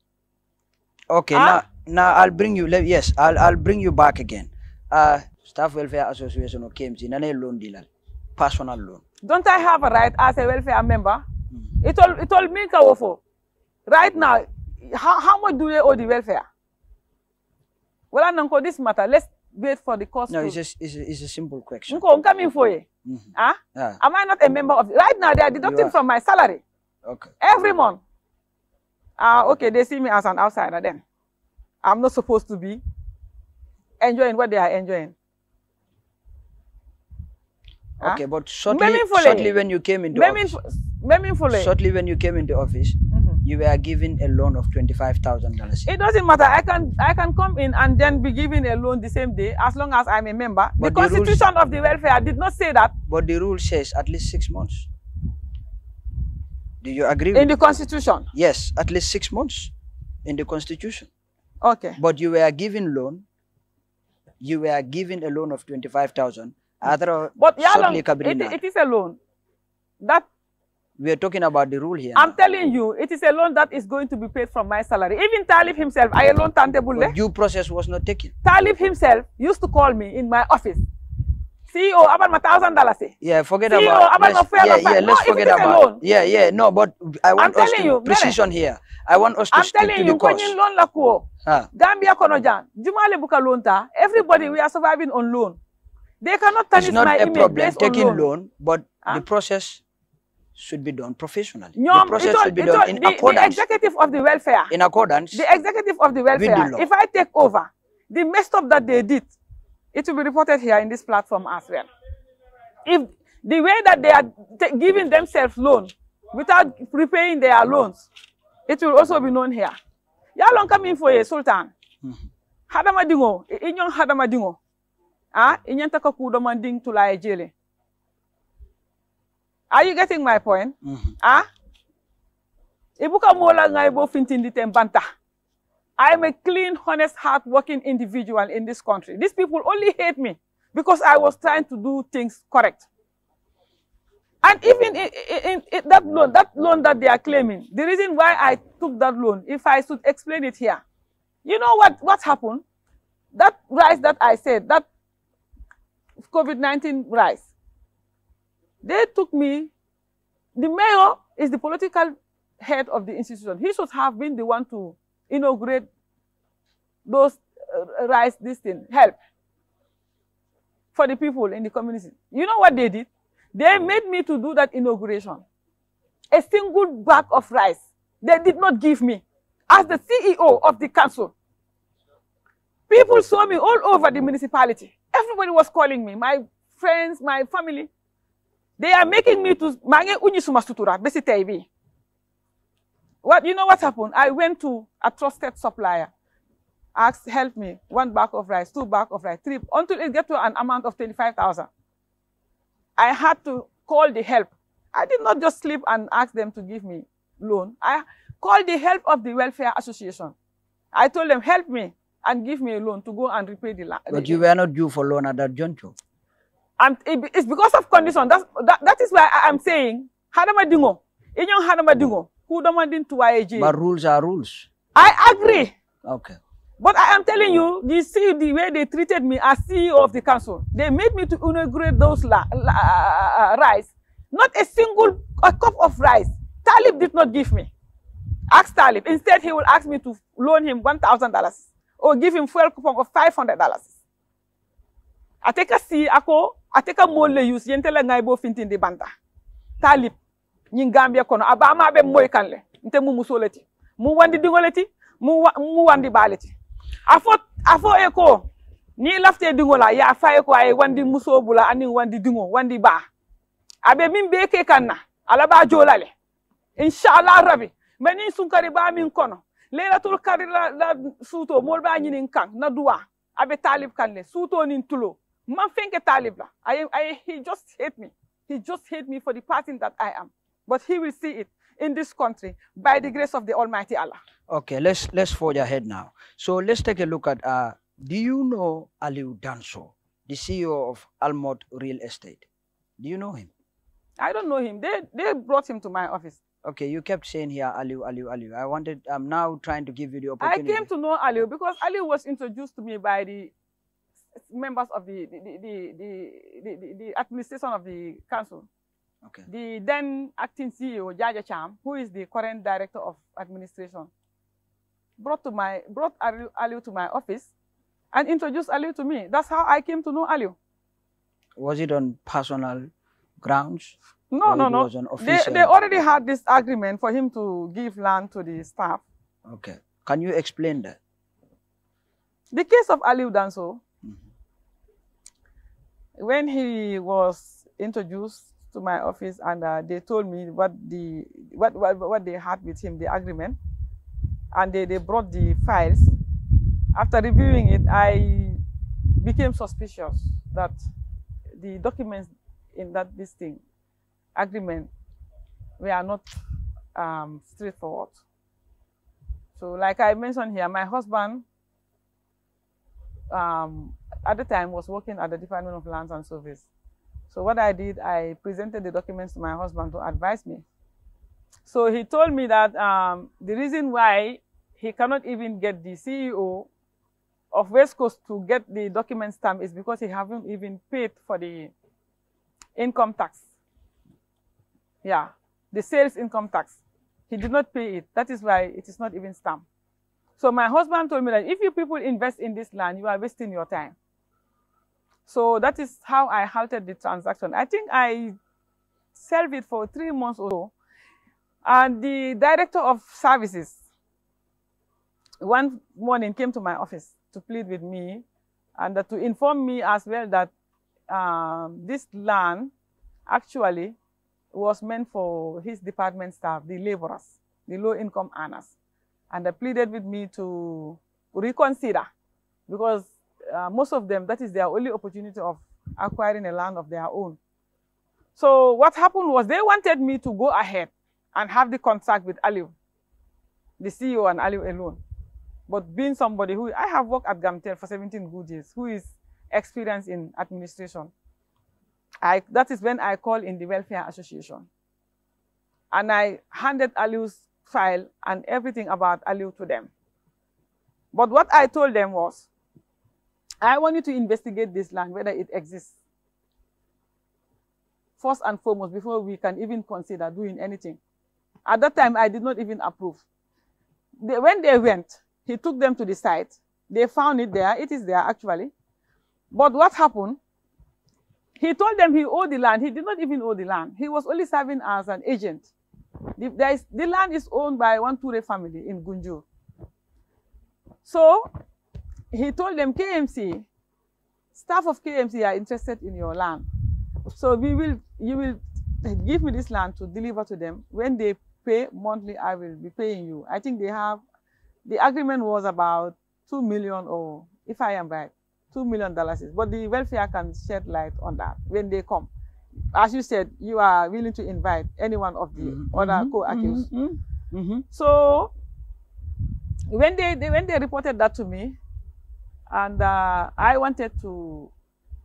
Okay, huh? Ah? now now I'll bring you. Yes, I'll I'll bring you back again. Uh, Staff Welfare Association of KMC, nane loan dealer, personal loan. Don't I have a right as a welfare member? Hmm. It all it all means kawofo. Right now, how, how much do they owe the welfare? Well, I know this matter. Let's wait for the cost. No, to... it's, just, it's, a, it's a simple question. Nko, I'm coming for you. Mm -hmm. huh? Ah? yeah. Am I not a member of... Right now, they are deducting are. from my salary. Okay. Every month. Ah, uh, okay, they see me as an outsider then. I'm not supposed to be enjoying what they are enjoying. Okay, but shortly, shortly when you came into office, shortly when you came into office, you were given a loan of $25,000. It doesn't matter. I can I can come in and then be given a loan the same day as long as I'm a member. But the constitution of the welfare did not say that. But the rule says at least six months. Do you agree In the constitution? Yes, at least six months in the constitution. Okay. But you were given loan. You were given a loan of 25,000 other but Yalang, it, it is a loan. That we are talking about the rule here. I'm now. telling you, it is a loan that is going to be paid from my salary. Even Talib himself, I alone tantable. But eh? due process was not taken. Talib himself used to call me in my office. CEO, about my thousand dollars. Eh? Yeah, forget CEO, about. about let's, yeah, yeah, let's no, forget about. Yeah, yeah, no, but I want I'm us to you, precision man, here. I want us to I'm stick to you, the course. I'm telling you, when you loan lako. Ah. Gambia konojan, jumale buka loan ta. Everybody, we are surviving on loan. They cannot tarnish it's not a problem taking loan. but huh? the process should be done professionally. No, the process should be done in the, accordance. The executive of the welfare. In accordance. The executive of the welfare. The if I take over, the messed up that they did, it will be reported here in this platform as well. If the way that they are giving themselves loan without repaying their loans, it will also be known here. Y'all Yalon coming for a sultan. Mm-hmm. Hadamadingo, inyong hadamadingo. Ah, to Are you getting my point? Mm -hmm. Ah, ibuka mola ngai bo I'm a clean, honest, hard-working individual in this country. These people only hate me because I was trying to do things correct. And even in, in, in that loan, that loan that they are claiming, the reason why I took that loan, if I should explain it here, you know what, what happened? That rice that I said, that COVID-19 rise. They took me, the mayor is the political head of the institution. He should have been the one to inaugurate those uh, rise, this thing, help for the people in the community. You know what they did? They made me to do that inauguration. A single bag of rice they did not give me as the CEO of the council. People saw me all over the municipality. Everybody was calling me, my friends, my family. They are making me to mange unisuma sutura, What you know what happened? I went to a trusted supplier, asked help me one bag of rice, two bags of rice, three until it get to an amount of twenty five thousand. I had to call the help. I did not just sleep and ask them to give me loan. I called the help of the welfare association. I told them, help me and give me a loan to go and repay the loan. But you were not due for loan at that juncture. And it's because of condition. That's, that, that is why I am saying, Hadama Dingo, Inyon Hadama Dingo, who demanding to IAG. But rules are rules. I agree. Okay. But I am telling you, you see the way they treated me as CEO of the council. They made me to inaugurate those la, la, uh, uh, uh, rice. Not a single a cup of rice. Talib did not give me. Ask Talib. Instead, he will ask me to loan him $1,000. or give him fuel coupon of five hundred $500. Ateka si ako, ateka mole use yentele ngaibo fintin de banta. Talip, nyin Gambia kono, abama abe moy kanle, nte mu musoleti. Mu wandi dingoleti, mu, mu wandi baleti. Afo, afo eko, ni lafte dingola, ya fa eko ay wandi musobula, ani wandi dingo, wandi ba. Abe min beke kanna, alaba jolale. Inshallah Rabbi. Meni sunkari ba min kono, leylatul kadir la la suuto moolu baa ñinin kaŋ na duwa a be taalib kaŋ le suuto nin tulo man fenke taalib la I, I, he just hate me he just hate me for the person that I am but he will see it in this country by the grace of the almighty Allah okay let's let's forge ahead now so let's take a look at uh do you know Aliu Danso the CEO of Almod Real Estate do you know him I don't know him they they brought him to my office Okay, you kept saying here Aliu, Aliu, Aliu. I wanted, I'm now trying to give you the opportunity. I came to know Aliu because Aliu was introduced to me by the members of the, the, the, the, the administration of the council. Okay. The then acting CEO, Jaja Cham, who is the current director of administration, brought to my brought Aliu to my office and introduced Aliu to me. That's how I came to know Aliu. Was it on personal grounds? No, no, no. They, they already had this agreement for him to give land to the staff. Okay. Can you explain that? The case of Aliu Danso, mm -hmm. when he was introduced to my office and uh, they told me what the what, what what they had with him, the agreement, and they, they brought the files. After reviewing it, I became suspicious that the documents in that this thing agreement we are not um, straightforward. So, like I mentioned here, my husband um, at the time was working at the Department of Lands and Surveys. So, what I did, I presented the documents to my husband to advise me. So, he told me that um, the reason why he cannot even get the CEO of West Coast to get the document stamp is because he haven't even paid for the income tax. Yeah, the sales income tax. He did not pay it. That is why it is not even stamp. So my husband told me that if you people invest in this land, you are wasting your time. So that is how I halted the transaction. I think I served it for three months or so. And the director of services one morning came to my office to plead with me and to inform me as well that um, this land actually was meant for his department staff, the laborers, the low-income earners. And they pleaded with me to reconsider because uh, most of them, that is their only opportunity of acquiring a land of their own. So what happened was they wanted me to go ahead and have the contract with Aliu, the CEO and Aliu alone. But being somebody who, I have worked at Gamtel for 17 good years, who is experienced in administration, I, that is when I called in the Welfare Association. And I handed Aliu's file and everything about Aliu to them. But what I told them was, I want you to investigate this land, whether it exists. First and foremost, before we can even consider doing anything. At that time, I did not even approve. They, when they went, he took them to the site. They found it there. It is there, actually. But what happened he told them he owned the land. He did not even own the land. He was only serving as an agent. The, is, the land is owned by one Ture family in Gunjo. So he told them, KMC, staff of KMC are interested in your land. So we will, you will give me this land to deliver to them. When they pay monthly, I will be paying you. I think they have, the agreement was about 2 million or if I am right two million dollars is. But the welfare can shed light on that when they come. As you said, you are willing to invite any one of the mm -hmm. other mm -hmm. co-accused. Mm -hmm. So when they, they, when they reported that to me, and uh, I wanted to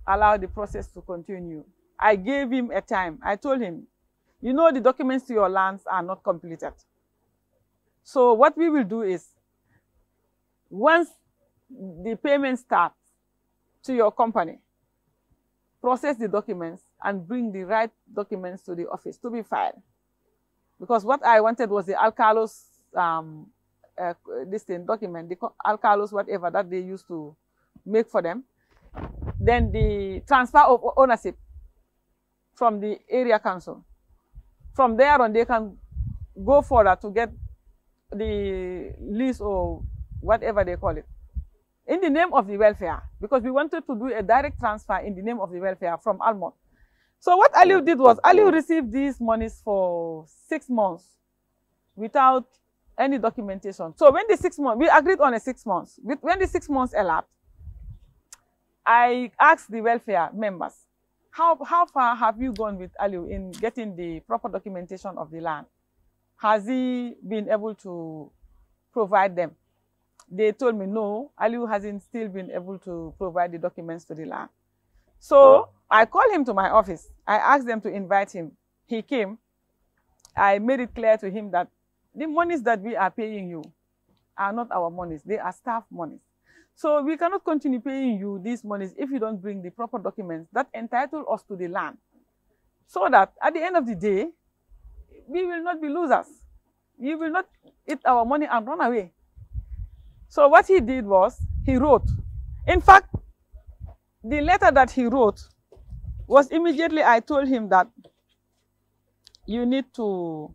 allow the process to continue, I gave him a time. I told him, you know, the documents to your lands are not completed. So what we will do is, once the payments start, to your company, process the documents, and bring the right documents to the office to be filed. Because what I wanted was the alcalos, um, uh, this thing, document, the alcalos, whatever that they used to make for them. Then the transfer of ownership from the area council. From there on, they can go further to get the lease or whatever they call it in the name of the welfare, because we wanted to do a direct transfer in the name of the welfare from Almond. So what Aliu did was, Aliu received these monies for six months without any documentation. So when the six months, we agreed on a six months. When the six months elapsed, I asked the welfare members, how, how far have you gone with Aliu in getting the proper documentation of the land? Has he been able to provide them? they told me, no, Aliu hasn't still been able to provide the documents to the land. So oh. I called him to my office. I asked them to invite him. He came. I made it clear to him that the monies that we are paying you are not our monies. They are staff monies. So we cannot continue paying you these monies if you don't bring the proper documents that entitle us to the land. So that at the end of the day, we will not be losers. We will not eat our money and run away. So what he did was he wrote. In fact, the letter that he wrote was immediately I told him that you need to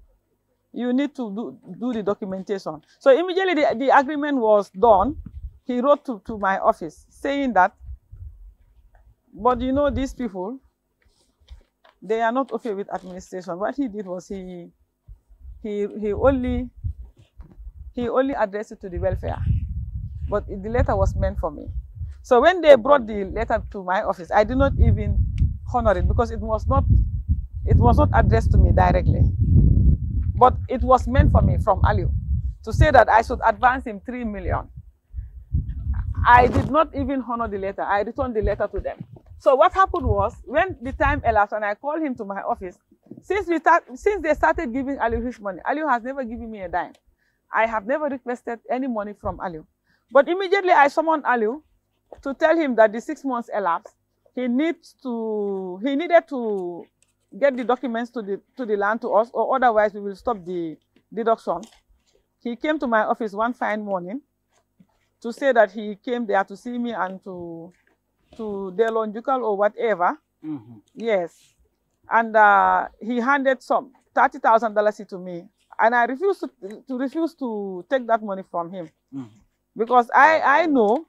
you need to do, do the documentation. So immediately the, the agreement was done. He wrote to, to my office saying that, but you know these people, they are not okay with administration. What he did was he, he, he only, he only addressed it to the welfare but the letter was meant for me. So when they brought the letter to my office, I did not even honor it because it was not it was not addressed to me directly. But it was meant for me from Aliu to say that I should advance him three million. I did not even honor the letter. I returned the letter to them. So what happened was when the time elapsed and I called him to my office, since we start, since they started giving Aliu his money, Aliu has never given me a dime. I have never requested any money from Aliu. But immediately I summoned Aliu to tell him that the six months elapsed. He needs to he needed to get the documents to the to the land to us, or otherwise we will stop the deduction. He came to my office one fine morning to say that he came there to see me and to to Delon Ducal or whatever. Mm -hmm. Yes. And uh, he handed some thirty thousand dollars to me, and I refused to, to refuse to take that money from him. Mm -hmm. Because I, I know,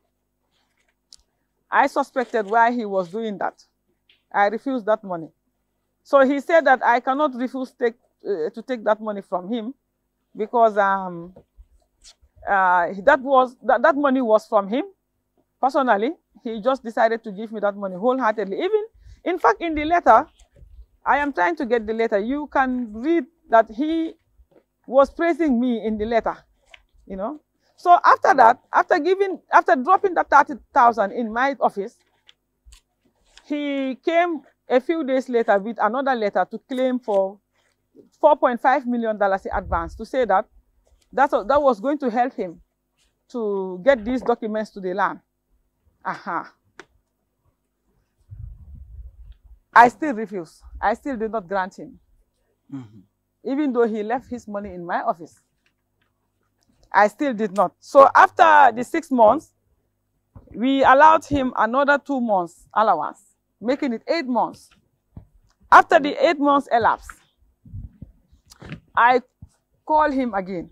I suspected why he was doing that. I refused that money. So he said that I cannot refuse take, uh, to take that money from him because um, uh, that, was, that, that money was from him. Personally, he just decided to give me that money wholeheartedly. Even, in fact, in the letter, I am trying to get the letter. You can read that he was praising me in the letter, you know, so after that, after giving, after dropping the 30,000 in my office, he came a few days later with another letter to claim for $4.5 million advance to say that that's, that was going to help him to get these documents to the land. Aha. Uh -huh. I still refuse. I still did not grant him. Mm -hmm. Even though he left his money in my office. I still did not. So after the six months, we allowed him another two months allowance, making it eight months. After the eight months elapsed, I called him again.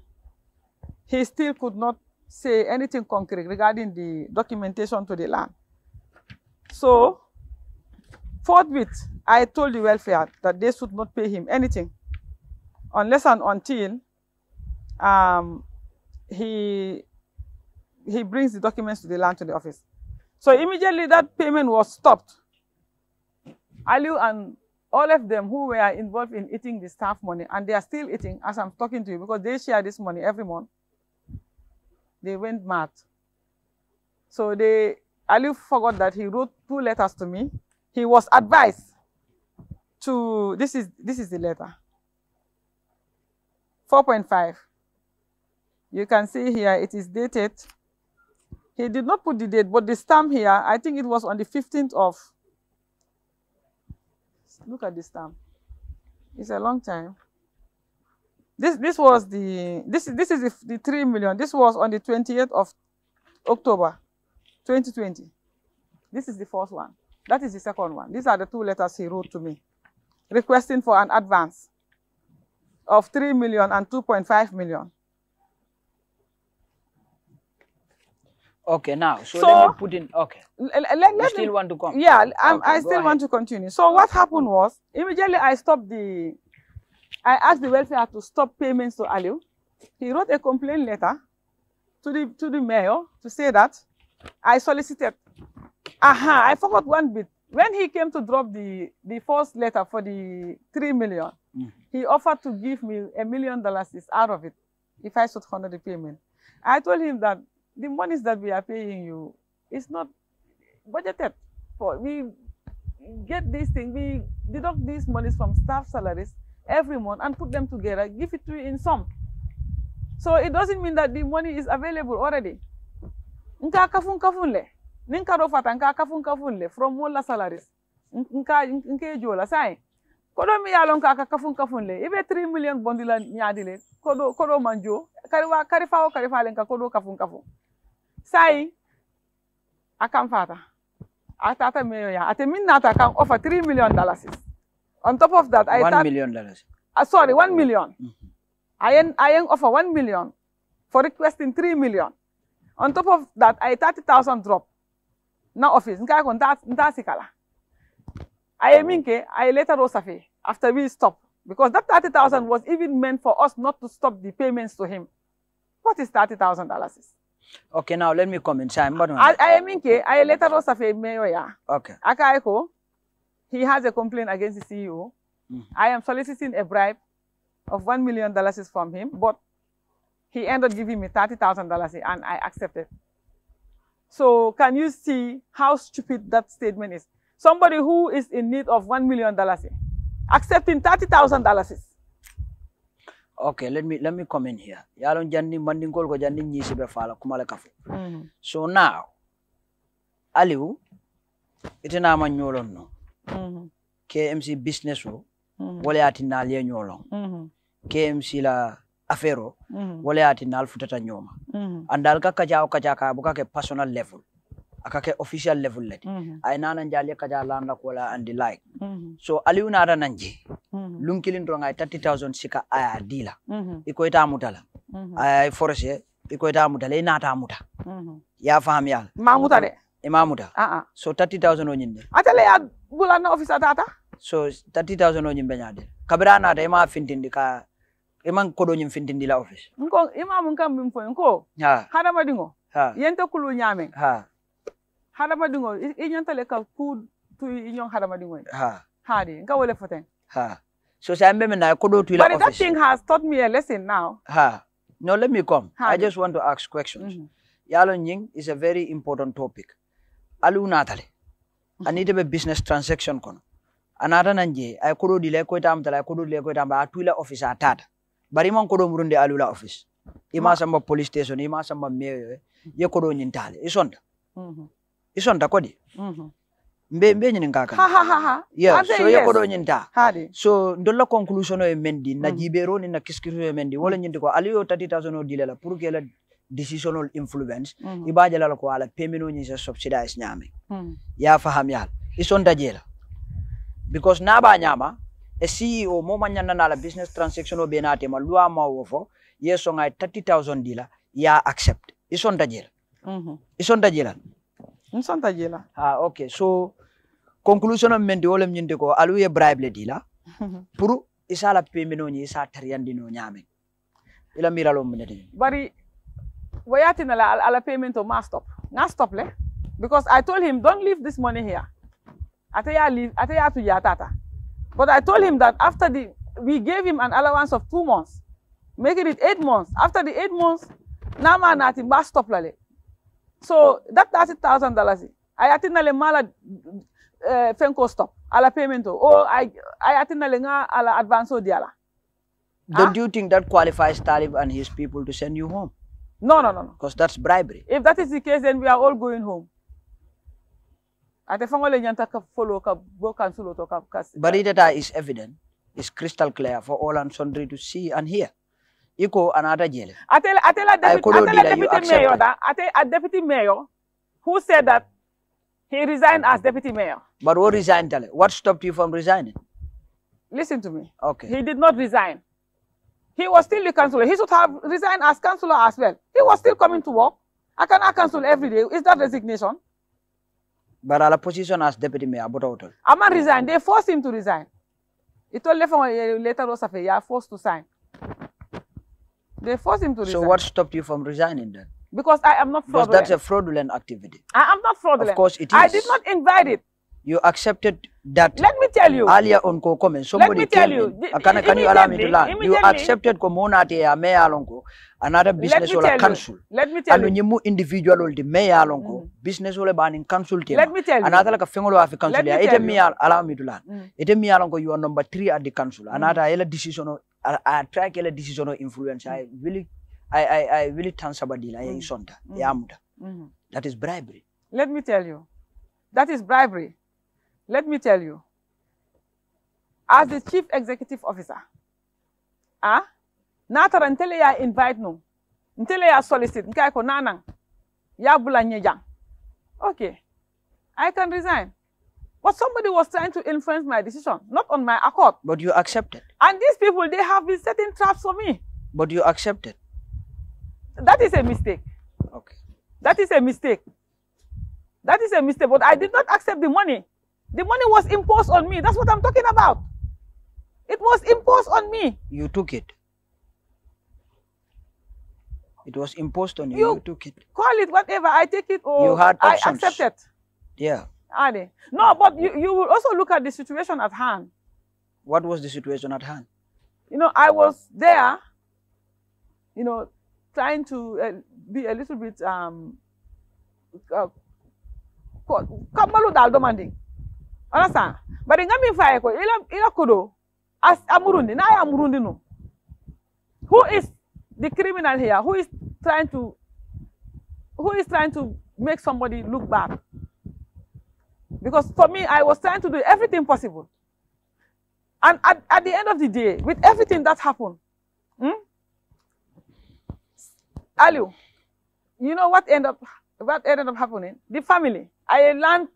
He still could not say anything concrete regarding the documentation to the land. So, forthwith, I told the welfare that they should not pay him anything unless and until um, he he brings the documents to the land to the office. So immediately that payment was stopped. Aliu and all of them who were involved in eating the staff money, and they are still eating as I'm talking to you because they share this money every month. They went mad. So they, Aliu forgot that he wrote two letters to me. He was advised to, this is, this is the letter, 4.5. You can see here it is dated. He did not put the date, but the stamp here, I think it was on the 15th of. Look at the stamp. It's a long time. This this was the this this is the, the three million. This was on the 28th of October, 2020. This is the first one. That is the second one. These are the two letters he wrote to me, requesting for an advance of 3 million and 2.5 million. Okay, now so, so let me put in. Okay, let, let, you still me, want to come? Yeah, I'm, okay, I still ahead. want to continue. So what happened was immediately I stopped the. I asked the welfare to stop payments to Aliu. He wrote a complaint letter to the to the mayor to say that I solicited. Aha, uh -huh, I forgot one bit. When he came to drop the the first letter for the three million, mm he offered to give me a million dollars out of it if I should honor the payment. I told him that the monies that we are paying you is not budgeted for. We get this thing, we deduct these monies from staff salaries every month and put them together, give it to you in sum. So it doesn't mean that the money is available already. Nka kafun kafun le, ninka do nka kafun kafun le from all the salaries. Nka nka jola sai. Kodo mi yalon ka ka kafun kafun le ibe 3 million bondi la ñaadi le kodo koɗo manjo kari wa kari fawo kari falen ka koɗo kafun kafun sayi a kam fata a tata meyo ya ate min nata kan offer 3 million dollars on top of that I 1 tata, million dollars uh, sorry 1 million mm -hmm. I am offer 1 million for requesting 3 million on top of that I 30000 drop na office nka kon nta nta sikala I Ayaminke, I later wrote Safi after we stopped because that 30,000 was even meant for us not to stop the payments to him. What is $30,000? Okay, now let me come in. I'm not I later wrote Safi Mayor. Okay. Akaiko, he has a complaint against the CEO. Mm mm-hmm. I am soliciting a bribe of $1 million from him, but he ended up giving me $30,000 and I accepted. So can you see how stupid that statement is? somebody who is in need of one million, accepting dollars Okay, let me let me come in here. Yalon janni mandingol ko janni ni be fala kumala kafu. Mm. So now Aliu itina ma nyolon no. Mm-hmm. KMC business wo mm-hmm. wala atina le nyolon. Mm-hmm. KMC la affaire wo wala atina alfutata futata nyoma. Mm -hmm. Andal ka kaja ka ka buka ke personal level akake official level lati mm -hmm. ay nana jali ka jala na ko la andi like mm -hmm. so aliu na da nanje mm -hmm. lunkilin to 30000 sika aya dila mm -hmm. iko ita mutala mm -hmm. ay force iko ita mutala ina ta muta mm -hmm. ya faham ya ma muta de ima muta a uh ah. so 30000 o nyinde atale ya bulana officer tata so 30000 o nyimbe nyade kabira na da ima fintindi ka iman kodo nyim fintindi la office nko imamun mun kam bimpo nko ha hada madingo ha yento kulu nyame ha dingo i ñantale ka ku tu i ñoŋ dingo ha di nga wole foten ha so sa mbeme na do tu la but that thing has taught me a lesson now ha no let me come hadi. i just want to ask questions mm -hmm. yalo ñing is a very important topic alu natale mm -hmm. anite be business transaction kono anata nanje ay kodo dile ko tamtala ay kodo dile ko tu la office atata bari man kodo murunde alula office ima sama police station ima sama mayor ye do nyintale isonda mm -hmm. iso ndakodi mhm. ha ha yeah Ante so yes. yoko yakodo hadi so ndolla conclusion e mendi na mhm. jibero ni na kiskiru e mendi wala mhm. nyindi ko aliyo tati tazono dilela pour que la decisional influence mm. ibaje la ko ala pemino nyi se subsidize nyame mm. ya faham ya iso ndajela because na ba nyama a CEO mo manyana na la business transaction o benate ma lua ma wofo yeso ngai 30000 dila ya accept iso ndajela iso ndajela mm -hmm. nsanta jela ha ok so conclusion men de wolem nyinde ko alu ye bribe le dila pour isa la pemino nyi isa tariyandi no nyame ila miralo mende de bari wayati na la ala payment to ma stop nga stop le because i told him don't leave this money here ataya leave ataya to ya tata. but i told him that after the we gave him an allowance of two months making it eight months after the eight months nama na must stop lale So that thirty thousand dollars, I the mala uh, fenko stop ala payment Oh, I I the nga la advance o diala. Then not ah? do you think that qualifies Talib and his people to send you home? No, no, no, no. Because that's bribery. If that is the case, then we are all going home. Ate fangole nyanta ka follow ka go cancel to ka. is evident. It's crystal clear for all and sundry to see and hear iko anata jele atela atela deputy, mayor that a deputy mayor who said that he resigned as deputy mayor but what resigned what stopped you from resigning listen to me okay he did not resign he was still the councillor he should have resigned as councillor as well he was still coming to work i cannot cancel every day is that resignation but our position as deputy mayor but out not resign they forced him to resign he told later later are forced to sign they forced him to resign. So what stopped you from resigning then? Because I am not fraudulent. Because that's a fraudulent activity. I am not fraudulent. Of course it is. I did not invite it. You accepted that. Let me tell you. Earlier on Kokomen, somebody Let me tell you. In, can, can you allow me to learn? You accepted te ya ah, mayor alongo, another business or council. Let me tell you. Alunyimu individual or the mayor alongo, mm. business or banning council team. Let me tell you. Another like a fingolo of a council. Let me tell you. Allow me to learn. Mm. Ite me alongo, you are number three at the council. Mm. Another mm. decision a, a try kele decision o influence mm. i really i i, I really turn sabadila mm. isonta mm. yamuda mm. Mm-hmm. that is bribery let me tell you that is bribery let me tell you as the chief executive officer ah natara ntele ya invite no ntele ya solicit nkai ko nanan ya bulanye jang okay i can resign but somebody was trying to influence my decision, not on my accord. But you accepted. And these people, they have been setting traps for me. But you accepted. That is a mistake. Okay. That is a mistake. That is a mistake. But I did not accept the money. The money was imposed on me. That's what I'm talking about. It was imposed on me. You took it. It was imposed on you. You, you took it. Call it whatever. I take it or you had options. I accept it. Yeah. Are they? No, but you, you will also look at the situation at hand. What was the situation at hand? You know, I was there, you know, trying to uh, be a little bit um, uh, kamalu dal demanding. Understand? But in Gambia fire, ila ila kudo as amurundi now amurundi no. Who is the criminal here? Who is trying to who is trying to make somebody look bad? Because for me, I was trying to do everything possible. And at, at the end of the day, with everything that happened, hmm, Aliu, you know what ended up what ended up happening? The family. I learned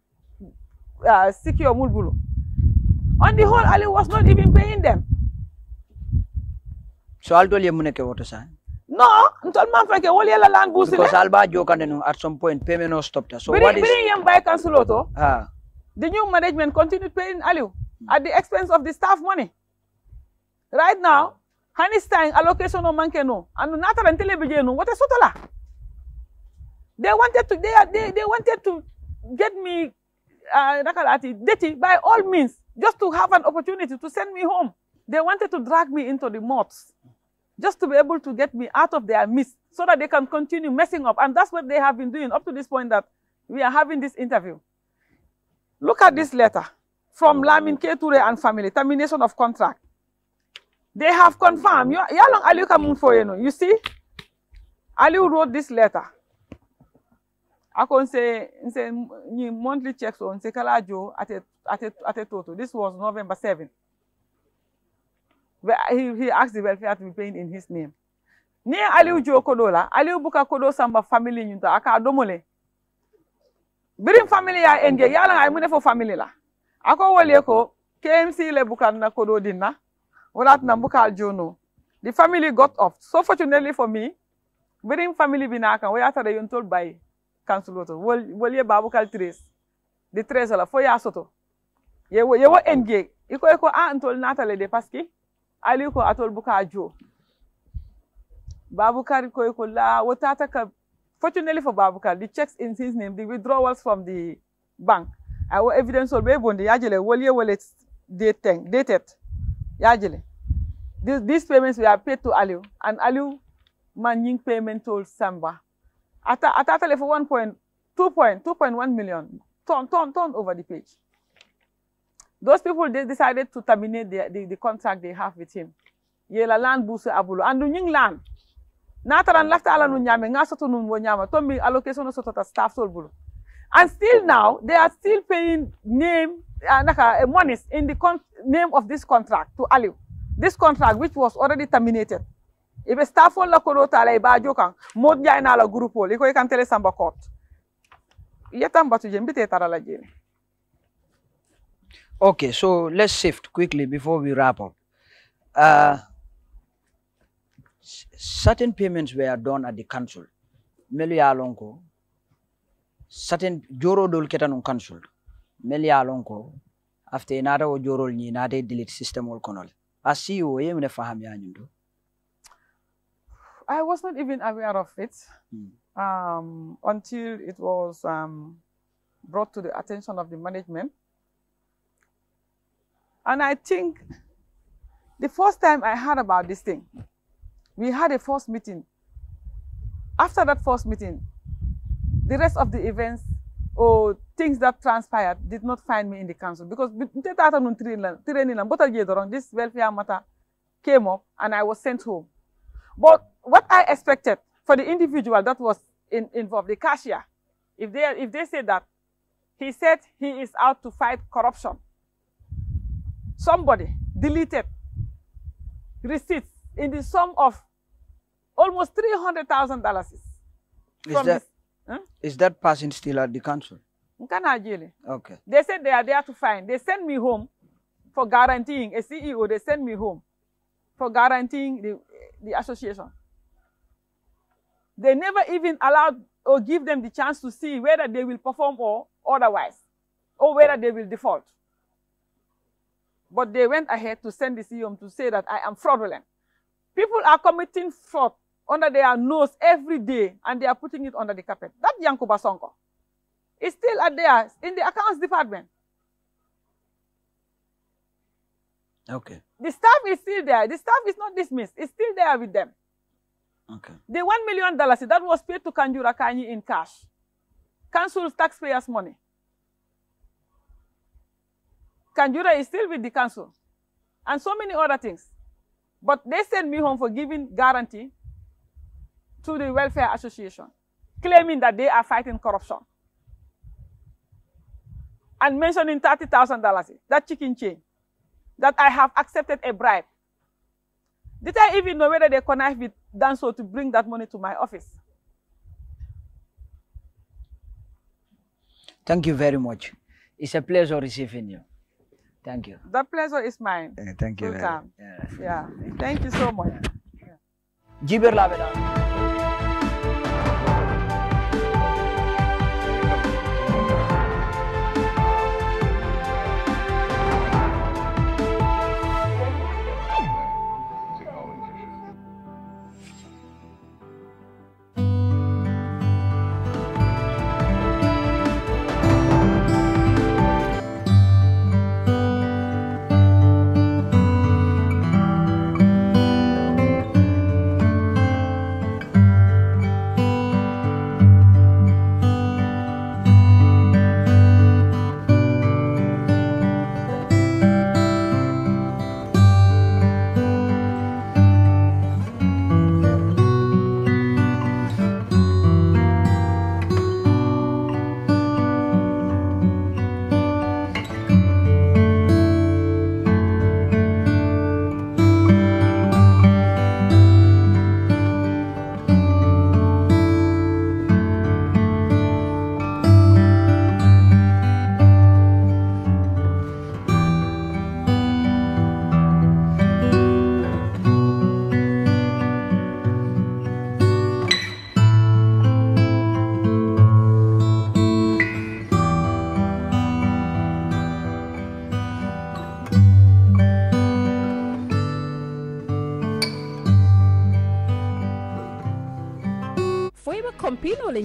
uh, Sikio Mulbulu. On the whole, Ali was not even paying them. So I'll do you money what to say? No, until man frank all la land goose. Because Alba eh? joke at some point payment no stopped. So bring, what is? Bring him by council auto. Ah. The new management continued paying Aliu at the expense of the staff money. Right now, Hanistang allocation of Mankeno and Natal and Telebijeno, what a sotola. They wanted to, they, they, they wanted to get me Nakalati, uh, Deti, by all means, just to have an opportunity to send me home. They wanted to drag me into the moths, just to be able to get me out of their midst so that they can continue messing up. And that's what they have been doing up to this point that we are having this interview. Look at this letter from Lamin Keture and family, termination of contract. They have confirmed. You, how long Aliu Kamun for you know? You see, Aliu wrote this letter. I can say, say monthly checks on Sekalajo at a, at a, at a total. This was November 7th. Where he, he asked the welfare to be paid in his name. Near Aliu Jo Kodola, Aliu Buka Kodo Samba family, Aka Domole birin family ya enge yala ay mune fo family la ako wole ko KMC le bukan na kodo dinna walat na bukal jono the family got off so fortunately for me birin family bina kan waya tare yon tol bay council woto wolye babu kal tres the tres la fo ya soto ye wo ye wo enge iko iko a ntol natale de paski ali ko atol buka jo babu kar ko iko la wotata ka Fortunately for Babuka, the checks in his name, the withdrawals from the bank, our evidence will be able to yajele wole let dating dated yajele. These, these payments were paid to Aliu, and Aliu managing payment to Samba. At at at for one point, two point, two point one million turn turn turn over the page. Those people they decided to terminate the, the, the contract they have with him. Yela land busu abulu and land nataran lafta ala nyame nga soto nu wo nyama allocation soto ta staff sol bulu and still now they are still paying name uh, uh monies in the name of this contract to aliu this contract which was already terminated if a staff la ko ta la ba jokan mod jay na la groupo, li koy kan tele samba court yetam batu jembi te tarala la okay so let's shift quickly before we wrap up uh certain payments were done at the council. Melia alongo. certain joro dol ketanun council. Melia alongo. after inata o joro ni inata delete system wol konol. Asi wo ye faham ya nyundo. I was not even aware of it hmm. um, until it was um, brought to the attention of the management. And I think the first time I heard about this thing, we had a first meeting. After that first meeting, the rest of the events or things that transpired did not find me in the council because this welfare matter came up and I was sent home. But what I expected for the individual that was in, involved, the cashier, if they, if they said that, he said he is out to fight corruption. Somebody deleted receipts in the sum of almost $300,000. Is that, is that person still at the council? Okay. They said they are there to find. They sent me home for guaranteeing a CEO. They sent me home for guaranteeing the, the association. They never even allowed or give them the chance to see whether they will perform or otherwise, or whether they will default. But they went ahead to send the CEO to say that I am fraudulent. People are committing fraud under their nose every day and they are putting it under the carpet. That Yankuba Sonko is still at there in the accounts department. Okay. The staff is still there. The staff is not dismissed. It's still there with them. Okay. The one million dollars that was paid to Kanjura Kanyi in cash. Council's taxpayers' money. Kanjura is still with the council. And so many other things. But they sent me home for giving guarantee to the Welfare Association, claiming that they are fighting corruption and mentioning $30,000, that chicken chain, that I have accepted a bribe. Did I even know whether they connived with Danso to bring that money to my office? Thank you very much. It's a pleasure receiving you. Thank you. The pleasure is mine. Eh, thank you. Yeah. yeah. Thank you so much. Yeah. Yeah.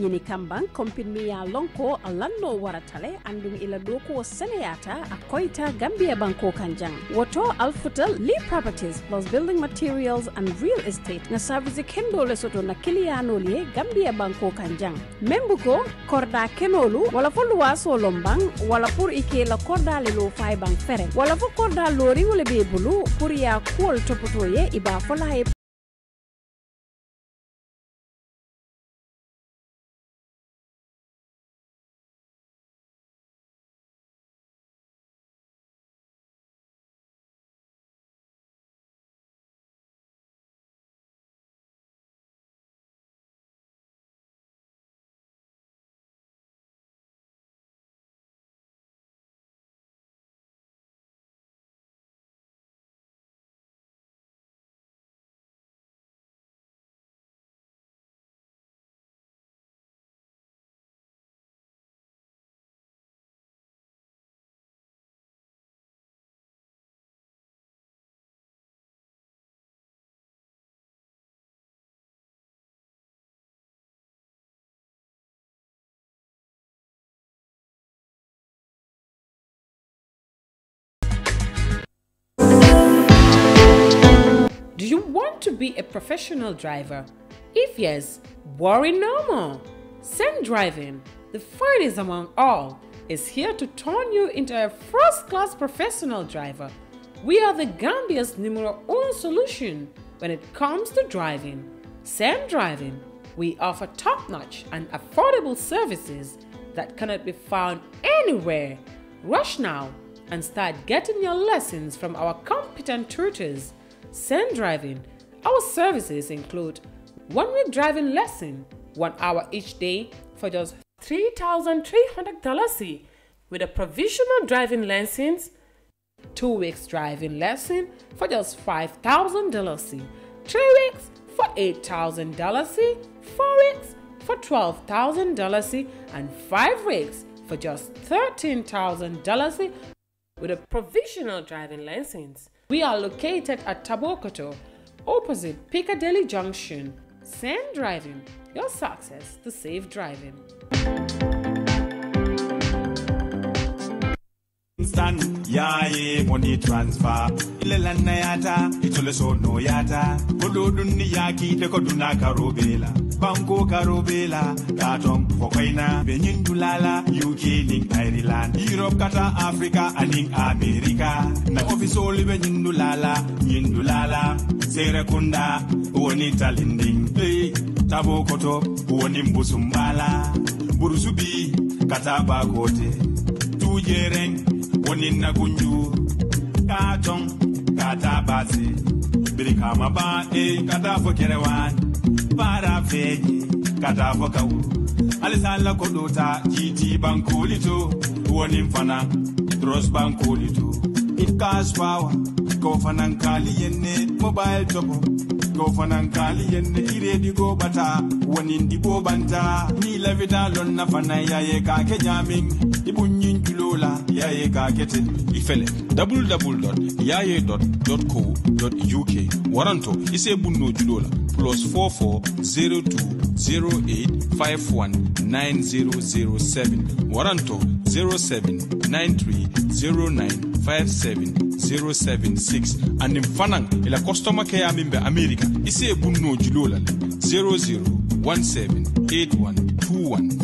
ñini kamban kompinmiya lonko lanno waratale andum ila ɗo ko seneyata a koyta gambia banko kan jang woto alfuta li properties plus building materials and real estate na service kendo le soto na kiliyanol ye gambia banko kan jang membu ko korda kenolu wala fo luwaso lomban wala pour ike la korda le lo fay fere wala fo korda lori wala be bulu pour ya kuol topoto ye iba fola Do you want to be a professional driver? If yes, worry no more. Send Driving, the finest among all, is here to turn you into a first class professional driver. We are the Gambia's numero uno solution when it comes to driving. Send Driving, we offer top notch and affordable services that cannot be found anywhere. Rush now and start getting your lessons from our competent tutors send driving. Our services include one week driving lesson, one hour each day for just $3,300 with a provisional driving license, two weeks driving lesson for just $5,000, three weeks for $8,000, four weeks for $12,000, and five weeks for just $13,000 with a provisional driving license. We are located at Tabokoto, opposite Piccadilly Junction. Send driving your success to safe driving. yaye money transfer. na yata, itule so no yata. teko dunaka banko karobela bela katon fokoina dulala uk ning ireland europe kata africa aning america na ofisoli benin dulala nyin dulala sere kunda woni talinding hey, tabo koto woni mbusumbala burusubi kata bakote tujereng woni nagunju Katong, kata basi birikama ba e eh, kata fokerewan bara feeƴi kata fo kaw alisalla ko ɗota jiiti bankoli to wonin fana dros bankoli to it kas fawa ko yenne mobile topo do fanankali yenne iredi go bata wonindi bo banta ni lavita lonna fana yaye kake jamin ibunyin julola yaye kake te ifele www.yaye.co.uk waranto ise bunno julola plus 44020851907 waranto 0793095707 76 and in Fanang, il a customer care amimbe America. ise ebumnobi olala 00178121